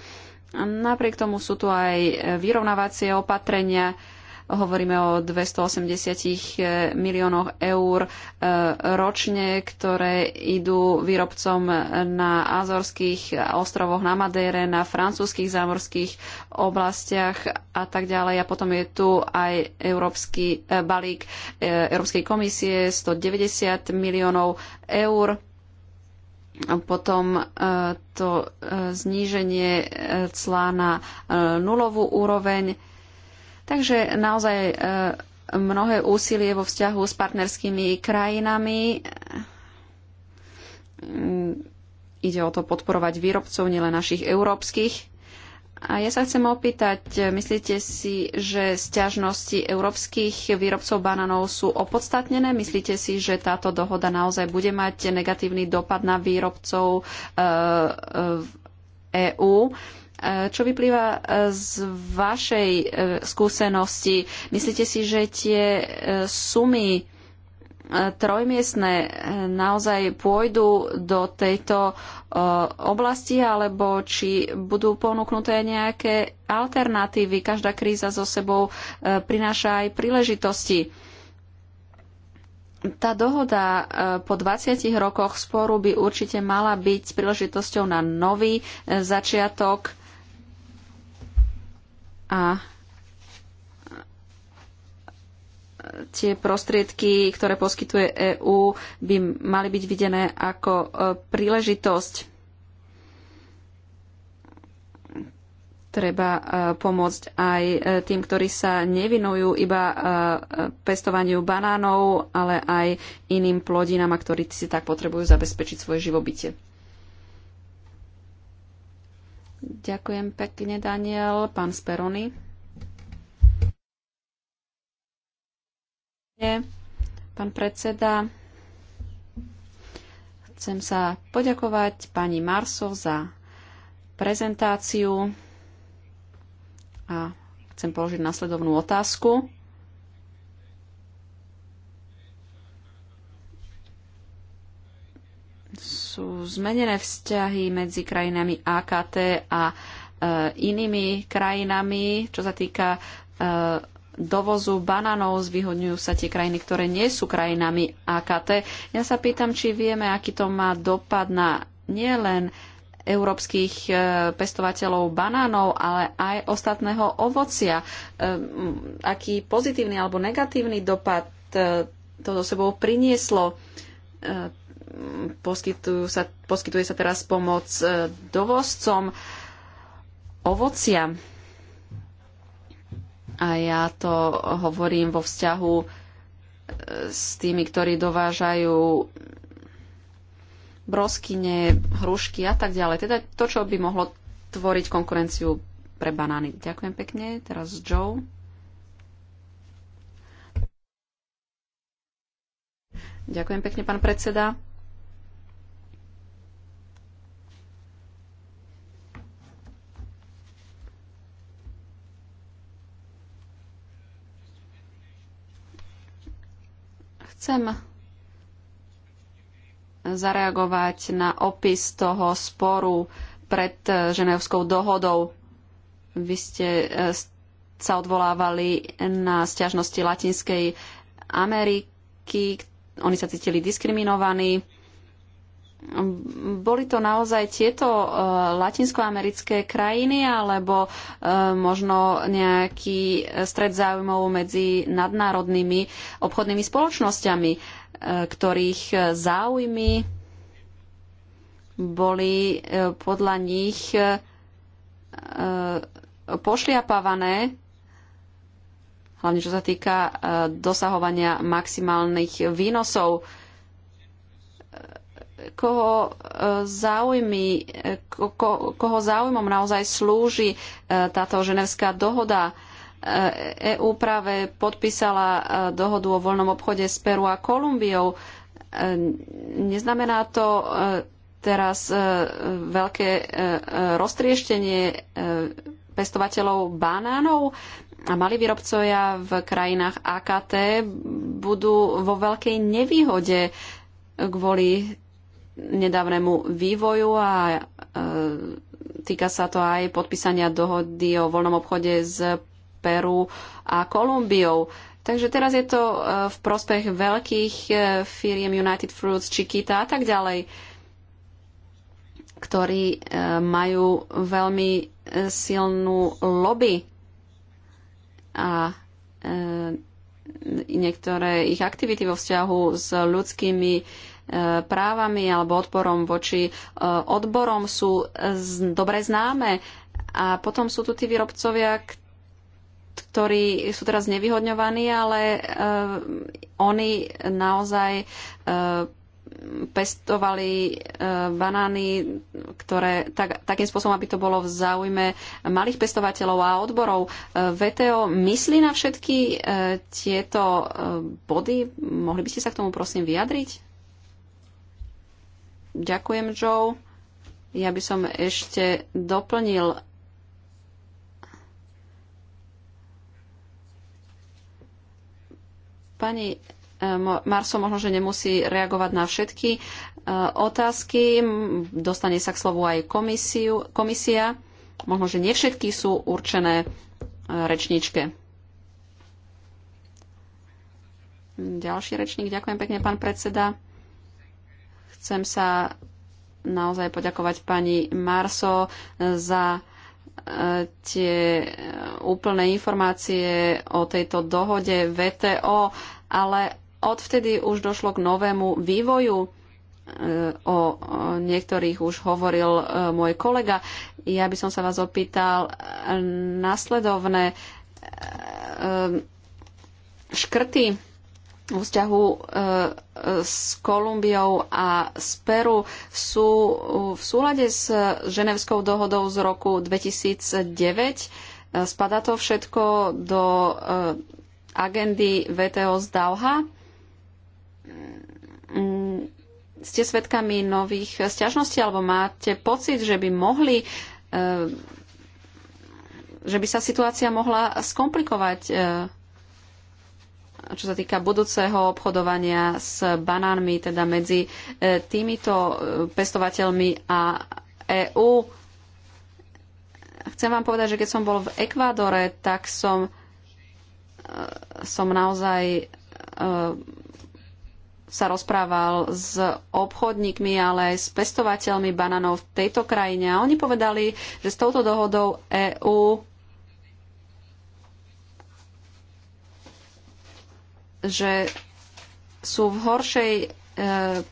Napriek tomu sú tu aj vyrovnávacie opatrenia, Hovoríme o 280 eh, miliónoch eur eh, ročne, ktoré idú výrobcom na Azorských ostrovoch, na Madére, na francúzských zámorských oblastiach a tak ďalej. A potom je tu aj Európsky eh, balík Európskej komisie 190 miliónov eur potom to zníženie cla na nulovú úroveň Takže naozaj e, mnohé úsilie vo vzťahu s partnerskými krajinami mm, ide o to podporovať výrobcov, nielen našich európskych. A ja sa chcem opýtať, myslíte si, že sťažnosti európskych výrobcov bananov sú opodstatnené? Myslíte si, že táto dohoda naozaj bude mať negatívny dopad na výrobcov EÚ? E, e, e Eh, čo vyplýva eh, z vašej eh, skúsenosti? Myslíte si, že tie sumy trojmiestne naozaj pôjdu do tejto oblasti, alebo či budú ponúknuté nejaké alternatívy? Každá kríza so sebou prináša aj príležitosti tá dohoda po 20 rokoch sporu by určite mala byť príležitosťou na nový začiatok a tie prostriedky, ktoré poskytuje EÚ, by mali byť videné ako e, príležitosť. Treba e, pomôcť aj e, tým, ktorí sa nevinujú iba pestovaniu banánov, ale aj iným plodinám, a ktorí si tak potrebujú zabezpečiť svoje živobytie. Ďakujem pekne, Daniel. Pán Sperony. Pán predseda, chcem sa poďakovať pani Marso za prezentáciu a chcem položiť nasledovnú otázku. sú zmenené vzťahy medzi krajinami AKT a e, inými krajinami, čo sa týka e, dovozu bananov, zvyhodňujú sa tie krajiny, ktoré nie sú krajinami AKT. Ja sa pýtam, či vieme, aký to má dopad na nielen európskych e, pestovateľov banánov, ale aj ostatného ovocia. E, aký pozitívny alebo negatívny dopad e, to so sebou prinieslo sa, poskytuje sa teraz pomoc e, dovozcom ovocia. A ja to hovorím vo vzťahu e, s tými, ktorí dovážajú broskyne, hrušky a tak ďalej. Teda to, čo by mohlo tvoriť konkurenciu pre banány. Ďakujem pekne. Teraz Joe. Ďakujem pekne, pán predseda. Chcem zareagovať na opis toho sporu pred eh, Ženevskou dohodou. Vy ste eh, sa odvolávali na stiažnosti Latinskej Ameriky. Oni sa cítili diskriminovaní boli to naozaj tieto uh, latinskoamerické krajiny alebo uh, možno nejaký stred záujmov medzi nadnárodnými obchodnými spoločnosťami, uh, ktorých záujmy boli uh, podľa nich uh, pošliapávané, hlavne čo sa týka dosahovania maximálnych výnosov uh, koho e, záujmy, ko, koho záujmom naozaj slúži e, táto ženevská dohoda. EÚ e práve podpísala dohodu o voľnom obchode s Peru a Kolumbiou. Neznamená to teraz veľké roztrieštenie pestovateľov banánov a mali výrobcovia v krajinách AKT budú vo veľkej nevýhode kvôli nedávnemu vývoju a e, týka sa to aj podpísania dohody o voľnom obchode s Peru a Kolumbiou. Takže teraz je to e, v prospech veľkých e, firiem United Fruits, Chiquita a tak ďalej, ktorí majú veľmi silnú lobby a niektoré ich aktivity vo vzťahu s ľudskými právami alebo odporom voči e, odborom sú dobre známe. A potom sú tu tí výrobcovia, ktorí sú teraz nevyhodňovaní, ale e, oni naozaj e, pestovali banány, ktoré tak, takým spôsobom, aby to bolo v záujme malých pestovateľov a odborov. VTO myslí na všetky tieto body? Mohli by ste sa k tomu prosím vyjadriť? Ďakujem, Joe. Ja by som ešte doplnil Pani eh, Marso možno, že nemusí reagovať na všetky eh, otázky. Dostane sa k slovu aj komisiu, komisia. Možno, že nevšetky sú určené eh, rečničke. Ďalší rečník. Ďakujem pekne, pán predseda. Chcem sa naozaj poďakovať pani Marso za e, tie e, úplné informácie o tejto dohode VTO, ale odvtedy už došlo k novému vývoju. E, o niektorých už hovoril môj kolega. Ja by som sa vás opýtal nasledovné škrty vo vzťahu e, s Kolumbiou a s Peru sú v súlade s Ženevskou dohodou z roku 2009. E, spadá to všetko do e, agendy VTO z Dauha. Mm, ste svedkami nových sťažností alebo máte pocit, že by mohli že by sa situácia mohla skomplikovať čo sa týka budúceho obchodovania s banánmi, teda medzi e, týmito e, pestovateľmi a EÚ. Chcem vám povedať, že keď som bol v Ekvádore, tak som, e, som naozaj sa rozprával s obchodníkmi, ale aj s pestovateľmi banánov v tejto krajine. A oni povedali, že s touto dohodou EÚ že sú v horšej e,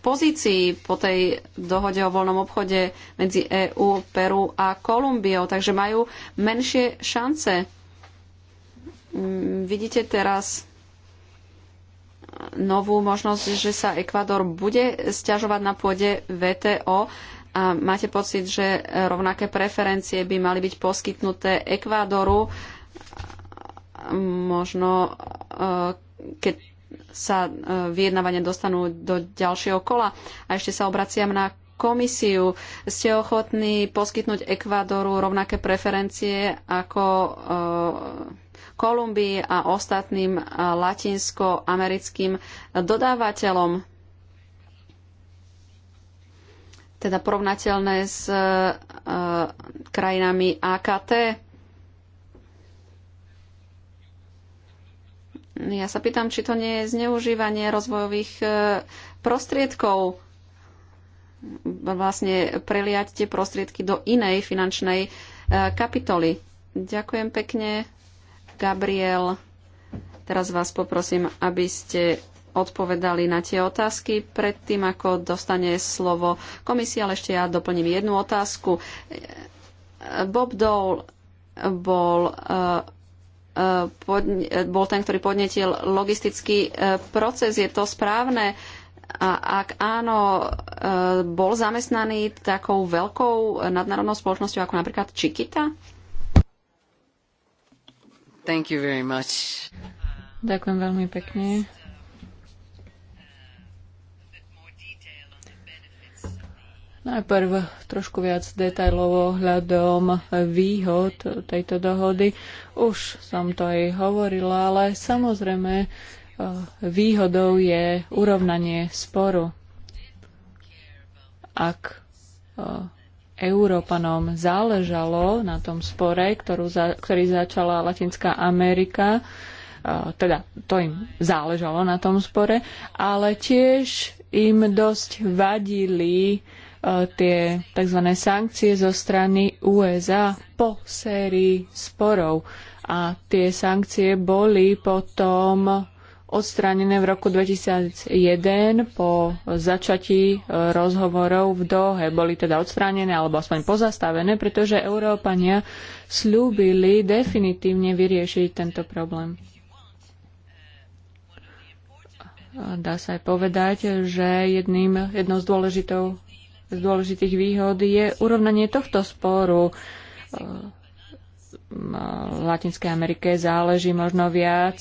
pozícii po tej dohode o voľnom obchode medzi EÚ, Peru a Kolumbiou, takže majú menšie šance. Mm, vidíte teraz novú možnosť, že sa Ekvador bude stiažovať na pôde VTO a máte pocit, že rovnaké preferencie by mali byť poskytnuté Ekvádoru možno e, keď sa e, vyjednávania dostanú do ďalšieho kola. A ešte sa obraciam na komisiu. Ste ochotní poskytnúť Ekvádoru rovnaké preferencie ako e, Kolumbii a ostatným e, latinskoamerickým dodávateľom? Teda porovnateľné s krajinami AKT? Ja sa pýtam, či to nie je zneužívanie rozvojových e, prostriedkov vlastne preliať tie prostriedky do inej finančnej e, kapitoly. Ďakujem pekne, Gabriel. Teraz vás poprosím, aby ste odpovedali na tie otázky predtým, ako dostane slovo komisia, ale ešte ja doplním jednu otázku. E, Bob Dole bol bol ten, ktorý podnetil logistický e, proces. Je to správne? A ak áno, e, bol zamestnaný takou veľkou nadnárodnou spoločnosťou ako napríklad Chiquita? Thank you very much. Ďakujem veľmi pekne. Najprv trošku viac detajlov ohľadom výhod tejto dohody. Už som to aj hovorila, ale samozrejme eh, výhodou je urovnanie sporu. Ak eh, Európanom záležalo na tom spore, ktorú za, ktorý začala Latinská Amerika, eh, teda to im záležalo na tom spore, ale tiež im dosť vadili uh, Eh, tie tzv. sankcie zo strany USA po sérii sporov. A tie sankcie boli potom odstránené v roku 2001 po začatí eh, rozhovorov v Dohe. Boli teda odstránené alebo aspoň pozastavené, pretože Európania slúbili definitívne vyriešiť tento problém. Dá sa aj povedať, že jedným, jednou z, z dôležitých výhod je urovnanie tohto sporu. V Latinskej Amerike záleží možno viac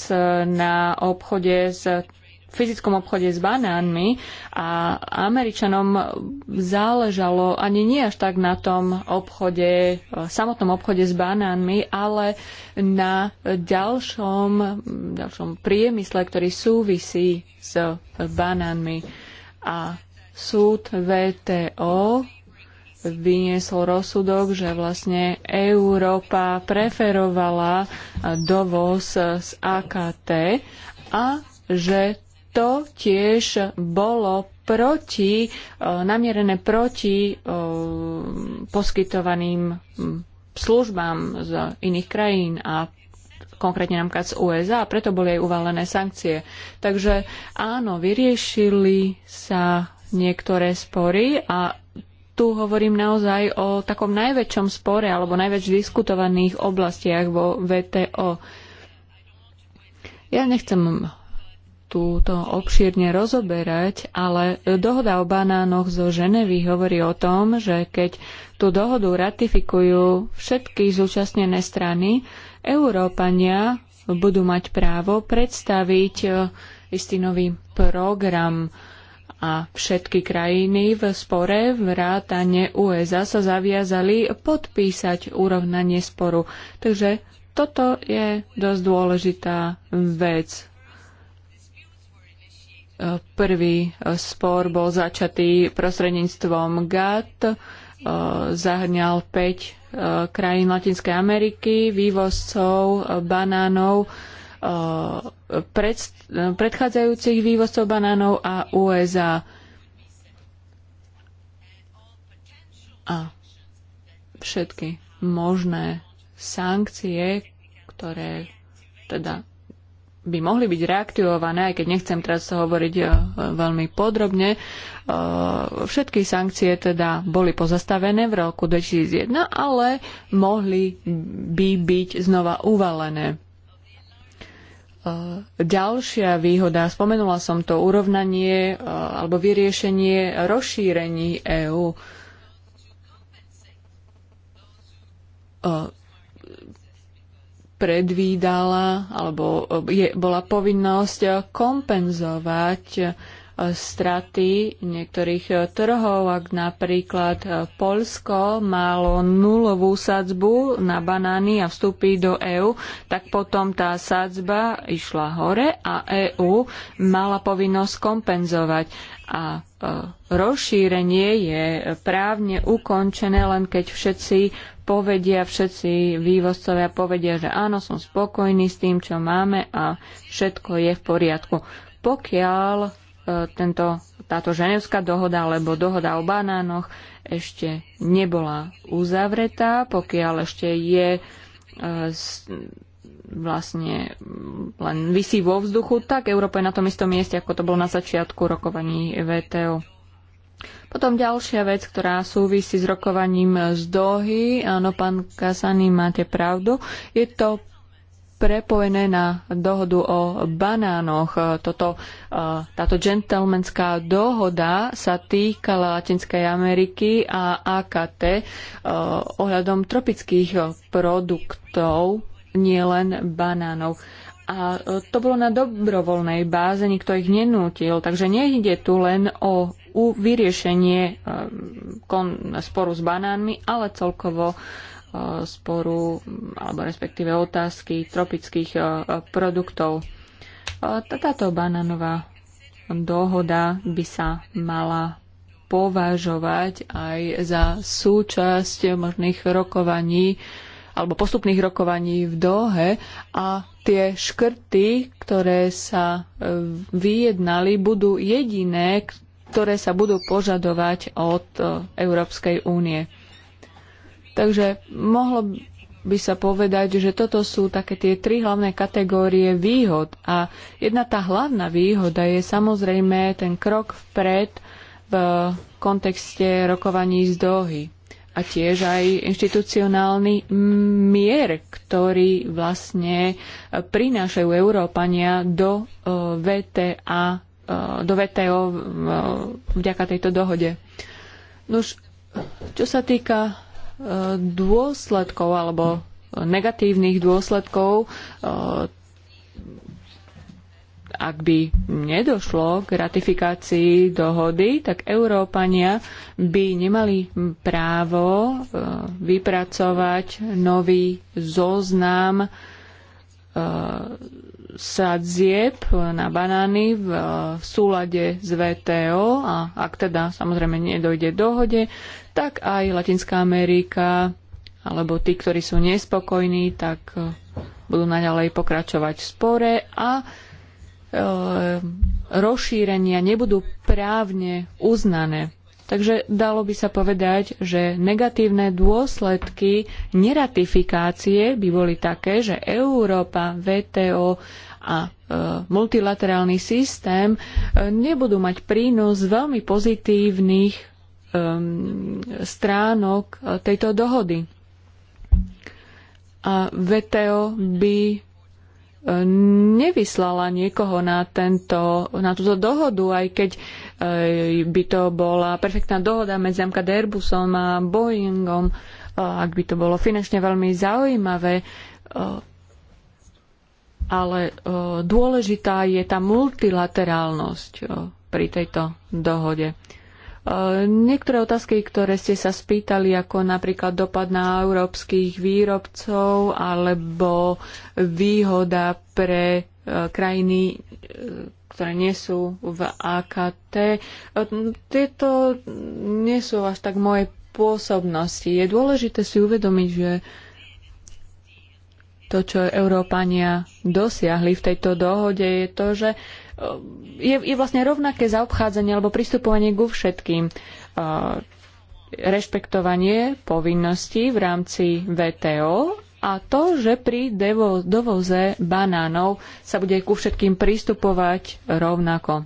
na obchode s fyzickom obchode s banánmi a Američanom záležalo ani nie až tak na tom obchode, samotnom obchode s banánmi, ale na ďalšom, ďalšom priemysle, ktorý súvisí s banánmi. A súd VTO vyniesol rozsudok, že vlastne Európa preferovala dovoz z AKT a že to tiež bolo proti, e, namierené proti e, poskytovaným službám z iných krajín a konkrétne napríklad z USA, preto boli aj uvalené sankcie. Takže áno, vyriešili sa niektoré spory a tu hovorím naozaj o takom najväčšom spore alebo najväčš diskutovaných oblastiach vo VTO. Ja nechcem túto obšírne rozoberať, ale dohoda o banánoch zo Ženevy hovorí o tom, že keď tú dohodu ratifikujú všetky zúčastnené strany, Európania budú mať právo predstaviť eh, istý nový program a všetky krajiny v spore vrátane USA sa zaviazali podpísať urovnanie sporu. Takže toto je dosť dôležitá vec. Prvý spor bol začatý prostredníctvom GATT, eh, zahrňal 5 eh, krajín Latinskej Ameriky, vývozcov eh, banánov, Eh, pred, eh, predchádzajúcich vývozcov banánov a USA. A všetky možné sankcie, ktoré teda by mohli byť reaktivované, aj keď nechcem teraz hovoriť eh, veľmi podrobne. Všetky sankcie teda boli pozastavené v roku 2001, ale mohli by byť znova uvalené. E, ďalšia výhoda, spomenula som to, urovnanie e, alebo vyriešenie rozšírení EÚ. E, predvídala alebo je, bola povinnosť kompenzovať straty niektorých eh, trhov, ak napríklad eh, Polsko malo nulovú sadzbu na banány a vstúpi do EÚ, tak potom tá sadzba išla hore a EÚ mala povinnosť kompenzovať. A eh, rozšírenie je právne ukončené len keď všetci povedia, všetci vývozcovia povedia, že áno, som spokojný s tým, čo máme a všetko je v poriadku. Pokiaľ tento, táto ženevská dohoda alebo dohoda o banánoch ešte nebola uzavretá, pokiaľ ešte je e, vlastne len vysí vo vzduchu, tak Európa je na tom istom mieste, ako to bolo na začiatku rokovaní VTO. Potom ďalšia vec, ktorá súvisí s rokovaním z Dohy, áno, pán Kasany, máte pravdu, je to prepojené na dohodu o banánoch. Toto, e, táto gentlemanská dohoda sa týkala Latinskej Ameriky a AKT e, ohľadom tropických produktov, nielen banánov. A e, to bolo na dobrovoľnej báze, nikto ich nenútil, takže nejde tu len o vyriešenie sporu s banánmi, ale celkovo sporu alebo respektíve otázky tropických e, produktov. E, táto banánová dohoda by sa mala považovať aj za súčasť možných rokovaní alebo postupných rokovaní v Dohe a tie škrty, ktoré sa e, vyjednali, budú jediné, ktoré sa budú požadovať od Európskej únie. Takže mohlo by sa povedať, že toto sú také tie tri hlavné kategórie výhod. A jedna tá hlavná výhoda je samozrejme ten krok vpred v kontexte rokovaní z Dohy. A tiež aj inštitucionálny mier, ktorý vlastne prinášajú Európania do eh, VTA, eh, do VTO eh, vďaka tejto dohode. Nož, čo sa týka dôsledkov alebo negatívnych dôsledkov, eh, ak by nedošlo k ratifikácii dohody, tak Európania by nemali právo eh, vypracovať nový zoznam eh, sadzieb na banány v súlade s VTO a ak teda samozrejme nedojde dohode, tak aj Latinská Amerika alebo tí, ktorí sú nespokojní, tak eh, budú naďalej pokračovať v spore a e, rozšírenia nebudú právne uznané. Takže dalo by sa povedať, že negatívne dôsledky neratifikácie by boli také, že Európa, VTO a e, multilaterálny systém e, nebudú mať prínos veľmi pozitívnych Um, stránok tejto dohody. A VTO by uh, nevyslala niekoho na, tento, na túto dohodu, aj keď uh, by to bola perfektná dohoda medzi MKD Airbusom a Boeingom, uh, ak by to bolo finančne veľmi zaujímavé. Ale dôležitá je tá multilaterálnosť pri tejto dohode. Niektoré otázky, ktoré ste sa spýtali, ako napríklad dopad na európskych výrobcov alebo výhoda pre e, krajiny, e, ktoré nie sú v AKT, e, tieto nie sú až tak moje pôsobnosti. Je dôležité si uvedomiť, že to, čo Európania dosiahli v tejto dohode, je to, že uh, Ehm, je, je vlastne rovnaké zaobchádzanie alebo pristupovanie ku všetkým. Ehm, rešpektovanie povinností v rámci VTO a to, že pri devo, dovoze banánov sa bude ku všetkým pristupovať rovnako.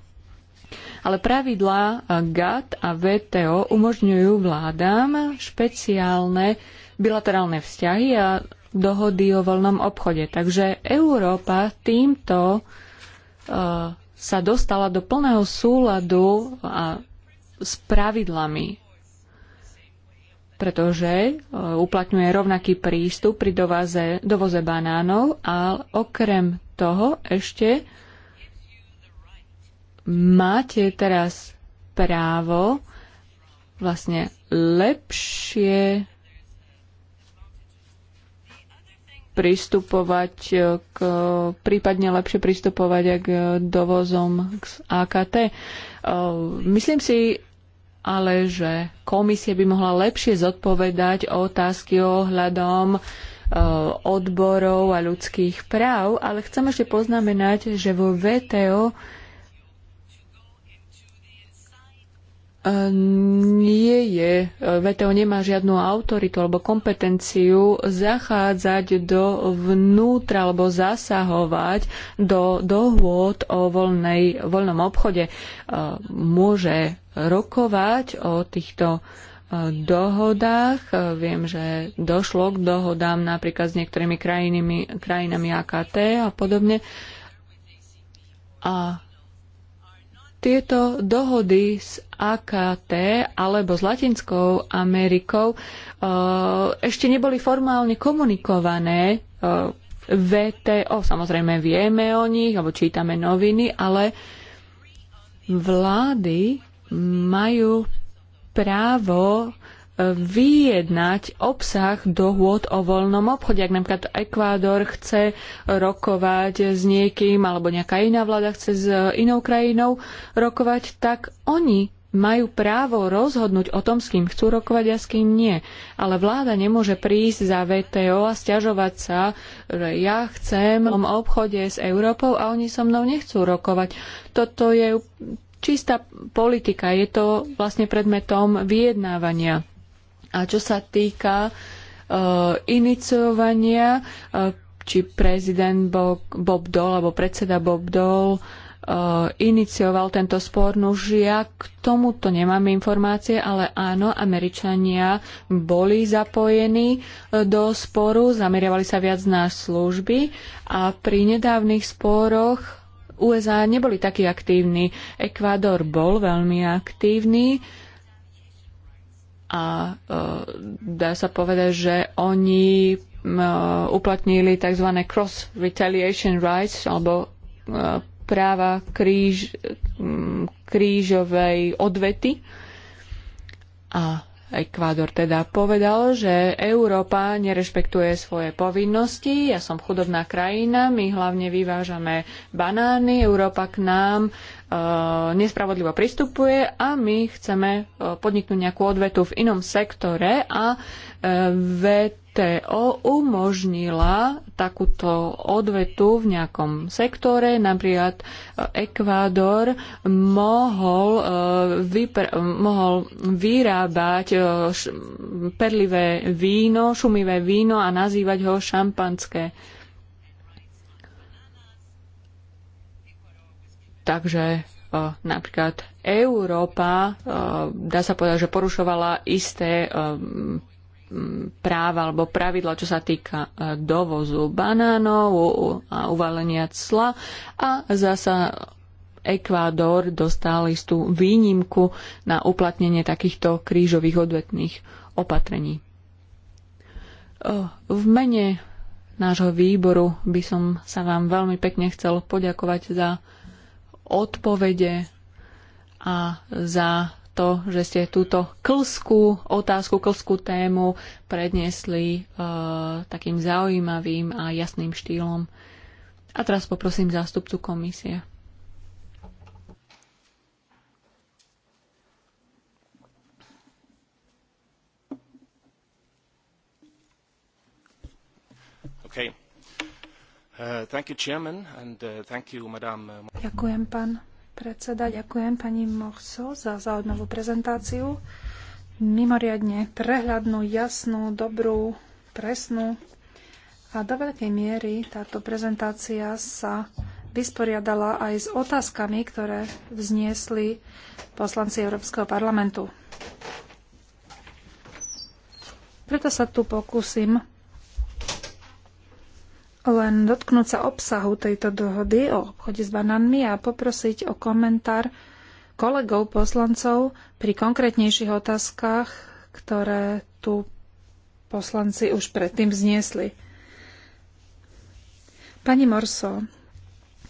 Ale pravidlá GATT a VTO umožňujú vládám špeciálne bilaterálne vzťahy a dohody o voľnom obchode. Takže Európa týmto Eh, sa dostala do plného súladu a s pravidlami, pretože eh, uplatňuje rovnaký prístup pri dovaze, dovoze banánov a okrem toho ešte máte teraz právo vlastne lepšie pristupovať e, k, prípadne lepšie pristupovať k dovozom z AKT. E, myslím si, ale že komisia by mohla lepšie zodpovedať otázky ohľadom e, odborov a ľudských práv, ale chcem ešte poznamenať, že vo VTO E, nie je, e, VTO nemá žiadnu autoritu alebo kompetenciu zachádzať do vnútra alebo zasahovať do dohôd o voľnej, voľnom obchode. E, môže rokovať o týchto dohodách. Viem, že došlo k dohodám napríklad s niektorými krajinami, krajinami AKT a podobne. A tieto dohody s AKT alebo s Latinskou Amerikou e, ešte neboli formálne komunikované. E, VTO, samozrejme vieme o nich, alebo čítame noviny, ale vlády majú právo vyjednať obsah dohôd o voľnom obchode. Ak napríklad Ekvádor chce rokovať s niekým, alebo nejaká iná vláda chce s e, inou krajinou rokovať, tak oni majú právo rozhodnúť o tom, s kým chcú rokovať a s kým nie. Ale vláda nemôže prísť za VTO a stiažovať sa, že ja chcem v obchode s Európou a oni so mnou nechcú rokovať. Toto je čistá politika, je to vlastne predmetom vyjednávania. A čo sa týka e, iniciovania, e, či prezident Bob Dole alebo predseda Bob Dole e, inicioval tento spor. Nuž ja k tomuto nemám informácie, ale áno, Američania boli zapojení do sporu, zameriavali sa viac na služby a pri nedávnych sporoch USA neboli takí aktívni. Ekvádor bol veľmi aktívny a e, dá sa povedať, že oni e, uplatnili tzv. cross retaliation rights alebo e, práva kríž, krížovej odvety a Ekvádor teda povedal, že Európa nerešpektuje svoje povinnosti, ja som chudobná krajina, my hlavne vyvážame banány, Európa k nám e, nespravodlivo pristupuje a my chceme e, podniknúť nejakú odvetu v inom sektore a e, vet VTO umožnila takúto odvetu v nejakom sektore, napríklad e, Ekvádor mohol, e, vypr- mohol vyrábať e, perlivé víno, šumivé víno a nazývať ho šampanské. Takže napríklad Európa, dá sa povedať, že porušovala isté práva alebo pravidla, čo sa týka e, dovozu banánov a uvalenia cla a zasa Ekvádor dostal istú výnimku na uplatnenie takýchto krížových odvetných opatrení. E, v mene nášho výboru by som sa vám veľmi pekne chcel poďakovať za odpovede a za to, že ste túto klskú otázku, klskú tému predniesli e, takým zaujímavým a jasným štýlom. A teraz poprosím zástupcu komisie. Okay. Uh, you, chairman, and, uh, you, uh, Ďakujem, pán predseda. Ďakujem pani Moxo za zaujímavú prezentáciu. Mimoriadne prehľadnú, jasnú, dobrú, presnú. A do veľkej miery táto prezentácia sa vysporiadala aj s otázkami, ktoré vzniesli poslanci Európskeho parlamentu. Preto sa tu pokúsim len dotknúť sa obsahu tejto dohody o obchode s banánmi a poprosiť o komentár kolegov poslancov pri konkrétnejších otázkach, ktoré tu poslanci už predtým zniesli. Pani Morso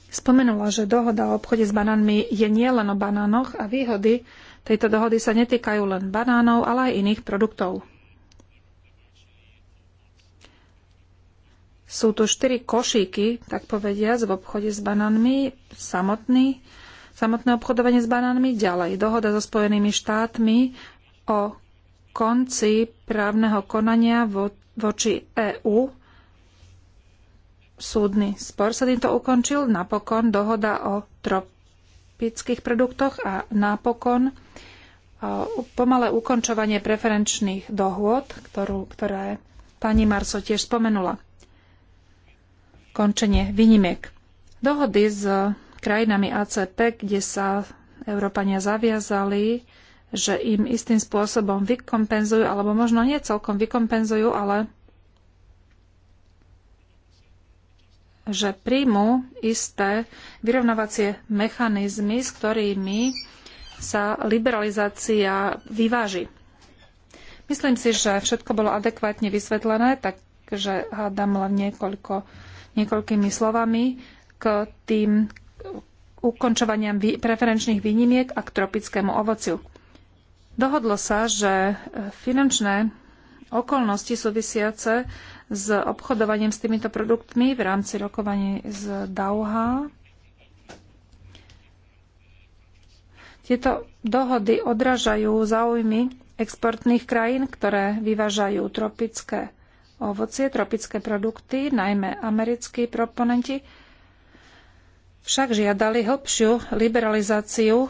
spomenula, že dohoda o obchode s banánmi je nielen o banánoch a výhody tejto dohody sa netýkajú len banánov, ale aj iných produktov. Sú tu štyri košíky, tak povedia, v obchode s banánmi, samotný, samotné obchodovanie s banánmi, ďalej dohoda so Spojenými štátmi o konci právneho konania vo, voči EÚ. Súdny spor sa týmto ukončil, napokon dohoda o tropických produktoch a napokon pomalé ukončovanie preferenčných dohôd, ktorú, ktoré pani Marso tiež spomenula končenie výnimiek. Dohody s krajinami ACP, kde sa Európania zaviazali, že im istým spôsobom vykompenzujú, alebo možno nie celkom vykompenzujú, ale že príjmu isté vyrovnávacie mechanizmy, s ktorými sa liberalizácia vyváži. Myslím si, že všetko bolo adekvátne vysvetlené, takže hádam len niekoľko niekoľkými slovami k tým ukončovaniam preferenčných výnimiek a k tropickému ovociu. Dohodlo sa, že finančné okolnosti súvisiace s obchodovaním s týmito produktmi v rámci rokovaní z Dauha Tieto dohody odražajú záujmy exportných krajín, ktoré vyvážajú tropické ovocie, tropické produkty, najmä americkí proponenti, však žiadali hlbšiu liberalizáciu e,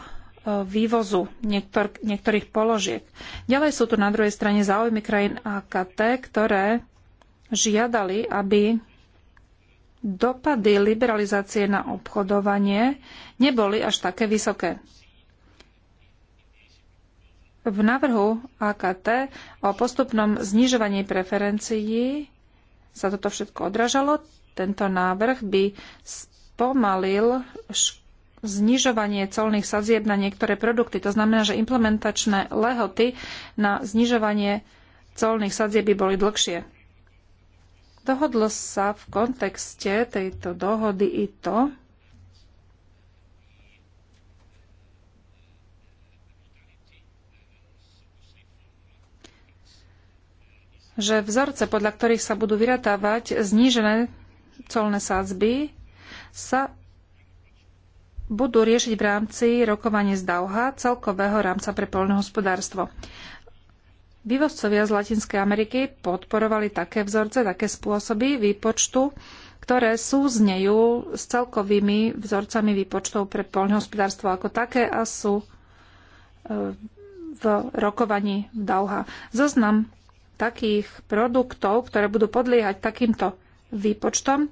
vývozu niektor, niektorých položiek. Ďalej sú tu na druhej strane záujmy krajín AKT, ktoré žiadali, aby dopady liberalizácie na obchodovanie neboli až také vysoké. V návrhu AKT o postupnom znižovaní preferencií sa toto všetko odražalo. Tento návrh by spomalil znižovanie colných sadzieb na niektoré produkty. To znamená, že implementačné lehoty na znižovanie colných sadzieb by boli dlhšie. Dohodlo sa v kontexte tejto dohody i to, že vzorce, podľa ktorých sa budú vyratávať znížené colné sádzby, sa budú riešiť v rámci rokovania z Dauha celkového rámca pre poľnohospodárstvo. Vývozcovia z Latinskej Ameriky podporovali také vzorce, také spôsoby výpočtu, ktoré súznejú s celkovými vzorcami výpočtov pre poľnohospodárstvo ako také a sú e, v rokovaní v Dauha. Zoznam takých produktov, ktoré budú podliehať takýmto výpočtom.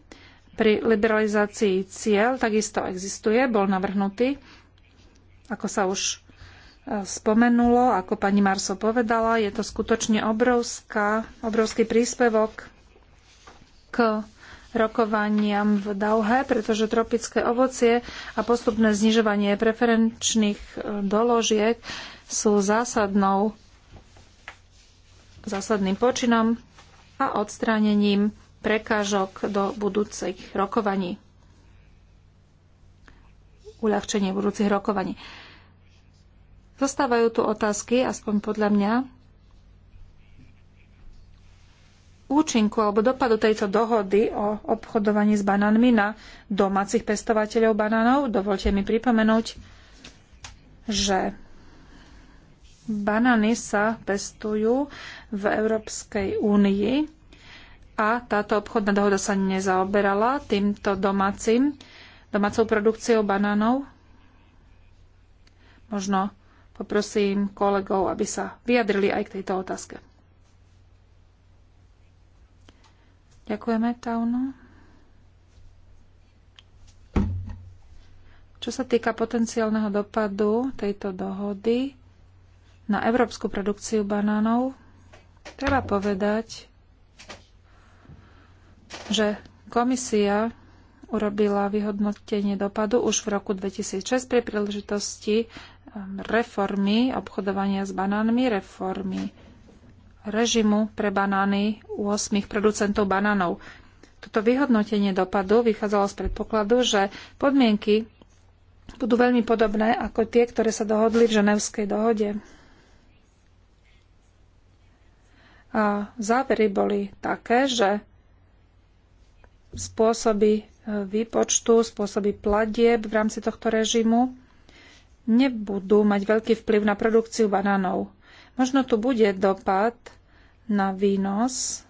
Pri liberalizácii cieľ takisto existuje, bol navrhnutý, ako sa už e, spomenulo, ako pani Marso povedala, je to skutočne obrovská, obrovský príspevok k rokovaniam v Dauhe, pretože tropické ovocie a postupné znižovanie preferenčných e, doložiek sú zásadnou zásadným počinom a odstránením prekážok do budúcich rokovaní. Uľahčenie budúcich rokovaní. Zostávajú tu otázky, aspoň podľa mňa, účinku alebo dopadu tejto dohody o obchodovaní s banánmi na domácich pestovateľov banánov. Dovolte mi pripomenúť, že Banány sa pestujú v Európskej únii a táto obchodná dohoda sa nezaoberala týmto domácim, domácou produkciou banánov. Možno poprosím kolegov, aby sa vyjadrili aj k tejto otázke. Ďakujeme, Tauno. Čo sa týka potenciálneho dopadu tejto dohody, na európsku produkciu banánov, treba povedať, že komisia urobila vyhodnotenie dopadu už v roku 2006 pri príležitosti um, reformy obchodovania s banánmi, reformy režimu pre banány u 8 producentov banánov. Toto vyhodnotenie dopadu vychádzalo z predpokladu, že podmienky budú veľmi podobné ako tie, ktoré sa dohodli v Ženevskej dohode. A závery boli také, že spôsoby e, výpočtu, spôsoby platieb v rámci tohto režimu nebudú mať veľký vplyv na produkciu banánov. Možno tu bude dopad na výnos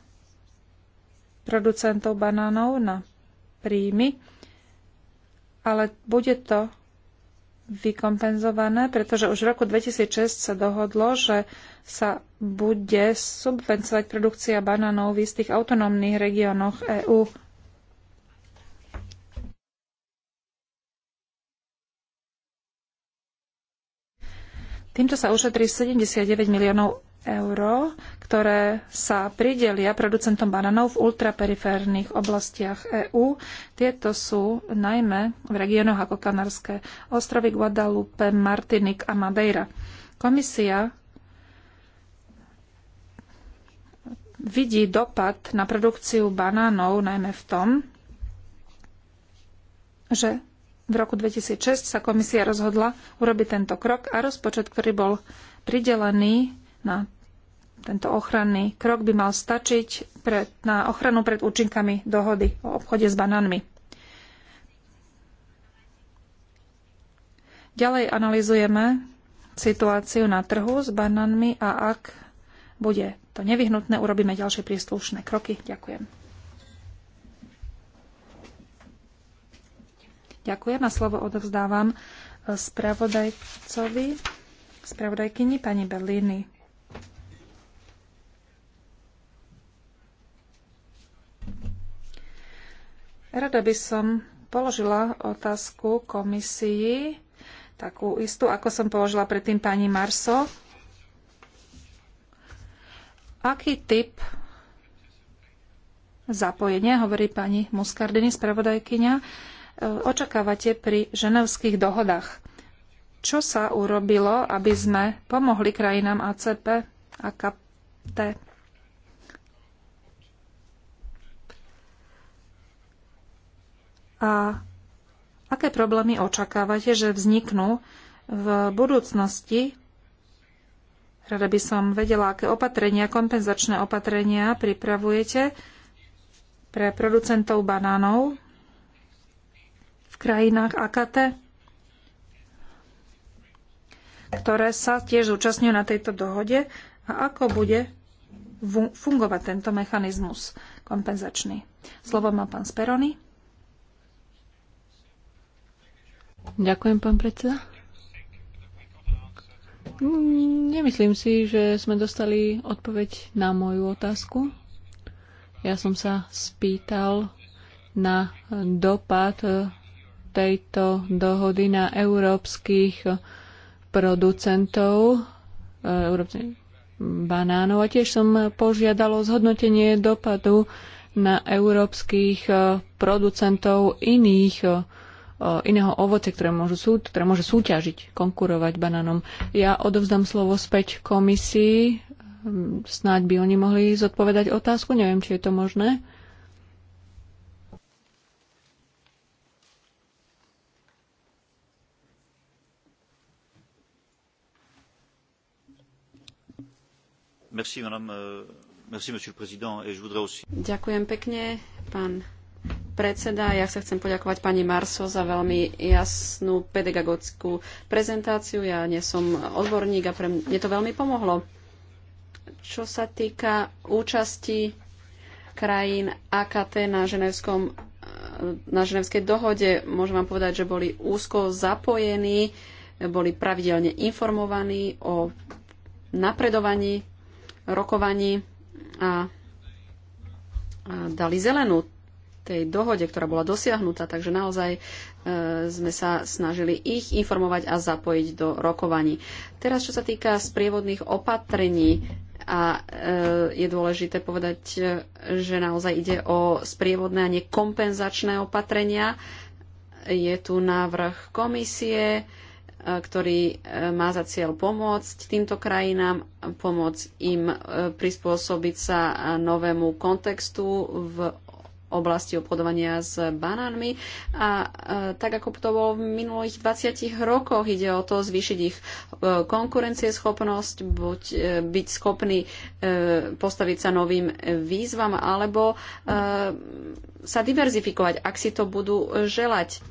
producentov banánov, na príjmy, ale bude to vykompenzované, pretože už v roku 2006 sa dohodlo, že sa bude subvencovať produkcia banánov v istých autonómnych regiónoch EÚ. Týmto sa ušetrí 79 miliónov euro, ktoré sa pridelia producentom bananov v ultraperiférnych oblastiach EÚ. Tieto sú najmä v regiónoch ako Kanárske ostrovy, Guadalupe, Martinik a Madeira. Komisia vidí dopad na produkciu banánov najmä v tom, že v roku 2006 sa komisia rozhodla urobiť tento krok a rozpočet, ktorý bol pridelený na tento ochranný krok by mal stačiť pred, na ochranu pred účinkami dohody o obchode s banánmi. Ďalej analizujeme situáciu na trhu s banánmi a ak bude to nevyhnutné, urobíme ďalšie príslušné kroky. Ďakujem. Ďakujem a slovo odovzdávam eh, spravodajcovi, spravodajkyni pani Berlíny. Rada by som položila otázku komisii, takú istú, ako som položila predtým pani Marso. Aký typ zapojenia, hovorí pani Muscardini, spravodajkyňa, e, očakávate pri ženevských dohodách? Čo sa urobilo, aby sme pomohli krajinám ACP a KT? a aké problémy očakávate, že vzniknú v budúcnosti. Rada by som vedela, aké opatrenia, kompenzačné opatrenia pripravujete pre producentov banánov v krajinách AKT, ktoré sa tiež zúčastňujú na tejto dohode a ako bude fungovať tento mechanizmus kompenzačný. Slovo má pán Sperony. Ďakujem, pán predseda. Nemyslím si, že sme dostali odpoveď na moju otázku. Ja som sa spýtal na dopad tejto dohody na európskych producentov európskych banánov a tiež som o zhodnotenie dopadu na európskych producentov iných iného ovoce, ktoré, môžu súd, ktoré môže súťažiť, konkurovať banánom. Ja odovzdám slovo späť komisii. Hm, snáď by oni mohli zodpovedať otázku. Neviem, či je to možné. Merci, madame, euh, merci, monsieur le président. Et je voudrais aussi... Ďakujem pekne, pán predseda. Ja sa chcem poďakovať pani Marso za veľmi jasnú pedagogickú prezentáciu. Ja nie som odborník a pre mňa to veľmi pomohlo. Čo sa týka účasti krajín AKT na, ženevskom, na ženevskej dohode, môžem vám povedať, že boli úzko zapojení, boli pravidelne informovaní o napredovaní, rokovaní a, a dali zelenú tej dohode, ktorá bola dosiahnutá, takže naozaj e, sme sa snažili ich informovať a zapojiť do rokovaní. Teraz, čo sa týka sprievodných opatrení, a e, je dôležité povedať, e, že naozaj ide o sprievodné a nekompenzačné opatrenia. Je tu návrh komisie, e, ktorý e, má za cieľ pomôcť týmto krajinám, pomôcť im prispôsobiť sa novému kontextu v oblasti obchodovania s banánmi. A e, tak ako to bolo v minulých 20 rokoch, ide o to zvýšiť ich e, konkurencieschopnosť, buď e, byť schopný e, postaviť sa novým výzvam, alebo e, sa diverzifikovať, ak si to budú želať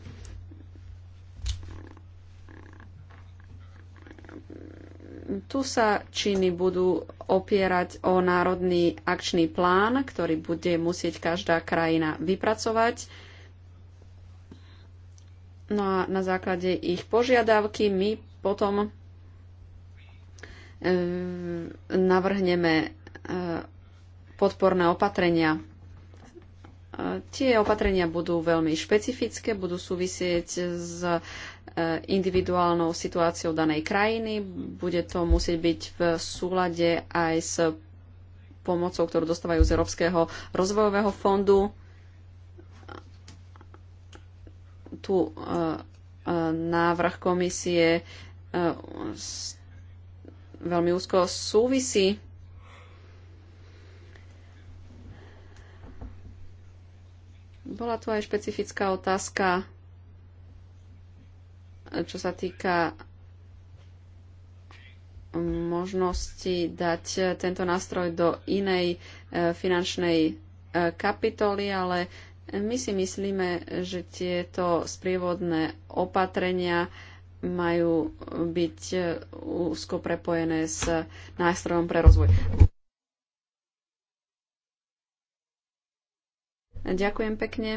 tu sa činy budú opierať o národný akčný plán, ktorý bude musieť každá krajina vypracovať. No a na základe ich požiadavky my potom eh, navrhneme eh, podporné opatrenia. Eh, tie opatrenia budú veľmi špecifické, budú súvisieť s E, individuálnou situáciou danej krajiny. Bude to musieť byť v súlade aj s pomocou, ktorú dostávajú z Európskeho rozvojového fondu. Tu e, e, návrh komisie veľmi úzko súvisí Bola tu aj špecifická otázka čo sa týka možnosti dať tento nástroj do inej e, finančnej e, kapitoly, ale my si myslíme, že tieto sprievodné opatrenia majú byť e, úzko prepojené s nástrojom pre rozvoj. Ďakujem pekne.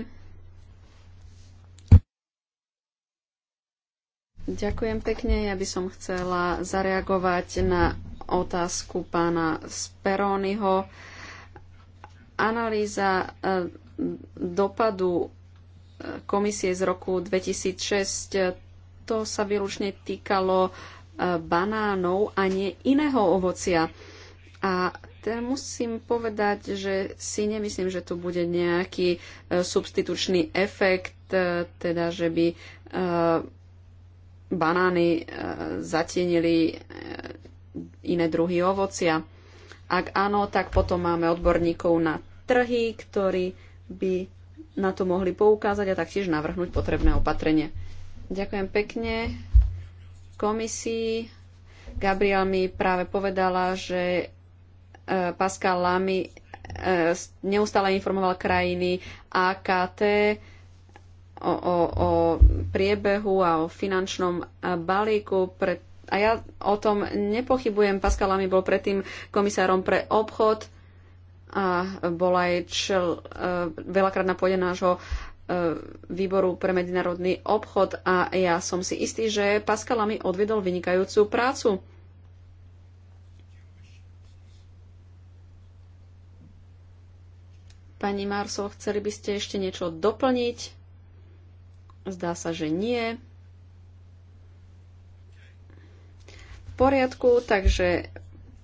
Ďakujem pekne. Ja by som chcela zareagovať na otázku pána Speroniho. Analýza eh, dopadu eh, komisie z roku 2006, eh, to sa výlučne týkalo banánov a nie iného ovocia. A te musím povedať, že si nemyslím, že tu bude nejaký substitučný efekt, teda že by banány e, zatienili e, iné druhy ovocia. Ak áno, tak potom máme odborníkov na trhy, ktorí by na to mohli poukázať a taktiež navrhnúť potrebné opatrenie. Ďakujem pekne komisii. Gabriel mi práve povedala, že e, Pascal Lamy neustále informoval krajiny AKT, o, o, o priebehu a o finančnom balíku. Pre, a ja o tom nepochybujem. Pascal Lamy bol predtým komisárom pre obchod a bol aj čel, e, veľakrát na pôde nášho e, výboru pre medzinárodný obchod a ja som si istý, že Pascal Lamy odvedol vynikajúcu prácu. Pani Marso, chceli by ste ešte niečo doplniť? Zdá sa, že nie. V poriadku, takže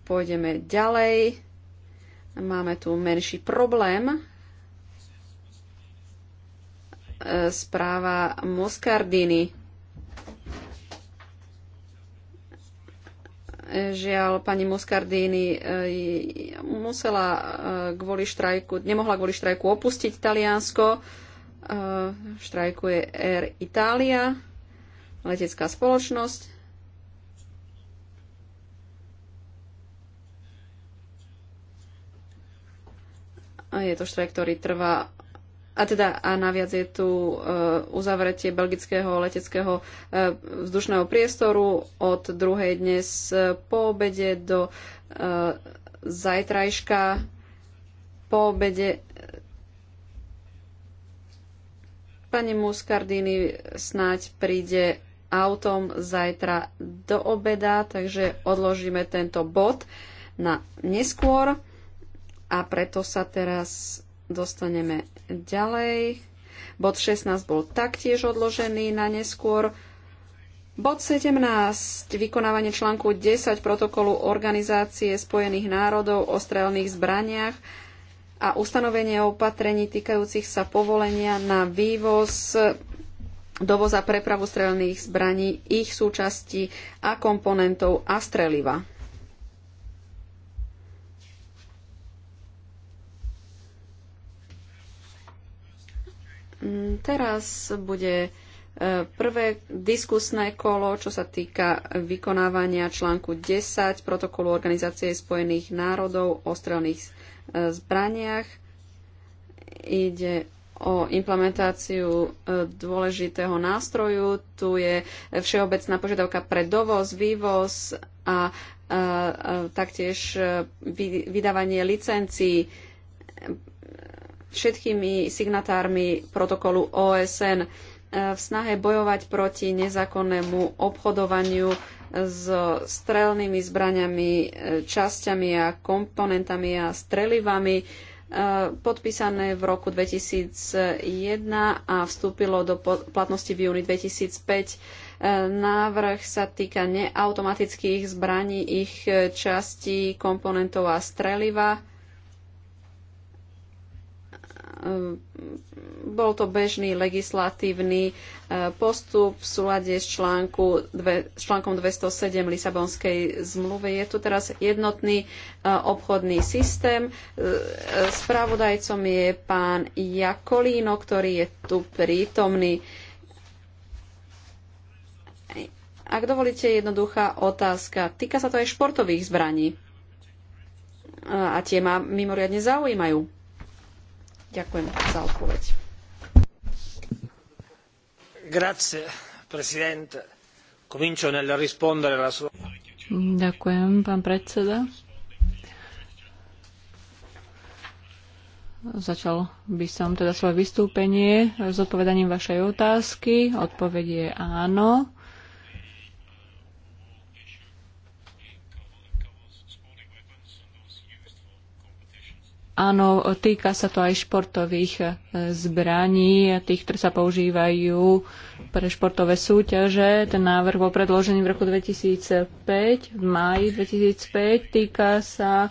pôjdeme ďalej. Máme tu menší problém. E, správa Moscardini. E, žiaľ, pani Moscardini e, musela kvôli štrajku, nemohla kvôli štrajku opustiť Taliansko Eh, štrajkuje Air Italia, letecká spoločnosť. A je to štrajk, ktorý trvá a teda a naviac je tu eh, uzavretie belgického leteckého eh, vzdušného priestoru od druhej dnes po obede do zajtrajška po obede Pani Muscardini snáď príde autom zajtra do obeda, takže odložíme tento bod na neskôr a preto sa teraz dostaneme ďalej. Bod 16 bol taktiež odložený na neskôr. Bod 17. Vykonávanie článku 10 protokolu Organizácie spojených národov o strelných zbraniach a ustanovenie opatrení týkajúcich sa povolenia na vývoz, dovoz a prepravu strelných zbraní, ich súčasti a komponentov a streliva. Mm, teraz bude e, prvé diskusné kolo, čo sa týka vykonávania článku 10 protokolu Organizácie spojených národov o strelných zbraniach. Ide o implementáciu e, dôležitého nástroju. Tu je všeobecná požiadavka pre dovoz, vývoz a, a e, e, taktiež vydávanie licencií všetkými signatármi protokolu OSN v snahe bojovať proti nezákonnému obchodovaniu so strelnými zbraniami, e, časťami a komponentami a strelivami e, podpísané v roku 2001 a vstúpilo do platnosti v júni 2005. E, návrh sa týka neautomatických zbraní, ich častí, komponentov a streliva Ehm, bol to bežný legislatívny ehm, postup v súlade s článku, s článkom 207 Lisabonskej zmluvy. Je tu teraz jednotný ehm, obchodný systém. Spravodajcom je pán Jakolíno, ktorý je tu prítomný. Ak dovolíte, jednoduchá otázka. Týka sa to aj športových zbraní. A tie ma mimoriadne zaujímajú. Ďakujem za odpoveď. Grazie, presidente. Comincio nel rispondere alla sua... Ďakujem, pán predseda. Začal by som teda svoje vystúpenie s odpovedaním vašej otázky. Odpoveď je áno. Áno, týka sa to aj športových e, zbraní, tých, ktoré sa používajú pre športové súťaže. Ten návrh bol predložený v roku 2005, v máji 2005. Týka sa e,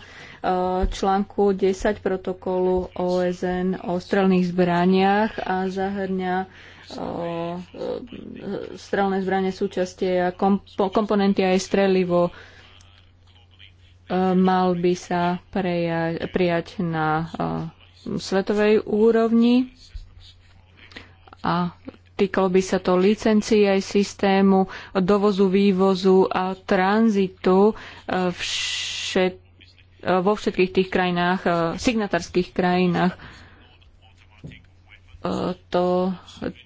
článku 10 protokolu OSN o strelných zbraniach a zahrňa e, strelné zbranie súčasti a komponenty aj strelivo E, mal by sa preja- prijať na e, svetovej úrovni a týkalo by sa to licencií aj systému dovozu, vývozu a tranzitu e, všet- vo všetkých tých krajinách, signatárskych krajinách. To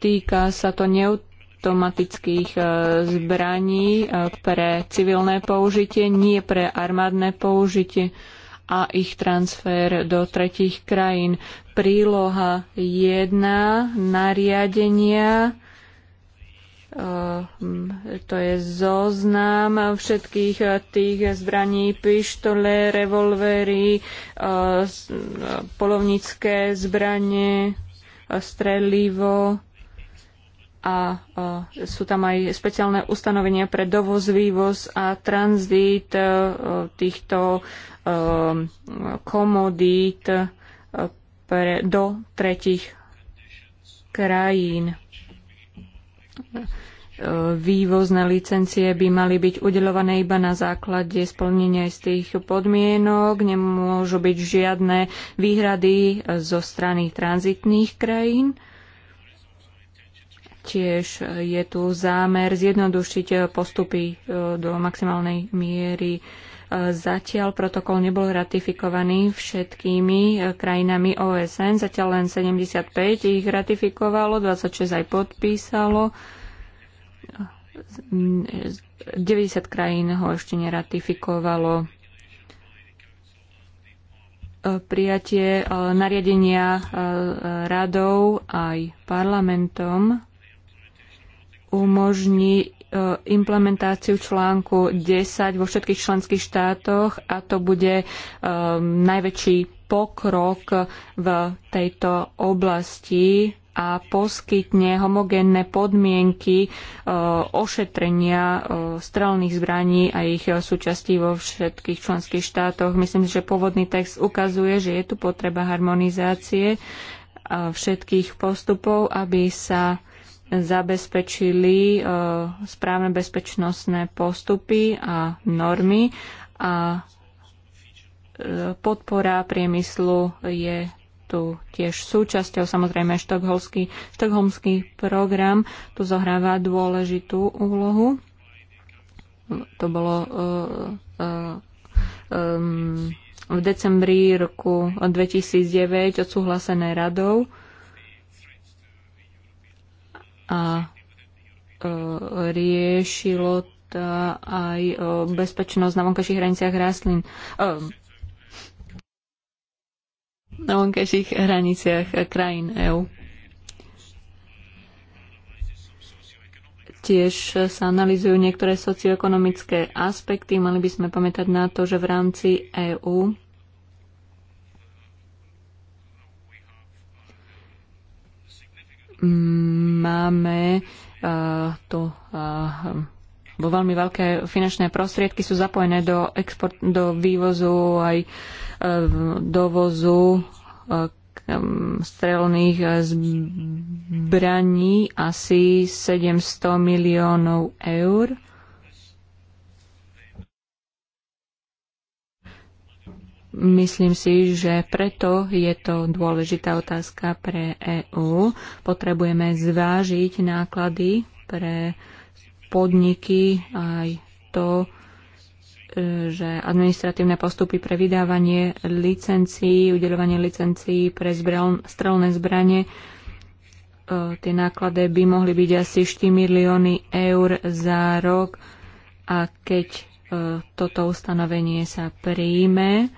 týka sa to neut- automatických e, zbraní e, pre civilné použitie, nie pre armádne použitie a ich transfer do tretích krajín. Príloha 1 nariadenia e, to je zoznam všetkých tých zbraní, pištole, revolvery, polovnícke zbranie, strelivo, a e, sú tam aj špeciálne ustanovenia pre dovoz, vývoz a tranzit e, týchto e, komodít pre, do tretich krajín. Vývozné licencie by mali byť udelované iba na základe splnenia z tých podmienok, nemôžu byť žiadne výhrady zo strany tranzitných krajín Tiež e, je tu zámer zjednodušiť e, postupy e, do maximálnej miery. Zatiaľ protokol nebol ratifikovaný všetkými krajinami OSN, zatiaľ len 75 ich ratifikovalo, 26 aj podpísalo. 90 krajín ho ešte neratifikovalo. Prijatie nariadenia radov aj parlamentom umožní e, implementáciu článku 10 vo všetkých členských štátoch a to bude e, najväčší pokrok v tejto oblasti a poskytne homogénne podmienky e, ošetrenia strelných zbraní a ich súčasti vo všetkých členských štátoch. Myslím, že pôvodný text ukazuje, že je tu potreba harmonizácie všetkých postupov, aby sa zabezpečili e, správne bezpečnostné postupy a normy a e, podpora priemyslu je tu tiež súčasťou. Samozrejme, štokholmský, štokholmský program tu zohráva dôležitú úlohu. To bolo uh, uh, um, v decembri roku 2009 odsúhlasené radou a e, riešilo tá aj e, bezpečnosť na vonkajších hraniciach rastlín. E, na vonkajších hraniciach krajín EÚ. Tiež sa analizujú niektoré socioekonomické aspekty. Mali by sme pamätať na to, že v rámci EÚ máme eh, tu bo eh, veľmi veľké finančné prostriedky sú zapojené do, export, do vývozu aj eh, dovozu mm, strelných zbraní asi 700 miliónov eur Myslím si, že preto je to dôležitá otázka pre EÚ. Potrebujeme zvážiť náklady pre podniky aj to, e, že administratívne postupy pre vydávanie licencií, udeľovanie licencií pre zbrel, strelné zbranie, e, tie náklady by mohli byť asi 4 milióny eur za rok a keď e, toto ustanovenie sa príjme,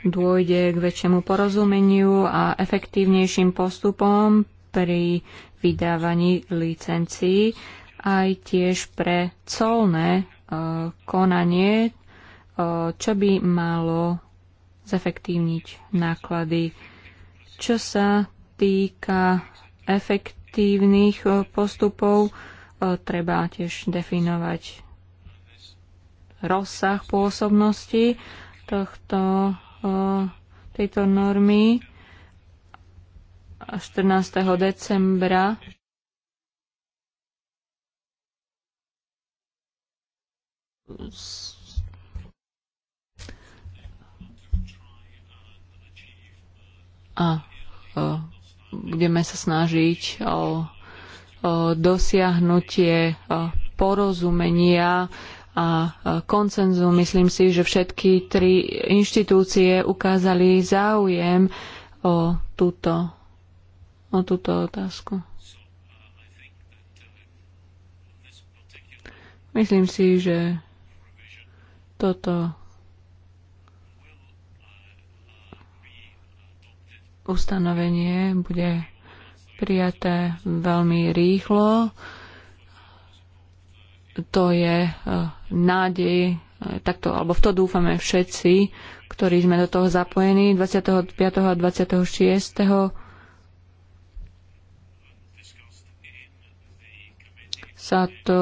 dôjde k väčšiemu porozumeniu a efektívnejším postupom pri vydávaní licencií aj tiež pre colné e, konanie, e, čo by malo zefektívniť náklady. Čo sa týka efektívnych e, postupov, treba tiež definovať rozsah pôsobnosti tohto tejto normy 14. decembra a budeme sa snažiť o dosiahnutie porozumenia a koncenzu. Myslím si, že všetky tri inštitúcie ukázali záujem o túto, o túto otázku. Myslím si, že toto ustanovenie bude prijaté veľmi rýchlo to je e, nádej, e, takto, alebo v to dúfame všetci, ktorí sme do toho zapojení 25. a 26. sa to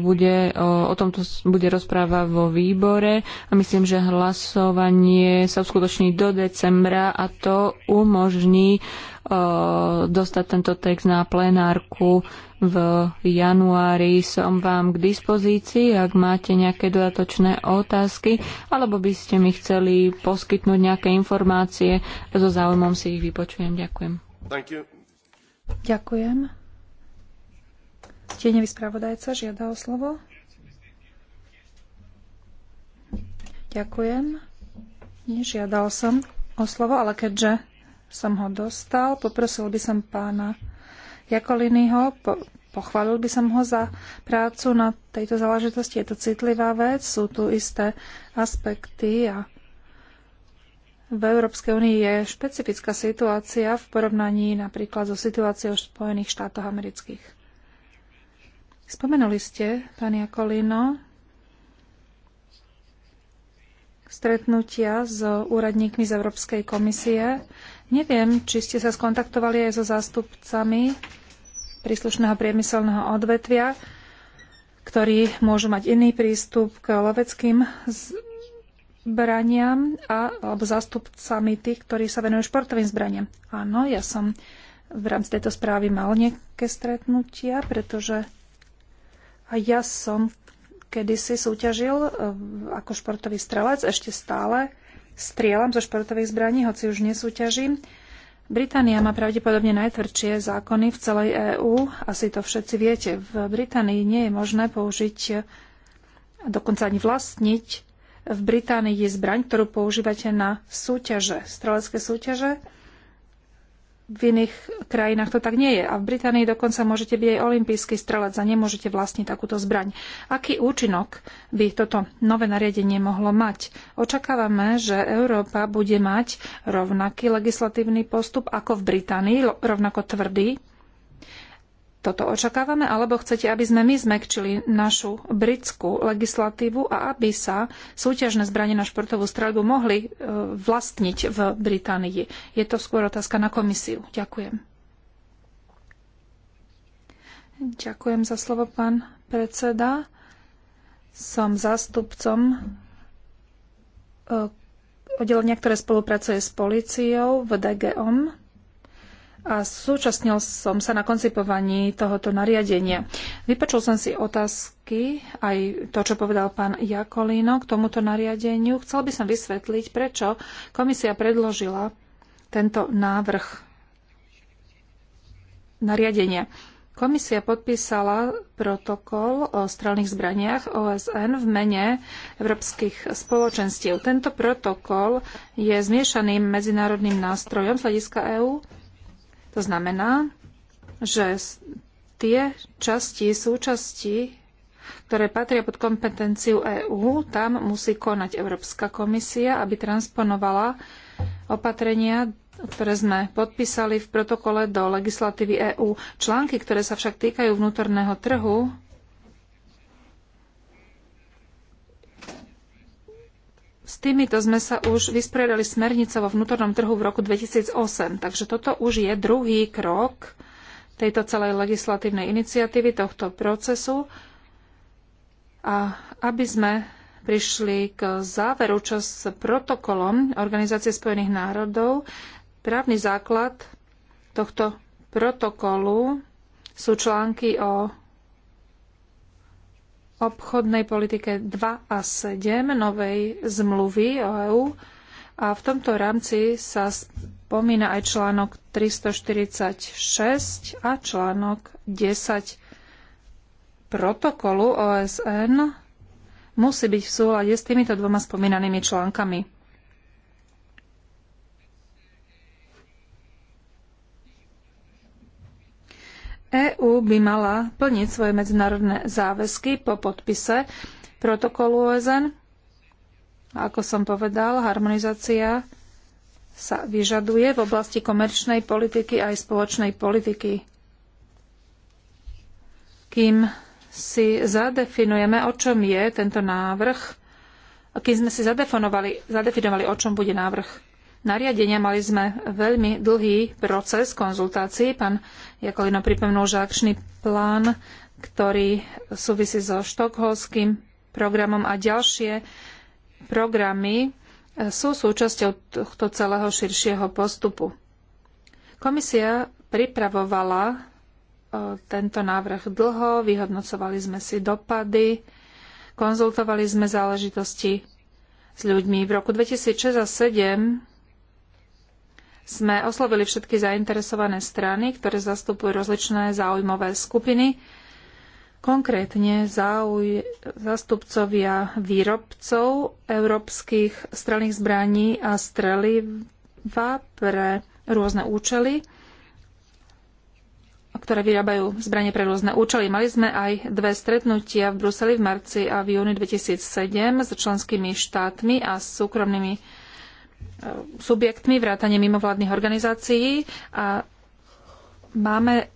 bude, o tomto bude rozpráva vo výbore a myslím, že hlasovanie sa uskutoční do decembra a to umožní dostať tento text na plenárku v januári. Som vám k dispozícii, ak máte nejaké dodatočné otázky, alebo by ste mi chceli poskytnúť nejaké informácie. So záujmom si ich vypočujem. Ďakujem. Ďakujem. Tieňový spravodajca žiada o slovo. Ďakujem. Nežiadal som o slovo, ale keďže som ho dostal, poprosil by som pána Jakoliniho, po, pochválil by som ho za prácu na tejto záležitosti. Je to citlivá vec, sú tu isté aspekty a v Európskej únii je špecifická situácia v porovnaní napríklad so situáciou v Spojených štátoch amerických. Spomenuli ste, pani Akolino, stretnutia s úradníkmi z Európskej komisie. Neviem, či ste sa skontaktovali aj so zástupcami príslušného priemyselného odvetvia, ktorí môžu mať iný prístup k loveckým zbraniam a, alebo zástupcami tých, ktorí sa venujú športovým zbraniam. Áno, ja som v rámci tejto správy mal nejaké stretnutia, pretože a ja som kedysi súťažil e, ako športový strelec, ešte stále strieľam zo športových zbraní, hoci už nesúťažím. Británia má pravdepodobne najtvrdšie zákony v celej EÚ, asi to všetci viete. V Británii nie je možné použiť, e, dokonca ani vlastniť v Británii je zbraň, ktorú používate na súťaže, strelecké súťaže v iných krajinách to tak nie je. A v Británii dokonca môžete byť aj olimpijský strelec a nemôžete vlastniť takúto zbraň. Aký účinok by toto nové nariadenie mohlo mať? Očakávame, že Európa bude mať rovnaký legislatívny postup ako v Británii, rovnako tvrdý, toto očakávame, alebo chcete, aby sme my zmekčili našu britskú legislatívu a aby sa súťažné zbranie na športovú streľbu mohli e, vlastniť v Británii? Je to skôr otázka na komisiu. Ďakujem. Ďakujem za slovo, pán predseda. Som zástupcom e, oddelenia, ktoré spolupracuje s policiou v DGOM a súčasnil som sa na koncipovaní tohoto nariadenia. Vypočul som si otázky, aj to, čo povedal pán Jakolino k tomuto nariadeniu. Chcel by som vysvetliť, prečo komisia predložila tento návrh nariadenia. Komisia podpísala protokol o strelných zbraniach OSN v mene európskych spoločenstiev. Tento protokol je zmiešaným medzinárodným nástrojom z hľadiska EÚ to znamená, že tie časti, súčasti, ktoré patria pod kompetenciu EÚ, tam musí konať Európska komisia, aby transponovala opatrenia, ktoré sme podpísali v protokole do legislatívy EÚ. Články, ktoré sa však týkajú vnútorného trhu, S týmito sme sa už vysporiadali smernicou vo vnútornom trhu v roku 2008, takže toto už je druhý krok tejto celej legislatívnej iniciatívy, tohto procesu. A aby sme prišli k záveru, čo s protokolom Organizácie spojených národov, právny základ tohto protokolu sú články o obchodnej politike 2 a 7 novej zmluvy o EÚ a v tomto rámci sa spomína aj článok 346 a článok 10 protokolu OSN musí byť v súlade s týmito dvoma spomínanými článkami. EÚ by mala plniť svoje medzinárodné záväzky po podpise protokolu OSN. Ako som povedal, harmonizácia sa vyžaduje v oblasti komerčnej politiky aj spoločnej politiky. Kým si zadefinujeme, o čom je tento návrh, a kým sme si zadefinovali, zadefinovali, o čom bude návrh nariadenia, mali sme veľmi dlhý proces konzultácií. Pán Jakolino pripomenul, že akčný plán, ktorý súvisí so štokholským programom a ďalšie programy e, sú súčasťou tohto celého širšieho postupu. Komisia pripravovala e, tento návrh dlho, vyhodnocovali sme si dopady, konzultovali sme záležitosti s ľuďmi. V roku 2006 a 2007 sme oslovili všetky zainteresované strany, ktoré zastupujú rozličné záujmové skupiny, konkrétne záuj, zastupcovia výrobcov európskych strelných zbraní a streliva pre rôzne účely, ktoré vyrábajú zbranie pre rôzne účely. Mali sme aj dve stretnutia v Bruseli v marci a v júni 2007 s členskými štátmi a súkromnými subjektmi, vrátane mimovládnych organizácií a máme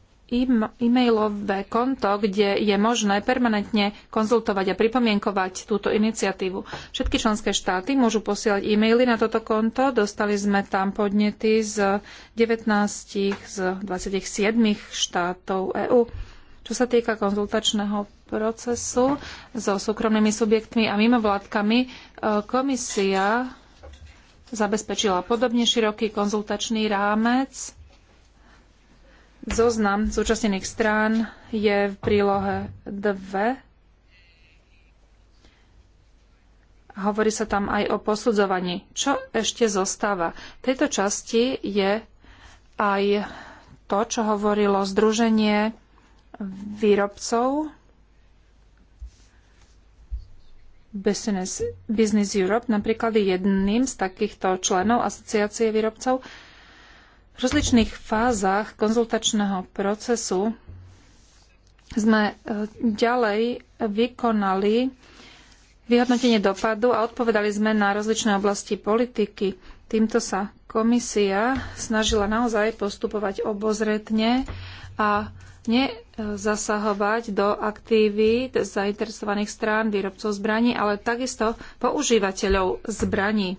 e-mailové konto, kde je možné permanentne konzultovať a pripomienkovať túto iniciatívu. Všetky členské štáty môžu posielať e-maily na toto konto. Dostali sme tam podnety z 19 z 27 štátov EÚ. Čo sa týka konzultačného procesu so súkromnými subjektmi a mimovládkami, e, komisia zabezpečila podobne široký konzultačný rámec. Zoznam zúčastnených strán je v prílohe 2. Hovorí sa tam aj o posudzovaní. Čo ešte zostáva? V tejto časti je aj to, čo hovorilo Združenie výrobcov Business, Business Europe napríklad je jedným z takýchto členov asociácie výrobcov. V rozličných fázach konzultačného procesu sme e, ďalej vykonali vyhodnotenie dopadu a odpovedali sme na rozličné oblasti politiky. Týmto sa komisia snažila naozaj postupovať obozretne a nezasahovať do aktivít zainteresovaných strán, výrobcov zbraní, ale takisto používateľov zbraní.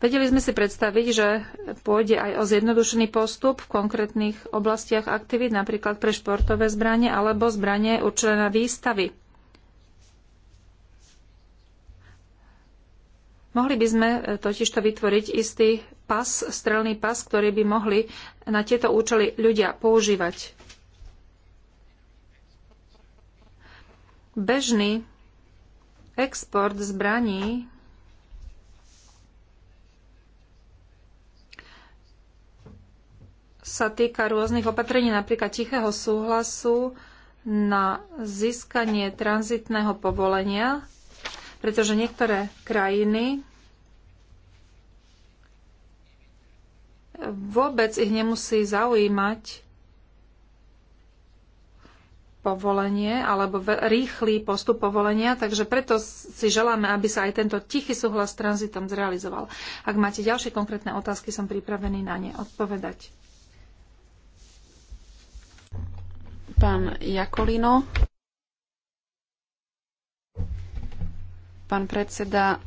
Vedeli sme si predstaviť, že pôjde aj o zjednodušený postup v konkrétnych oblastiach aktivít, napríklad pre športové zbranie alebo zbranie určené na výstavy. Mohli by sme e, totižto vytvoriť istý pas, strelný pas, ktorý by mohli na tieto účely ľudia používať. Bežný export zbraní sa týka rôznych opatrení, napríklad tichého súhlasu na získanie tranzitného povolenia pretože niektoré krajiny vôbec ich nemusí zaujímať povolenie alebo rýchly postup povolenia, takže preto si želáme, aby sa aj tento tichý súhlas s tranzitom zrealizoval. Ak máte ďalšie konkrétne otázky, som pripravený na ne odpovedať. Pán Jakolino. Pán predseda,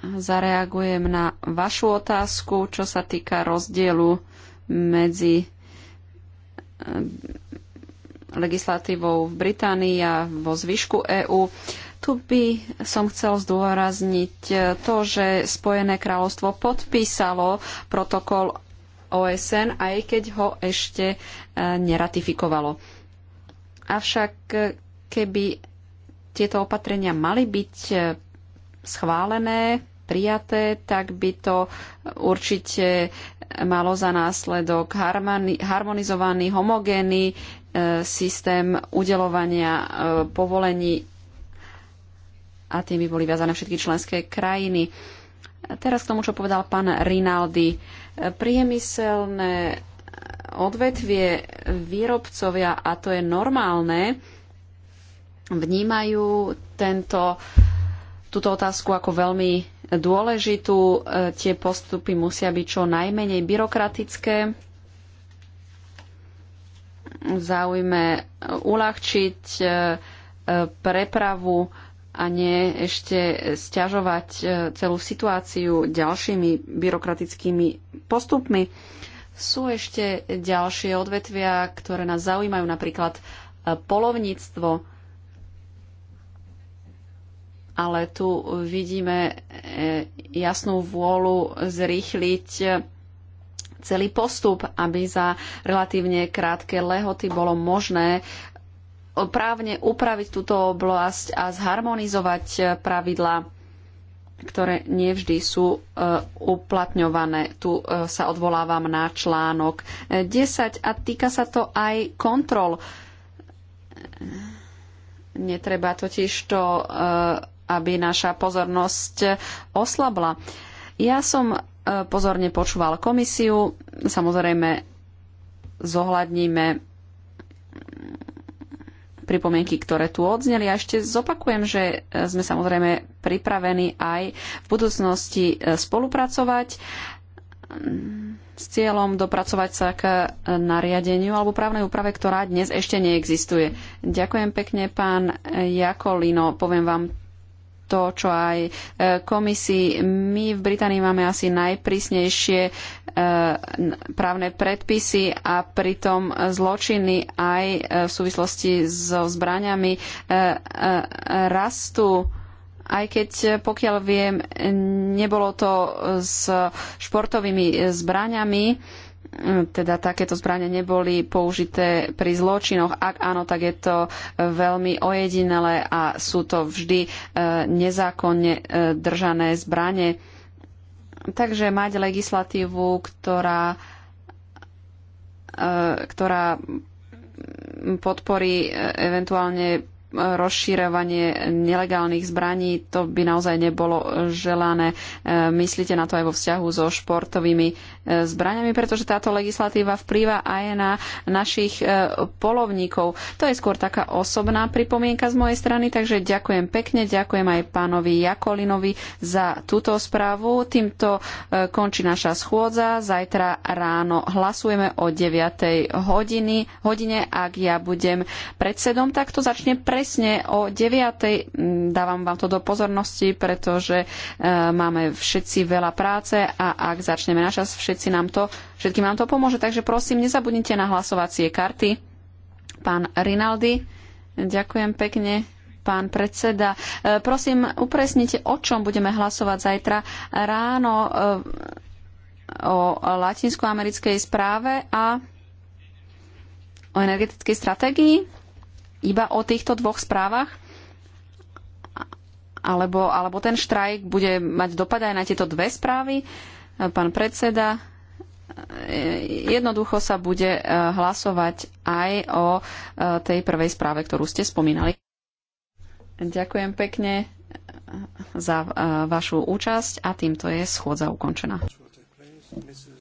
zareagujem na vašu otázku, čo sa týka rozdielu medzi eh, legislatívou v Británii a vo zvyšku EÚ. Tu by som chcel zdôrazniť eh, to, že Spojené kráľovstvo podpísalo protokol OSN, aj keď ho ešte eh, neratifikovalo. Avšak keby tieto opatrenia mali byť e, schválené, prijaté, tak by to určite malo za následok harmonizovaný, homogénny e, systém udelovania e, povolení a tým by boli viazané všetky členské krajiny. teraz k tomu, čo povedal pán Rinaldi. Priemyselné odvetvie výrobcovia, a to je normálne, vnímajú tento, túto otázku ako veľmi dôležitú. E, tie postupy musia byť čo najmenej byrokratické záujme uľahčiť e, e, prepravu a nie ešte stiažovať celú situáciu ďalšími byrokratickými postupmi. Sú ešte ďalšie odvetvia, ktoré nás zaujímajú, napríklad polovníctvo ale tu vidíme e, jasnú vôľu zrýchliť celý postup, aby za relatívne krátke lehoty bolo možné právne upraviť túto oblasť a zharmonizovať pravidlá, ktoré nevždy sú e, uplatňované. Tu e, sa odvolávam na článok 10 a týka sa to aj kontrol. Netreba totiž to aby naša pozornosť oslabla. Ja som e, pozorne počúval komisiu, samozrejme zohľadníme pripomienky, ktoré tu odzneli. A ešte zopakujem, že e, sme samozrejme pripravení aj v budúcnosti e, spolupracovať s cieľom dopracovať sa k nariadeniu alebo právnej úprave, ktorá dnes ešte neexistuje. Ďakujem pekne, pán Jakolino. Poviem vám to, čo aj e, komisii. My v Británii máme asi najprísnejšie e, právne predpisy a pritom zločiny aj e, v súvislosti so zbraniami rastú aj keď pokiaľ viem, nebolo to s športovými zbraniami teda takéto zbranie neboli použité pri zločinoch. Ak áno, tak je to e, veľmi ojedinelé a sú to vždy e, nezákonne e, držané zbranie. Takže mať legislatívu, ktorá, ktorá podporí eventuálne rozširovanie nelegálnych zbraní, to by naozaj nebolo želané. E, myslíte na to aj vo vzťahu so športovými e, zbraniami, pretože táto legislatíva vplýva aj na našich e, polovníkov. To je skôr taká osobná pripomienka z mojej strany, takže ďakujem pekne, ďakujem aj pánovi Jakolinovi za túto správu. Týmto končí naša schôdza. Zajtra ráno hlasujeme o 9. hodiny, hodine. Ak ja budem predsedom, tak to začne pre presne o 9. Dávam vám to do pozornosti, pretože e, máme všetci veľa práce a ak začneme na čas, všetci nám to, všetkým nám to pomôže. Takže prosím, nezabudnite na hlasovacie karty. Pán Rinaldi, ďakujem pekne pán predseda. E, prosím, upresnite, o čom budeme hlasovať zajtra ráno e, o latinskoamerickej správe a o energetickej stratégii iba o týchto dvoch správach? Alebo, alebo ten štrajk bude mať dopad aj na tieto dve správy? Pán predseda, jednoducho sa bude eh, hlasovať aj o eh, tej prvej správe, ktorú ste spomínali. Ďakujem pekne eh, za vašu účasť a týmto je schôdza ukončená.